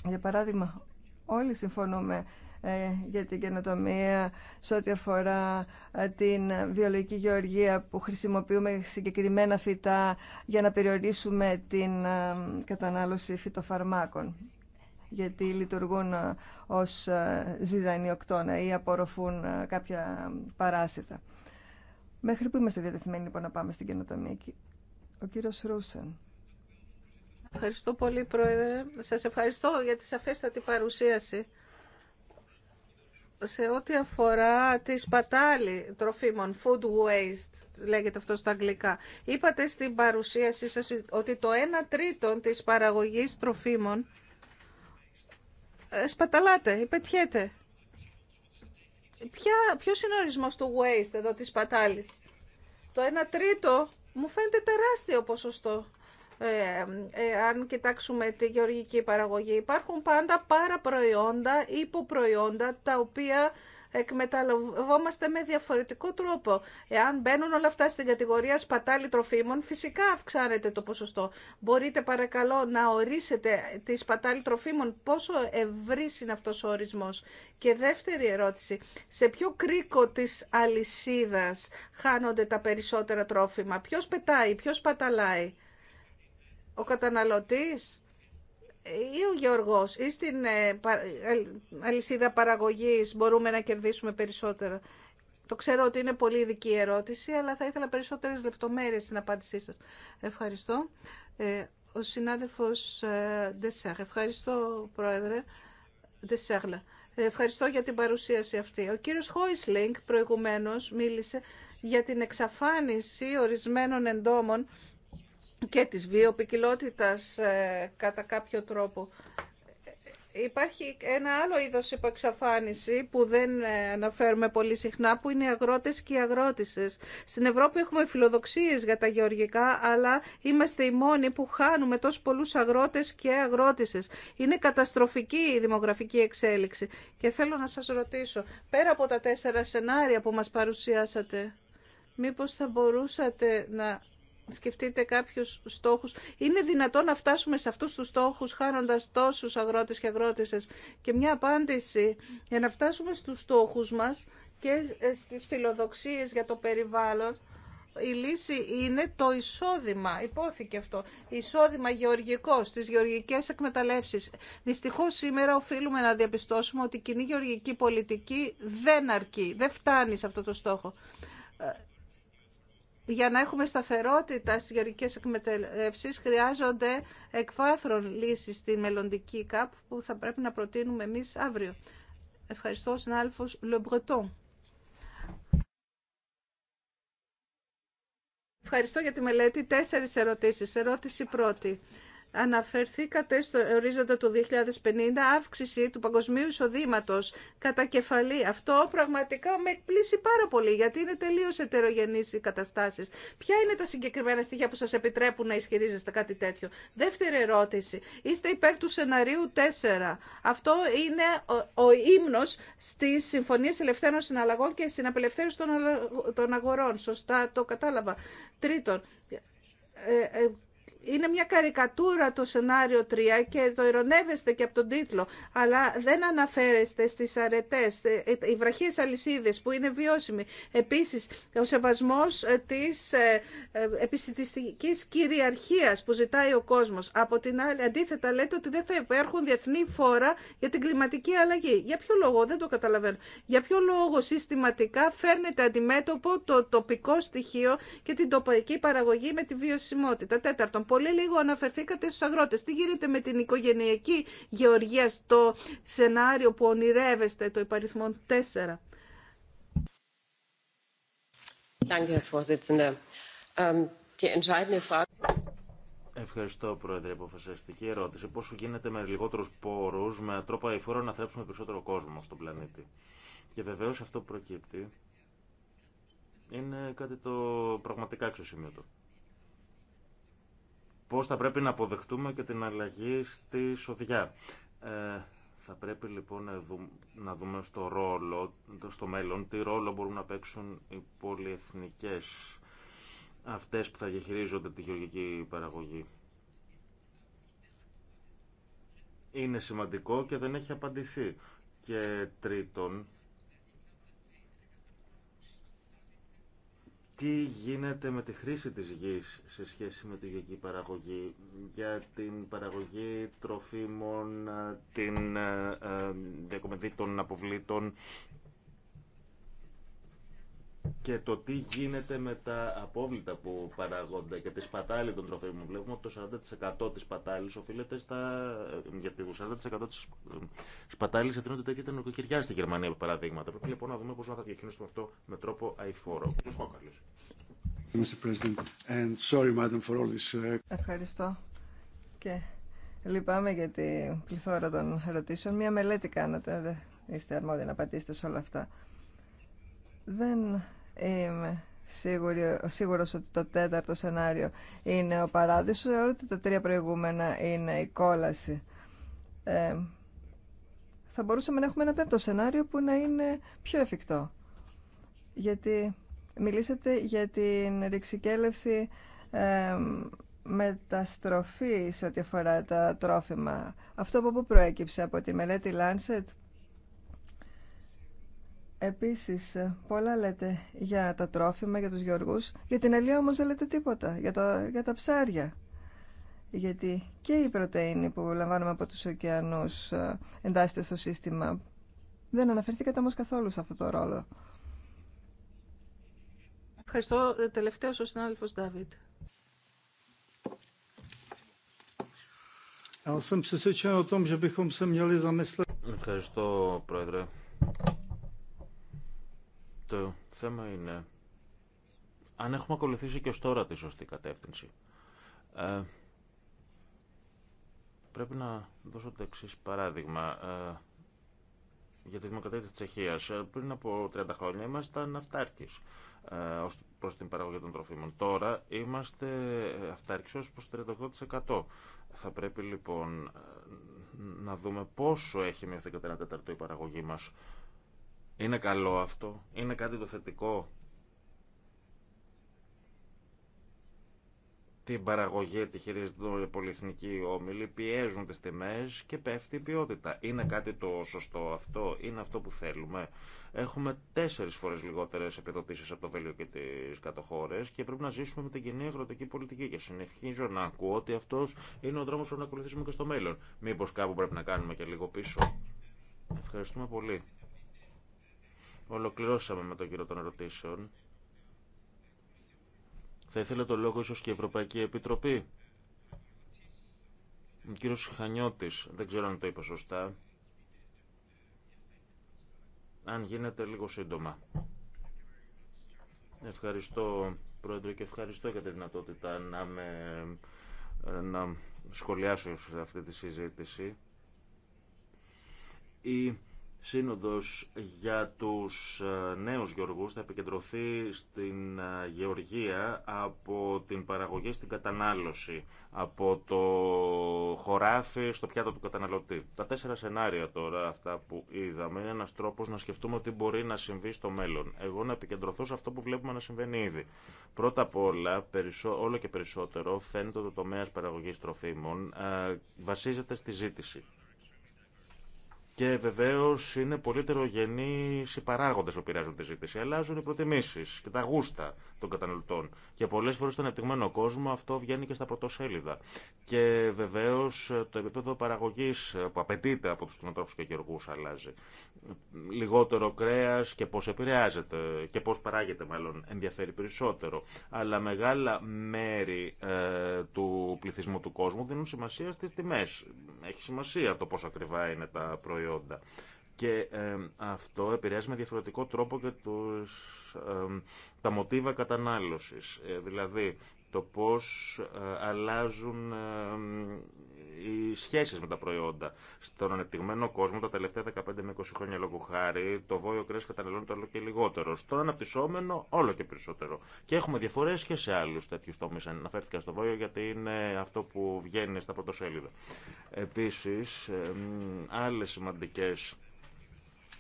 Για παράδειγμα, όλοι συμφωνούμε ε, για την καινοτομία σε ό,τι αφορά ε, την βιολογική γεωργία που χρησιμοποιούμε συγκεκριμένα φυτά για να περιορίσουμε την ε, κατανάλωση φυτοφαρμάκων γιατί λειτουργούν ως ζυζανιοκτώνα ή απορροφούν κάποια παράσιτα. Μέχρι που είμαστε διατεθειμένοι λοιπόν να πάμε στην καινοτομία. Ο κύριος Ρούσεν. Ευχαριστώ πολύ, Πρόεδρε. Σας ευχαριστώ για τη σαφέστατη παρουσίαση σε ό,τι αφορά τη σπατάλη τροφίμων, food waste λέγεται αυτό στα αγγλικά, είπατε στην παρουσίασή σας ότι το 1 τρίτο της παραγωγής τροφίμων ε, σπαταλάται υπετιέται; Ποια, ποιος είναι ο ορισμός του waste εδώ της σπατάλης. Το 1 τρίτο μου φαίνεται τεράστιο ποσοστό. Ε, ε, αν κοιτάξουμε τη γεωργική παραγωγή, υπάρχουν πάντα παραπροϊόντα, υποπροϊόντα, τα οποία εκμεταλλευόμαστε με διαφορετικό τρόπο. Εάν μπαίνουν όλα αυτά στην κατηγορία σπατάλη τροφίμων, φυσικά αυξάνεται το ποσοστό. Μπορείτε παρακαλώ να ορίσετε τη σπατάλη τροφίμων, πόσο ευρύ είναι αυτός ο ορισμός. Και δεύτερη ερώτηση, σε ποιο κρίκο της αλυσίδας χάνονται τα περισσότερα τρόφιμα, ποιος πετάει, ποιος παταλάει, ο καταναλωτής ή ο Γεωργός ή στην ε, ε, αλυσίδα παραγωγής μπορούμε να κερδίσουμε περισσότερα. Το ξέρω ότι είναι πολύ ειδική ερώτηση, αλλά θα ήθελα περισσότερες λεπτομέρειες στην απάντησή σας. Ευχαριστώ. Ε, ο συνάδελφος Ντεσέρ. Ευχαριστώ, Πρόεδρε. Ντεσέρλα. Ευχαριστώ για την παρουσίαση αυτή. Ο κύριος Χόισλινγκ προηγουμένως μίλησε για την εξαφάνιση ορισμένων εντόμων και της βιοπικιλότητας ε, κατά κάποιο τρόπο. Υπάρχει ένα άλλο είδος υποεξαφάνιση που δεν ε, αναφέρουμε πολύ συχνά που είναι οι αγρότες και οι αγρότησες. Στην Ευρώπη έχουμε φιλοδοξίες για τα γεωργικά αλλά είμαστε οι μόνοι που χάνουμε τόσο πολλούς αγρότες και αγρότησες. Είναι καταστροφική η δημογραφική εξέλιξη και θέλω να σας ρωτήσω πέρα από τα τέσσερα σενάρια που μας παρουσιάσατε μήπως θα μπορούσατε να σκεφτείτε κάποιου στόχους. Είναι δυνατόν να φτάσουμε σε αυτούς τους στόχους χάνοντας τόσους αγρότε και αγρότησε. Και μια απάντηση για να φτάσουμε στους στόχους μας και ε, στις φιλοδοξίες για το περιβάλλον, η λύση είναι το εισόδημα, υπόθηκε αυτό, εισόδημα γεωργικό στις γεωργικές εκμεταλλεύσεις. Δυστυχώς σήμερα οφείλουμε να διαπιστώσουμε ότι η κοινή γεωργική πολιτική δεν αρκεί, δεν φτάνει σε αυτό το στόχο. Ε, για να έχουμε σταθερότητα στις γεωργικές εκμεταλλεύσεις χρειάζονται εκβάθρον λύσεις στη μελλοντική ΚΑΠ που θα πρέπει να προτείνουμε εμείς αύριο. Ευχαριστώ, συνάδελφος Λεμπρετόν. Ευχαριστώ για τη μελέτη. Τέσσερις ερωτήσεις. Ερώτηση πρώτη αναφερθήκατε στο ορίζοντα του 2050 αύξηση του παγκοσμίου εισοδήματος κατά κεφαλή. Αυτό πραγματικά με εκπλήσει πάρα πολύ γιατί είναι τελείως ετερογενεί οι καταστάσεις. Ποια είναι τα συγκεκριμένα στοιχεία που σας επιτρέπουν να ισχυρίζεστε κάτι τέτοιο. Δεύτερη ερώτηση. Είστε υπέρ του σεναρίου 4. Αυτό είναι ο, ο ύμνος στις συμφωνίες ελευθέρων συναλλαγών και στην απελευθέρωση των, των αγορών. Σωστά το κατάλαβα. Τρίτον, ε, ε, είναι μια καρικατούρα το σενάριο 3 και το ειρωνεύεστε και από τον τίτλο, αλλά δεν αναφέρεστε στις αρετές, ε, ε, οι βραχίες αλυσίδες που είναι βιώσιμοι. Επίσης, ο σεβασμός ε, της επιστημιστικής κυριαρχίας που ζητάει ο κόσμος. Από την άλλη, αντίθετα λέτε ότι δεν θα υπέρχουν διεθνή φόρα για την κλιματική αλλαγή. Για ποιο λόγο, δεν το καταλαβαίνω. Για ποιο λόγο συστηματικά φέρνετε αντιμέτωπο το τοπικό στοιχείο και την τοπική παραγωγή με τη βιωσιμότητα. Τέταρτον, πολύ λίγο αναφερθήκατε στους αγρότες. Τι γίνεται με την οικογενειακή γεωργία στο σενάριο που ονειρεύεστε το υπαριθμό 4. Ähm, Ευχαριστώ, Πρόεδρε. Αποφασιστική ερώτηση. Πόσο γίνεται με λιγότερου πόρου, με τρόπο αηφόρο να θρέψουμε περισσότερο κόσμο στον πλανήτη. Και βεβαίω αυτό που προκύπτει είναι κάτι το πραγματικά αξιοσημείωτο πώς θα πρέπει να αποδεχτούμε και την αλλαγή στη σοδιά. Ε, θα πρέπει λοιπόν να δούμε, στο ρόλο, στο μέλλον, τι ρόλο μπορούν να παίξουν οι πολυεθνικές αυτές που θα διαχειρίζονται τη γεωργική παραγωγή. Είναι σημαντικό και δεν έχει απαντηθεί. Και τρίτον, τι γίνεται με τη χρήση της γης σε σχέση με τη γεωργική παραγωγή, για την παραγωγή τροφίμων, την ε, ε, διακομιδή των αποβλήτων και το τι γίνεται με τα απόβλητα που παράγονται και τη σπατάλη των τροφίμων. Βλέπουμε ότι το 40% τη σπατάλη οφείλεται στα... Ε, γιατί το 40% τη σπατάλη ευθύνονται τέτοια τα νοικοκυριά στη Γερμανία, παραδείγματα. Πρέπει λοιπόν να δούμε πώ θα διακινήσουμε αυτό με τρόπο αηφόρο. Uh, Ευχαριστώ και λυπάμαι για την πληθώρα των ερωτήσεων. Μία μελέτη κάνατε, δεν είστε αρμόδιοι να απαντήσετε σε όλα αυτά. Δεν είμαι σίγουρη, σίγουρος ότι το τέταρτο σενάριο είναι ο παράδεισος, αλλά ότι τα τρία προηγούμενα είναι η κόλαση. Ε, θα μπορούσαμε να έχουμε ένα πέμπτο σενάριο που να είναι πιο εφικτό. Γιατί μιλήσατε για την ρηξικέλευθη ε, μεταστροφή σε ό,τι αφορά τα τρόφιμα. Αυτό από πού προέκυψε, από τη μελέτη Lancet Επίσης, πολλά λέτε για τα τρόφιμα, για τους γεωργούς. Για την ελιά όμως δεν λέτε τίποτα, για, το, για τα ψάρια. Γιατί και η πρωτεΐνη που λαμβάνουμε από τους ωκεανούς ε, εντάσσεται στο σύστημα. Δεν αναφερθήκατε όμως καθόλου σε αυτό το ρόλο. Ευχαριστώ. Ε, τελευταίος ο συνάδελφος Ντάβιτ. Ευχαριστώ, Πρόεδρε. Το θέμα είναι αν έχουμε ακολουθήσει και ως τώρα τη σωστή κατεύθυνση. Ε, πρέπει να δώσω το εξή παράδειγμα ε, για τη Δημοκρατία της Τσεχίας. Ε, πριν από 30 χρόνια ήμασταν αυτάρκης ε, ως προς την παραγωγή των τροφίμων. Τώρα είμαστε αυτάρκης ως προς 38%. Θα πρέπει λοιπόν ε, να δούμε πόσο έχει μειωθεί κατά ένα τέταρτο η παραγωγή μας είναι καλό αυτό, είναι κάτι το θετικό. Την παραγωγή τη χειρίζεται οι πολυεθνική όμιλη πιέζουν τις τιμές και πέφτει η ποιότητα. Είναι κάτι το σωστό αυτό, είναι αυτό που θέλουμε. Έχουμε τέσσερις φορές λιγότερες επιδοτήσεις από το Βέλιο και τις κατοχώρες και πρέπει να ζήσουμε με την κοινή αγροτική πολιτική και συνεχίζω να ακούω ότι αυτός είναι ο δρόμος που πρέπει να ακολουθήσουμε και στο μέλλον. Μήπως κάπου πρέπει να κάνουμε και λίγο πίσω. Ευχαριστούμε πολύ. Ολοκληρώσαμε με τον κύριο των ερωτήσεων. Θα ήθελα το λόγο ίσως και η Ευρωπαϊκή Επιτροπή. Ο κύριος Χανιώτης, δεν ξέρω αν το είπα σωστά. Αν γίνεται λίγο σύντομα. Ευχαριστώ, Πρόεδρε, και ευχαριστώ για τη δυνατότητα να, με, να σχολιάσω σε αυτή τη συζήτηση. Η σύνοδος για τους ε, νέους γεωργούς θα επικεντρωθεί στην ε, γεωργία από την παραγωγή στην κατανάλωση, από το χωράφι στο πιάτο του καταναλωτή. Τα τέσσερα σενάρια τώρα αυτά που είδαμε είναι ένας τρόπος να σκεφτούμε τι μπορεί να συμβεί στο μέλλον. Εγώ να επικεντρωθώ σε αυτό που βλέπουμε να συμβαίνει ήδη. Πρώτα απ' όλα, όλο και περισσότερο φαίνεται ότι το τομέα παραγωγής τροφίμων ε, βασίζεται στη ζήτηση. Και βεβαίω είναι πολύ ετερογενεί οι παράγοντε που επηρεάζουν τη ζήτηση. Αλλάζουν οι προτιμήσει και τα γούστα των καταναλωτών. Και πολλέ φορέ στον ανεπτυγμένο κόσμο αυτό βγαίνει και στα πρωτοσέλιδα. Και βεβαίω το επίπεδο παραγωγή που απαιτείται από του κτηνοτρόφου και γεωργού αλλάζει. Λιγότερο κρέα και πώ επηρεάζεται και πώ παράγεται, μάλλον ενδιαφέρει περισσότερο. Αλλά μεγάλα μέρη ε, του πληθυσμού του κόσμου δίνουν σημασία στι τιμέ. Έχει σημασία το πόσο ακριβά είναι τα προϊόντα προϊόντα. Και αυτό επηρεάζει με διαφορετικό τρόπο και τους, τα μοτίβα κατανάλωσης. Ε, δηλαδή, το πώς ε, αλλάζουν ε, οι σχέσεις με τα προϊόντα. Στον ανεπτυγμένο κόσμο τα τελευταία 15 με 20 χρόνια λόγω χάρη το βόλιο κρέας καταναλώνει το όλο και λιγότερο. Στον αναπτυσσόμενο όλο και περισσότερο. Και έχουμε διαφορές και σε άλλους τέτοιους τομείς. Αναφέρθηκα στο βόλιο γιατί είναι αυτό που βγαίνει στα πρωτοσέλιδα. Επίσης, ε, άλλες σημαντικές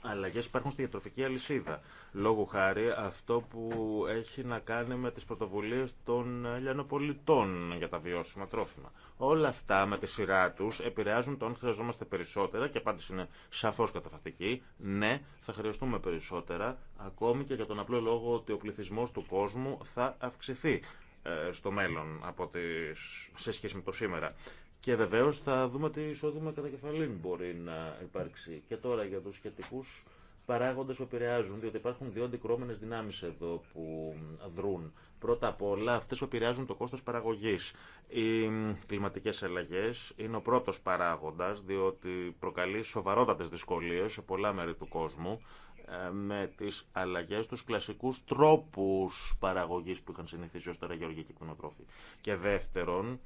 αλλαγές υπάρχουν στη διατροφική αλυσίδα. Λόγω χάρη αυτό που έχει να κάνει με τις πρωτοβουλίες των λιανοπολιτών για τα βιώσιμα τρόφιμα. Όλα αυτά με τη σειρά τους επηρεάζουν το αν χρειαζόμαστε περισσότερα και η απάντηση είναι σαφώς καταφατική. Ναι, θα χρειαστούμε περισσότερα, ακόμη και για τον απλό λόγο ότι ο πληθυσμό του κόσμου θα αυξηθεί ε, στο μέλλον από σε σχέση με το σήμερα. Και βεβαίω θα δούμε τι εισόδημα κατά κεφαλήν μπορεί να υπάρξει. Και τώρα για του σχετικού παράγοντε που επηρεάζουν, διότι υπάρχουν δύο αντικρώμενε δυνάμει εδώ που δρούν. Πρώτα απ' όλα αυτέ που επηρεάζουν το κόστο παραγωγή. Οι κλιματικέ αλλαγέ είναι ο πρώτο παράγοντα, διότι προκαλεί σοβαρότατε δυσκολίε σε πολλά μέρη του κόσμου ε, με τις αλλαγές τους κλασικούς τρόπους παραγωγής που είχαν συνηθίσει ω τώρα γεωργικοί κτηνοτρόφοι. Και δεύτερον,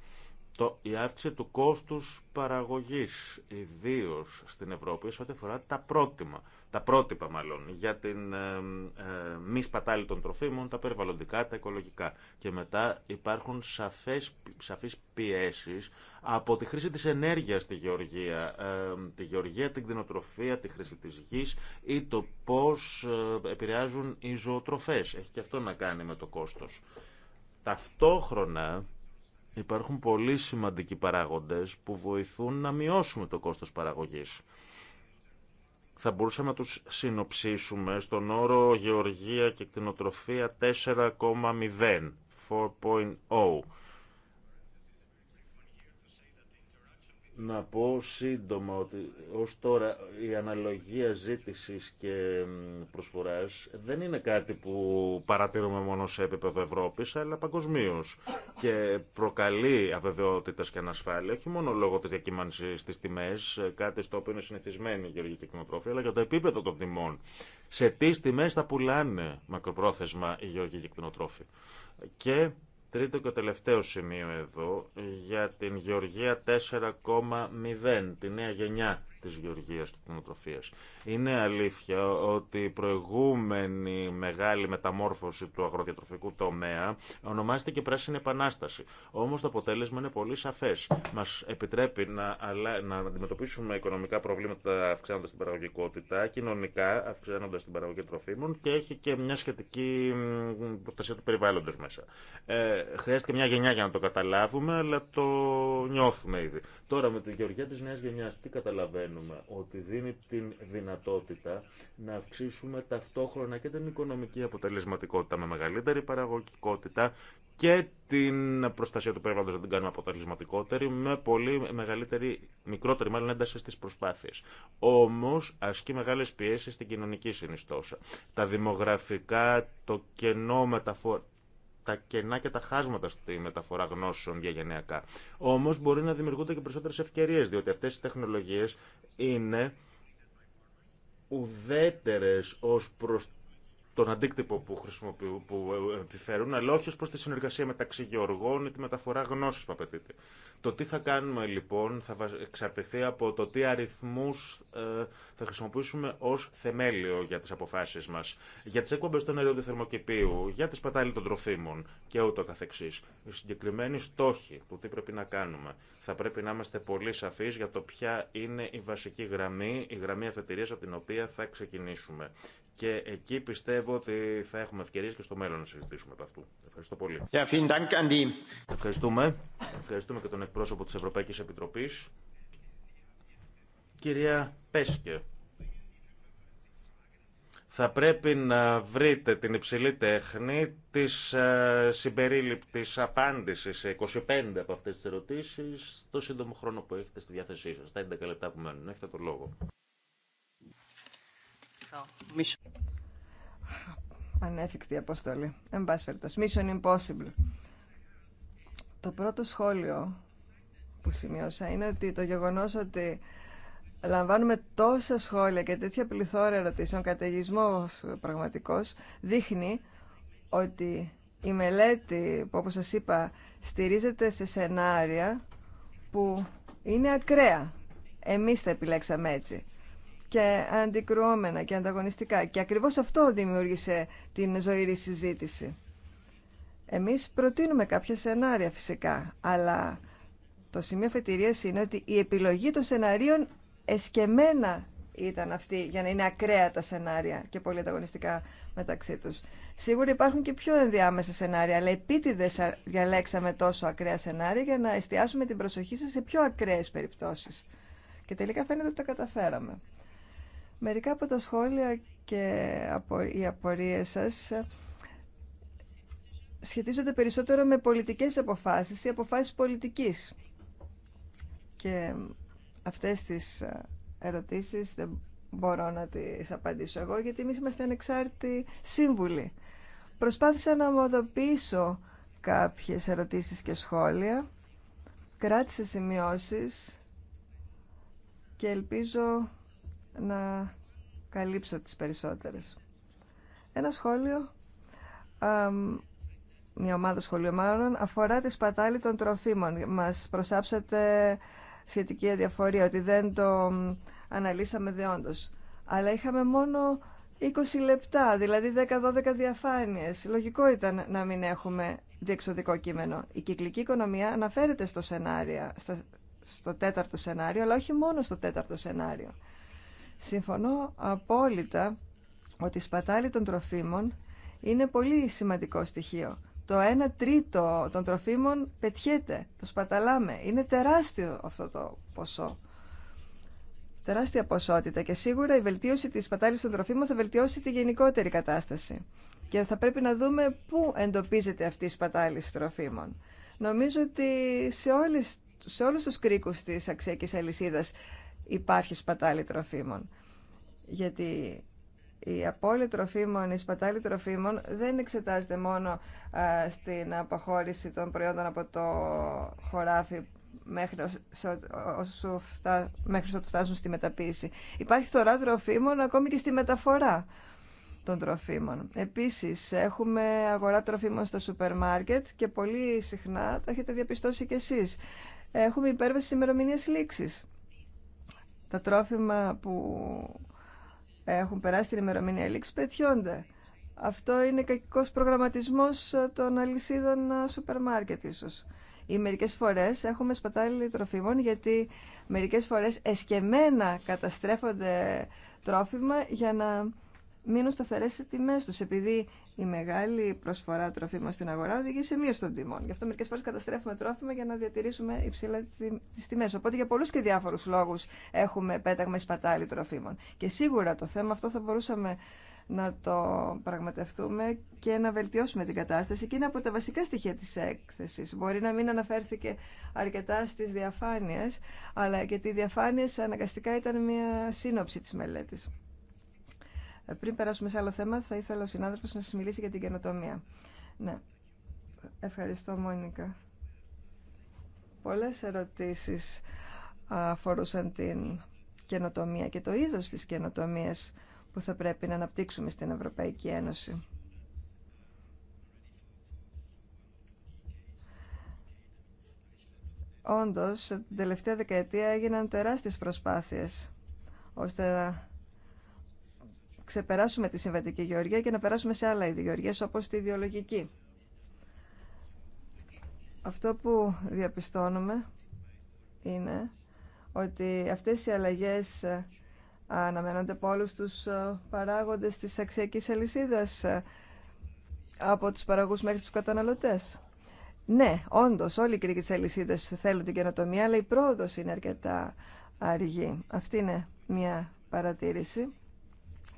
το, η αύξηση του κόστους παραγωγής, ιδίω στην Ευρώπη, σε ό,τι αφορά τα πρότυπα, τα πρότυπα μάλλον, για την ε, ε, μη σπατάλη των τροφίμων, τα περιβαλλοντικά, τα οικολογικά. Και μετά υπάρχουν σαφές, σαφείς πιέσεις από τη χρήση της ενέργειας στη γεωργία, ε, τη γεωργία, την κτηνοτροφία, τη χρήση της γης ή το πώς ε, επηρεάζουν οι ζωοτροφές. Έχει και αυτό να κάνει με το κόστος. Ταυτόχρονα, Υπάρχουν πολύ σημαντικοί παράγοντες που βοηθούν να μειώσουμε το κόστος παραγωγής. Θα μπορούσαμε να τους συνοψίσουμε στον όρο γεωργία και κτηνοτροφία 4,0, 4.0 να πω σύντομα ότι ως τώρα η αναλογία ζήτησης και προσφοράς δεν είναι κάτι που παρατηρούμε μόνο σε επίπεδο Ευρώπης, αλλά παγκοσμίω και προκαλεί αβεβαιότητας και ανασφάλεια, όχι μόνο λόγω της διακύμανσης στις τιμές, ε, κάτι στο οποίο είναι συνηθισμένη η γεωργική αλλά και το επίπεδο των τιμών. Σε τι τιμές θα πουλάνε μακροπρόθεσμα οι γεωργικοί κοινοτρόφοι. Και Τρίτο και τελευταίο σημείο εδώ για την Γεωργία 4,0, τη νέα γενιά της γεωργίας και κτηνοτροφίας. Είναι αλήθεια ότι η προηγούμενη μεγάλη μεταμόρφωση του αγροδιατροφικού τομέα ονομάστηκε Πράσινη Επανάσταση. Όμως το αποτέλεσμα είναι πολύ σαφές. Μας επιτρέπει να, να αντιμετωπίσουμε οικονομικά προβλήματα αυξάνοντας την παραγωγικότητα, κοινωνικά αυξάνοντας την παραγωγή τροφίμων και έχει και μια σχετική προστασία του περιβάλλοντος μέσα. Ε, χρειάστηκε μια γενιά για να το καταλάβουμε, αλλά το νιώθουμε ήδη. Τώρα με τη γεωργία της νέα γενιάς τι καταλαβαίνουμε ότι δίνει την δυνατότητα να αυξήσουμε ταυτόχρονα και την οικονομική αποτελεσματικότητα με μεγαλύτερη παραγωγικότητα και την προστασία του περιβάλλοντος να την κάνουμε αποτελεσματικότερη με πολύ μεγαλύτερη, μικρότερη μάλλον ένταση στις προσπάθειες. Όμως ασκεί μεγάλες πιέσεις στην κοινωνική συνιστόσα. Τα δημογραφικά, το κενό μεταφορά τα κενά και τα χάσματα στη μεταφορά γνώσεων διαγενειακά. Όμω μπορεί να δημιουργούνται και περισσότερε ευκαιρίε, διότι αυτέ οι τεχνολογίε είναι ουδέτερε ω προ τον αντίκτυπο που, που επιφέρουν, ε, αλλά όχι ω προ τη συνεργασία μεταξύ γεωργών ή τη μεταφορά γνώση που απαιτείται. Το τι θα κάνουμε λοιπόν θα εξαρτηθεί από το τι αριθμού ε, θα χρησιμοποιήσουμε ω θεμέλιο για τι αποφάσει μα, για τι έκπομπε των αερίων του θερμοκηπίου, για τι πατάλη των τροφίμων και ούτω καθεξή. Οι συγκεκριμένοι στόχοι του τι πρέπει να κάνουμε. Θα πρέπει να είμαστε πολύ σαφεί για το ποια είναι η βασική γραμμή, η γραμμή αφετηρία από την οποία θα ξεκινήσουμε και εκεί πιστεύω ότι θα έχουμε ευκαιρίες και στο μέλλον να συζητήσουμε από αυτού. Ευχαριστώ πολύ. Ευχαριστούμε. Ευχαριστούμε και τον εκπρόσωπο τη Ευρωπαϊκής Επιτροπής. Κυρία Πέσκε, θα πρέπει να βρείτε την υψηλή τέχνη της ε, συμπερίληπτης απάντησης σε 25 από αυτές τις ερωτήσεις στο σύντομο χρόνο που έχετε στη διάθεσή σας. Τα 11 λεπτά που μένουν. Έχετε το λόγο. Ανέφικτη αποστολή. Εν πάση Mission impossible. Το πρώτο σχόλιο που σημειώσα είναι ότι το γεγονός ότι λαμβάνουμε τόσα σχόλια και τέτοια πληθώρα ερωτήσεων, καταιγισμός πραγματικός, δείχνει ότι η μελέτη που όπως σας είπα στηρίζεται σε σενάρια που είναι ακραία. Εμείς τα επιλέξαμε έτσι και αντικρουόμενα και ανταγωνιστικά. Και ακριβώς αυτό δημιούργησε την ζωήρη συζήτηση. Εμείς προτείνουμε κάποια σενάρια φυσικά, αλλά το σημείο φετηρίας είναι ότι η επιλογή των σενάριων εσκεμμένα ήταν αυτή για να είναι ακραία τα σενάρια και πολύ ανταγωνιστικά μεταξύ τους. Σίγουρα υπάρχουν και πιο ενδιάμεσα σενάρια, αλλά επίτηδε διαλέξαμε τόσο ακραία σενάρια για να εστιάσουμε την προσοχή σας σε πιο ακραίες περιπτώσεις. Και τελικά φαίνεται ότι το καταφέραμε. Μερικά από τα σχόλια και οι απορίες σας ε, σχετίζονται περισσότερο με πολιτικές αποφάσεις ή αποφάσεις πολιτικής. Και αυτές τις ε, ερωτήσεις δεν μπορώ να τις απαντήσω εγώ, γιατί εμείς είμαστε ανεξάρτητοι σύμβουλοι. Προσπάθησα να ομοδοποιήσω κάποιες ερωτήσεις και σχόλια, κράτησα σημειώσεις και ελπίζω να καλύψω τις περισσότερες. Ένα σχόλιο, μια ομάδα σχολείων αφορά τη σπατάλη των τροφίμων. Μας προσάψατε σχετική αδιαφορία, ότι δεν το αναλύσαμε δεόντως. Αλλά είχαμε μόνο 20 λεπτά, δηλαδή 10-12 διαφάνειες. Λογικό ήταν να μην έχουμε διεξοδικό κείμενο. Η κυκλική οικονομία αναφέρεται στο σενάριο, στο τέταρτο σενάριο, αλλά όχι μόνο στο τέταρτο σενάριο. Συμφωνώ απόλυτα ότι η σπατάλη των τροφίμων είναι πολύ σημαντικό στοιχείο. Το 1 τρίτο των τροφίμων πετιέται, το σπαταλάμε. Είναι τεράστιο αυτό το ποσό. Τεράστια ποσότητα και σίγουρα η βελτίωση της σπατάλης των τροφίμων θα βελτιώσει τη γενικότερη κατάσταση. Και θα πρέπει να δούμε πού εντοπίζεται αυτή η σπατάλη τροφίμων. Νομίζω ότι σε όλες σε όλους τους κρίκους της αξιακής αλυσίδας υπάρχει σπατάλη τροφίμων. Γιατί η απώλεια τροφίμων, η σπατάλη τροφίμων δεν εξετάζεται μόνο ε, στην αποχώρηση των προϊόντων από το χωράφι μέχρι όσο φτά, μέχρι φτάσουν στη μεταποίηση. Υπάρχει φθορά τροφίμων ακόμη και στη μεταφορά των τροφίμων. Επίσης, έχουμε αγορά τροφίμων στα σούπερ μάρκετ και πολύ συχνά, το έχετε διαπιστώσει κι εσείς, έχουμε υπέρβαση ημερομηνία λήξης τα τρόφιμα που έχουν περάσει την ημερομηνία λήξη πετιώνται. Αυτό είναι κακικός προγραμματισμός των αλυσίδων σούπερ μάρκετ ίσως. Ή μερικές φορές έχουμε σπατάλη τροφίμων γιατί μερικές φορές εσκεμμένα καταστρέφονται τρόφιμα για να μείνουν σταθερέ οι τιμέ του. Επειδή η μεγάλη προσφορά τροφίμων στην αγορά οδηγεί σε μείωση των τιμών. Γι' αυτό μερικέ φορέ καταστρέφουμε τρόφιμα για να διατηρήσουμε υψηλά τι τιμέ. Οπότε για πολλού και διάφορου λόγου έχουμε πέταγμα σπατάλη τροφίμων. Και σίγουρα το θέμα αυτό θα μπορούσαμε να το πραγματευτούμε και να βελτιώσουμε την κατάσταση και είναι από τα βασικά στοιχεία της έκθεσης. Μπορεί να μην αναφέρθηκε αρκετά στις διαφάνειες, αλλά και οι διαφάνειες αναγκαστικά ήταν μια σύνοψη της μελέτης. Πριν περάσουμε σε άλλο θέμα, θα ήθελα ο συνάδελφος να σας μιλήσει για την καινοτομία. Ναι. Ευχαριστώ, Μόνικα. Πολλές ερωτήσεις αφορούσαν την καινοτομία και το είδος της καινοτομίας που θα πρέπει να αναπτύξουμε στην Ευρωπαϊκή Ένωση. Όντως, την τελευταία δεκαετία έγιναν τεράστιες προσπάθειες ώστε ξεπεράσουμε τη συμβατική γεωργία και να περάσουμε σε άλλα είδη γεωργίας όπως τη βιολογική. Αυτό που διαπιστώνουμε είναι ότι αυτές οι αλλαγές ε, αναμένονται από όλους τους ε, παράγοντες της αξιακής αλυσίδας ε, από τους παραγωγούς μέχρι τους καταναλωτές. Ναι, όντως όλοι οι κρίκοι της αλυσίδας θέλουν την καινοτομία αλλά η πρόοδος είναι αρκετά αργή. Αυτή είναι μια παρατήρηση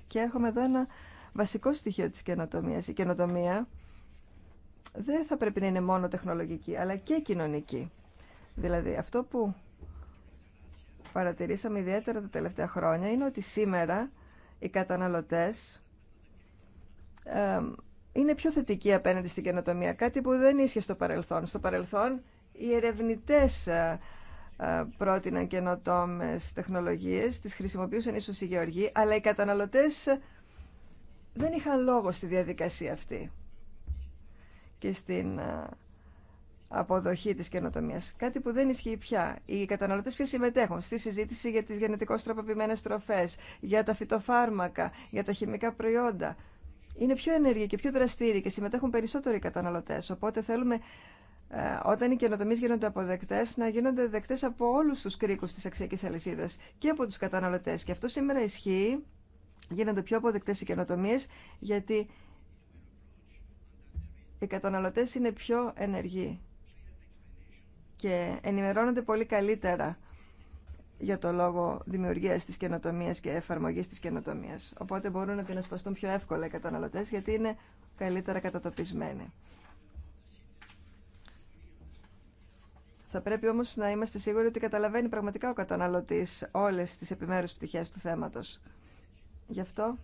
και έχουμε εδώ ένα βασικό στοιχείο της καινοτομία. Η καινοτομία δεν θα πρέπει να είναι μόνο τεχνολογική, αλλά και κοινωνική. Δηλαδή, αυτό που παρατηρήσαμε ιδιαίτερα τα τελευταία χρόνια είναι ότι σήμερα οι καταναλωτές είναι πιο θετικοί απέναντι στην καινοτομία, κάτι που δεν ίσχυε στο παρελθόν. Στο παρελθόν οι ερευνητές ε, ε, πρότειναν καινοτόμε τεχνολογίε τι χρησιμοποιούσαν ίσω οι γεωργοί, αλλά οι καταναλωτέ δεν είχαν λόγο στη διαδικασία αυτή και στην ε, αποδοχή της καινοτομία. Κάτι που δεν ισχύει πια. Οι καταναλωτές πια συμμετέχουν στη συζήτηση για τις γενετικώς τροποποιημένες τροφές, για τα φυτοφάρμακα, για τα χημικά προϊόντα. Είναι πιο ενεργοί και πιο δραστήριοι και συμμετέχουν περισσότεροι καταναλωτές. Οπότε θέλουμε ε, όταν οι καινοτομίε γίνονται αποδεκτέ, να γίνονται δεκτέ από όλου του κρίκου τη αξιακή αλυσίδα και από του καταναλωτέ. Και αυτό σήμερα ισχύει. Γίνονται πιο αποδεκτέ οι καινοτομίε, γιατί οι καταναλωτέ είναι πιο ενεργοί και ενημερώνονται πολύ καλύτερα για το λόγο δημιουργίας της καινοτομία και εφαρμογής της καινοτομία. Οπότε μπορούν να την ασπαστούν πιο εύκολα οι καταναλωτές γιατί είναι καλύτερα κατατοπισμένοι. Θα πρέπει όμως να είμαστε σίγουροι ότι καταλαβαίνει πραγματικά ο καταναλωτής όλες τις επιμέρους πτυχές του θέματος. Γι' αυτό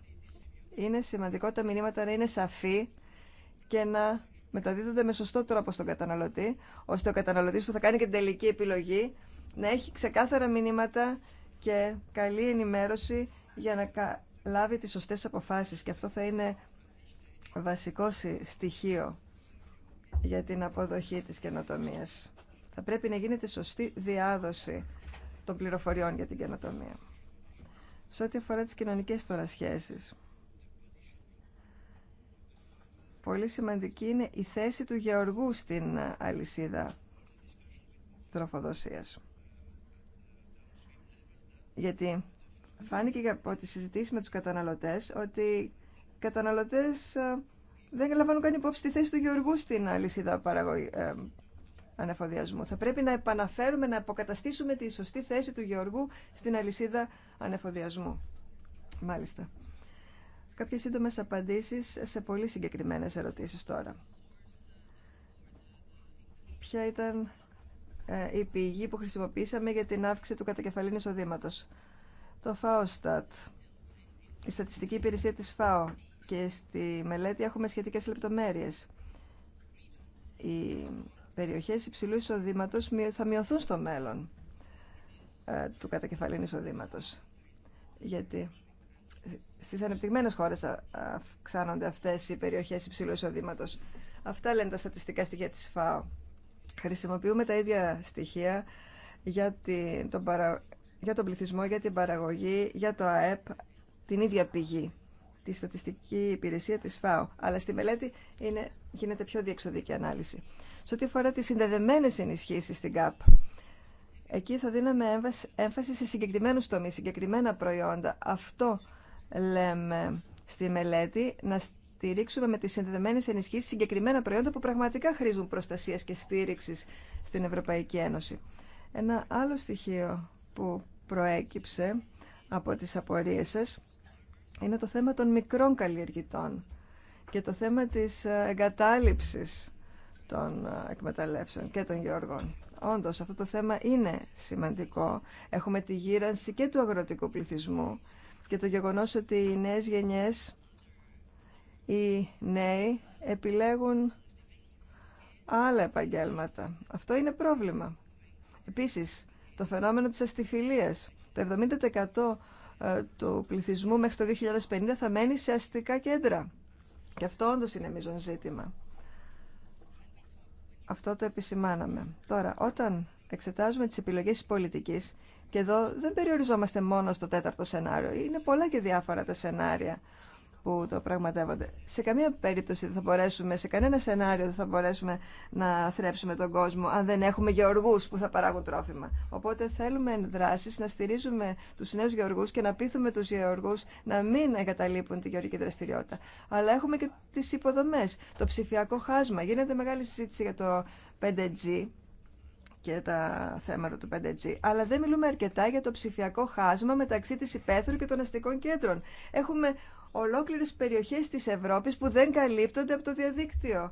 είναι σημαντικό τα μηνύματα να είναι σαφή και να μεταδίδονται με σωστό τρόπο στον καταναλωτή, ώστε ο καταναλωτής που θα κάνει και την τελική επιλογή να έχει ξεκάθαρα μηνύματα και καλή ενημέρωση για να λάβει τις σωστές αποφάσεις. Και αυτό θα είναι βασικό στοιχείο για την αποδοχή της καινοτομίας. Θα πρέπει να γίνεται σωστή διάδοση των πληροφοριών για την καινοτομία. Σε ό,τι αφορά τις κοινωνικές τώρα σχέσεις, πολύ σημαντική είναι η θέση του γεωργού στην αλυσίδα τροφοδοσίας. Γιατί φάνηκε από τις συζητήσεις με τους καταναλωτές ότι οι καταναλωτές ε, δεν λαμβάνουν καν υπόψη τη θέση του γεωργού στην αλυσίδα ε, ανεφοδιασμού. Θα πρέπει να επαναφέρουμε, να αποκαταστήσουμε τη σωστή θέση του Γεωργού στην αλυσίδα ανεφοδιασμού. Μάλιστα. Κάποιες σύντομες απαντήσεις σε πολύ συγκεκριμένες ερωτήσεις τώρα. Ποια ήταν ε, η πηγή που χρησιμοποιήσαμε για την αύξηση του κατακεφαλήν εισοδήματο. Το ΦΑΟΣΤΑΤ. η στατιστική υπηρεσία της ΦΑΟ και στη μελέτη έχουμε σχετικές λεπτομέρειες. Η περιοχές υψηλού εισοδήματο θα μειωθούν στο μέλλον ε, του κατακεφαλήν εισοδήματο. Γιατί στις ανεπτυγμένες χώρες αυξάνονται αυτές οι περιοχές υψηλού εισοδήματο. Αυτά λένε τα στατιστικά στοιχεία της ΦΑΟ. Χρησιμοποιούμε τα ίδια στοιχεία για, τον για τον πληθυσμό, για την παραγωγή, για το ΑΕΠ, την ίδια πηγή τη Στατιστική Υπηρεσία της ΦΑΟ. Αλλά στη μελέτη είναι, γίνεται πιο διεξοδική ανάλυση. Σε ό,τι αφορά τις συνδεδεμένες ενισχύσεις στην ΚΑΠ, εκεί θα δίναμε έμφαση σε συγκεκριμένους τομείς, συγκεκριμένα προϊόντα. Αυτό λέμε στη μελέτη, να στηρίξουμε με τις συνδεδεμένες ενισχύσεις συγκεκριμένα προϊόντα που πραγματικά χρήζουν προστασίας και στήριξης στην Ευρωπαϊκή Ένωση. Ένα άλλο στοιχείο που προέκυψε από τις απορίες σας είναι το θέμα των μικρών καλλιεργητών και το θέμα της ε, εγκατάλειψης των ε, εκμεταλλεύσεων και των γεωργών. Όντως, αυτό το θέμα είναι σημαντικό. Έχουμε τη γύρανση και του αγροτικού πληθυσμού και το γεγονός ότι οι νέες γενιές, οι νέοι, επιλέγουν άλλα επαγγέλματα. Αυτό είναι πρόβλημα. Επίσης, το φαινόμενο της αστιφιλίας. Το 70% ε, του πληθυσμού μέχρι το 2050 θα μένει σε αστικά κέντρα. Και αυτό όντω είναι μείζον ζήτημα. Αυτό το επισημάναμε. Τώρα, όταν εξετάζουμε τις επιλογές της πολιτικής, και εδώ δεν περιοριζόμαστε μόνο στο τέταρτο σενάριο, είναι πολλά και διάφορα τα σενάρια που το πραγματεύονται. Σε καμία περίπτωση δεν θα μπορέσουμε, σε κανένα σενάριο δεν θα μπορέσουμε να θρέψουμε τον κόσμο αν δεν έχουμε γεωργού που θα παράγουν τρόφιμα. Οπότε θέλουμε δράσει να στηρίζουμε του νέου γεωργού και να πείθουμε του γεωργού να μην εγκαταλείπουν τη γεωργική δραστηριότητα. Αλλά έχουμε και τι υποδομέ, το ψηφιακό χάσμα. Γίνεται μεγάλη συζήτηση για το 5G και τα θέματα του 5G. Αλλά δεν μιλούμε αρκετά για το ψηφιακό χάσμα μεταξύ τη υπαίθρου και των αστικών κέντρων. Έχουμε ολόκληρες περιοχές της Ευρώπης που δεν καλύπτονται από το διαδίκτυο.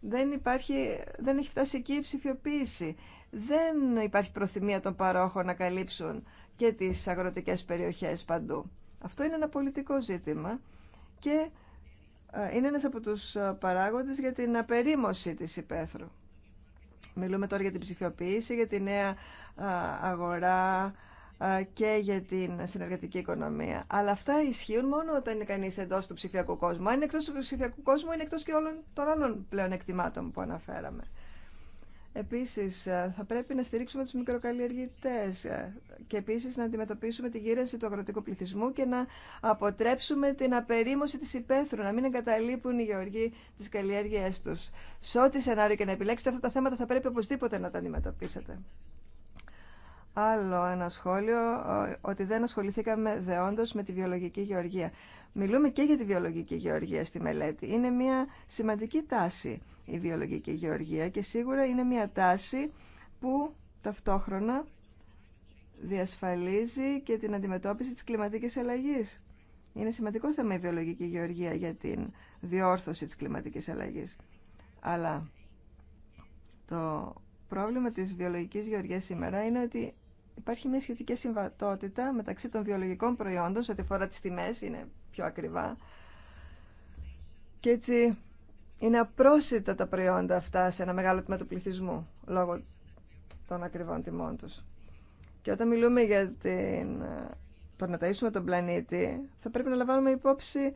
Δεν, υπάρχει, δεν έχει φτάσει εκεί η ψηφιοποίηση. Δεν υπάρχει προθυμία των παρόχων να καλύψουν και τις αγροτικές περιοχές παντού. Αυτό είναι ένα πολιτικό ζήτημα και ε, είναι ένας από τους ε, παράγοντες για την απερίμωση της υπαίθρου. Μιλούμε τώρα για την ψηφιοποίηση, για τη νέα ε, αγορά και για την συνεργατική οικονομία. Αλλά αυτά ισχύουν μόνο όταν είναι κανεί εντό του ψηφιακού κόσμου. Αν είναι εκτό του ψηφιακού κόσμου, είναι εκτό και όλων των άλλων πλέον εκτιμάτων που αναφέραμε. Επίση, θα πρέπει να στηρίξουμε του μικροκαλλιεργητέ και επίση να αντιμετωπίσουμε τη γύρανση του αγροτικού πληθυσμού και να αποτρέψουμε την απερίμωση τη υπαίθρου, να μην εγκαταλείπουν οι γεωργοί τι καλλιέργειέ του. Σε ό,τι σενάριο και να επιλέξετε αυτά τα θέματα, θα πρέπει οπωσδήποτε να τα αντιμετωπίσετε. Άλλο ένα σχόλιο, ότι δεν ασχοληθήκαμε δεόντως με τη βιολογική γεωργία. Μιλούμε και για τη βιολογική γεωργία στη μελέτη. Είναι μια σημαντική τάση η βιολογική γεωργία και σίγουρα είναι μια τάση που ταυτόχρονα διασφαλίζει και την αντιμετώπιση της κλιματικής αλλαγής. Είναι σημαντικό θέμα η βιολογική γεωργία για την διόρθωση της κλιματικής αλλαγή. Αλλά το πρόβλημα της βιολογικής γεωργίας σήμερα είναι ότι υπάρχει μια σχετική συμβατότητα μεταξύ των βιολογικών προϊόντων σε ό,τι αφορά τις τιμές, είναι πιο ακριβά. Και έτσι είναι απρόσιτα τα προϊόντα αυτά σε ένα μεγάλο τμήμα του πληθυσμού λόγω των ακριβών τιμών τους. Και όταν μιλούμε για την, το να ταΐσουμε τον πλανήτη, θα πρέπει να λαμβάνουμε υπόψη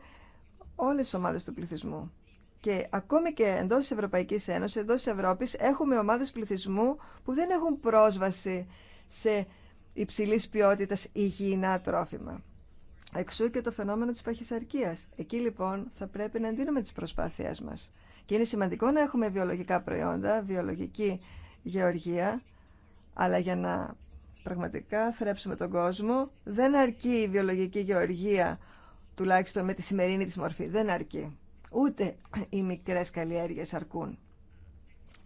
όλες τις ομάδες του πληθυσμού. Και ακόμη και εντό τη Ευρωπαϊκή Ένωση, εντό Ευρώπη, έχουμε ομάδε πληθυσμού που δεν έχουν πρόσβαση σε υψηλής ποιότητας υγιεινά τρόφιμα. Εξού και το φαινόμενο της παχυσαρκίας. Εκεί λοιπόν θα πρέπει να εντείνουμε τις προσπάθειές μας. Και είναι σημαντικό να έχουμε βιολογικά προϊόντα, βιολογική γεωργία, αλλά για να πραγματικά θρέψουμε τον κόσμο, δεν αρκεί η βιολογική γεωργία, τουλάχιστον με τη σημερινή της μορφή, δεν αρκεί. Ούτε οι μικρές καλλιέργειες αρκούν.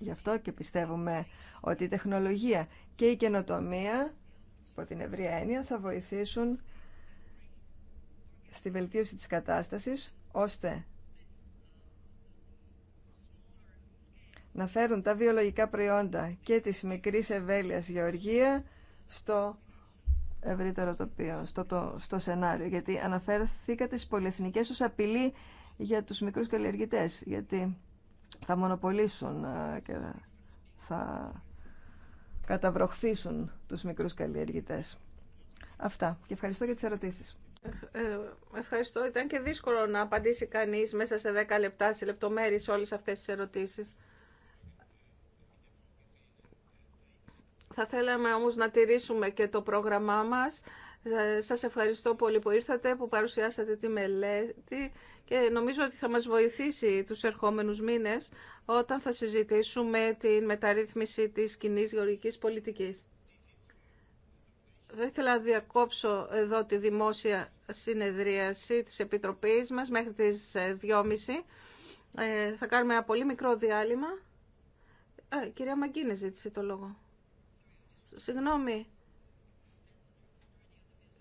Γι' αυτό και πιστεύουμε ότι η τεχνολογία και η καινοτομία, από την ευρία έννοια, θα βοηθήσουν στη βελτίωση της κατάστασης, ώστε να φέρουν τα βιολογικά προϊόντα και της μικρής ευέλειας γεωργία στο ευρύτερο τοπίο, στο, το, στο σενάριο. Γιατί αναφέρθηκατε στις πολυεθνικές ως απειλή για τους μικρούς καλλιεργητές. Γιατί θα μονοπολίσουν ε, και θα καταβροχθήσουν τους μικρούς καλλιεργητές. Αυτά και ευχαριστώ για τις ερωτήσεις. Ε, ε ευχαριστώ. Ήταν και δύσκολο να απαντήσει κανείς μέσα σε 10 λεπτά, σε λεπτομέρειες όλες αυτές τις ερωτήσεις. Θα θέλαμε όμως να τηρήσουμε και το πρόγραμμά μας. Ε, σας ευχαριστώ πολύ που ήρθατε, που παρουσιάσατε τη μελέτη και νομίζω ότι θα μας βοηθήσει τους ερχόμενους μήνες όταν θα συζητήσουμε την μεταρρύθμιση της κοινή γεωργικής πολιτικής. Δεν ήθελα να διακόψω εδώ τη δημόσια συνεδρίαση της Επιτροπής μας μέχρι τις 2.30. Ε, ε, θα κάνουμε ένα πολύ μικρό διάλειμμα. κυρία Μαγκίνη ζήτησε το λόγο. Συγγνώμη.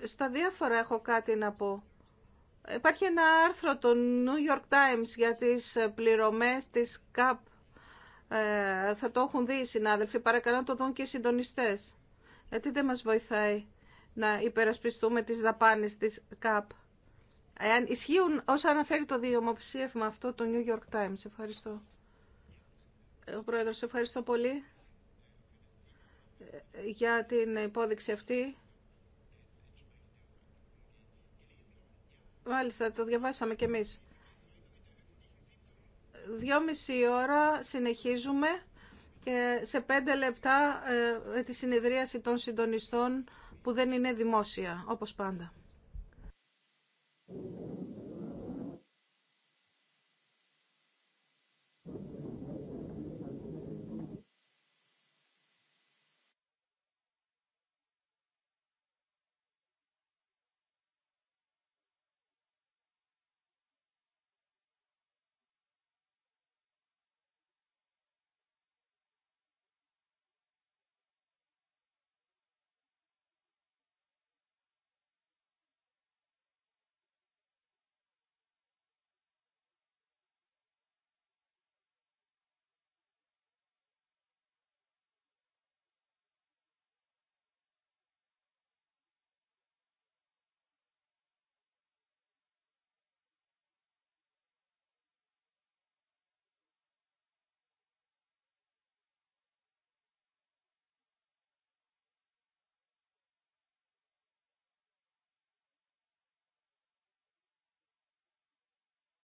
Στα διάφορα έχω κάτι να πω. Υπάρχει ένα άρθρο του New York Times για τις πληρωμές της ΚΑΠ. Ε, θα το έχουν δει οι συνάδελφοι. Παρακαλώ να το δουν και οι συντονιστές. Γιατί δεν μας βοηθάει να υπερασπιστούμε τις δαπάνες της ΚΑΠ. Εάν ισχύουν όσα αναφέρει το διομοψίευμα αυτό το New York Times. Ευχαριστώ. Ο Πρόεδρος, ευχαριστώ πολύ για την υπόδειξη αυτή. Μάλιστα, το διαβάσαμε κι εμείς. Δυόμιση ώρα συνεχίζουμε και σε πέντε λεπτά ε, τη συνεδρίαση των συντονιστών που δεν είναι δημόσια, όπως πάντα.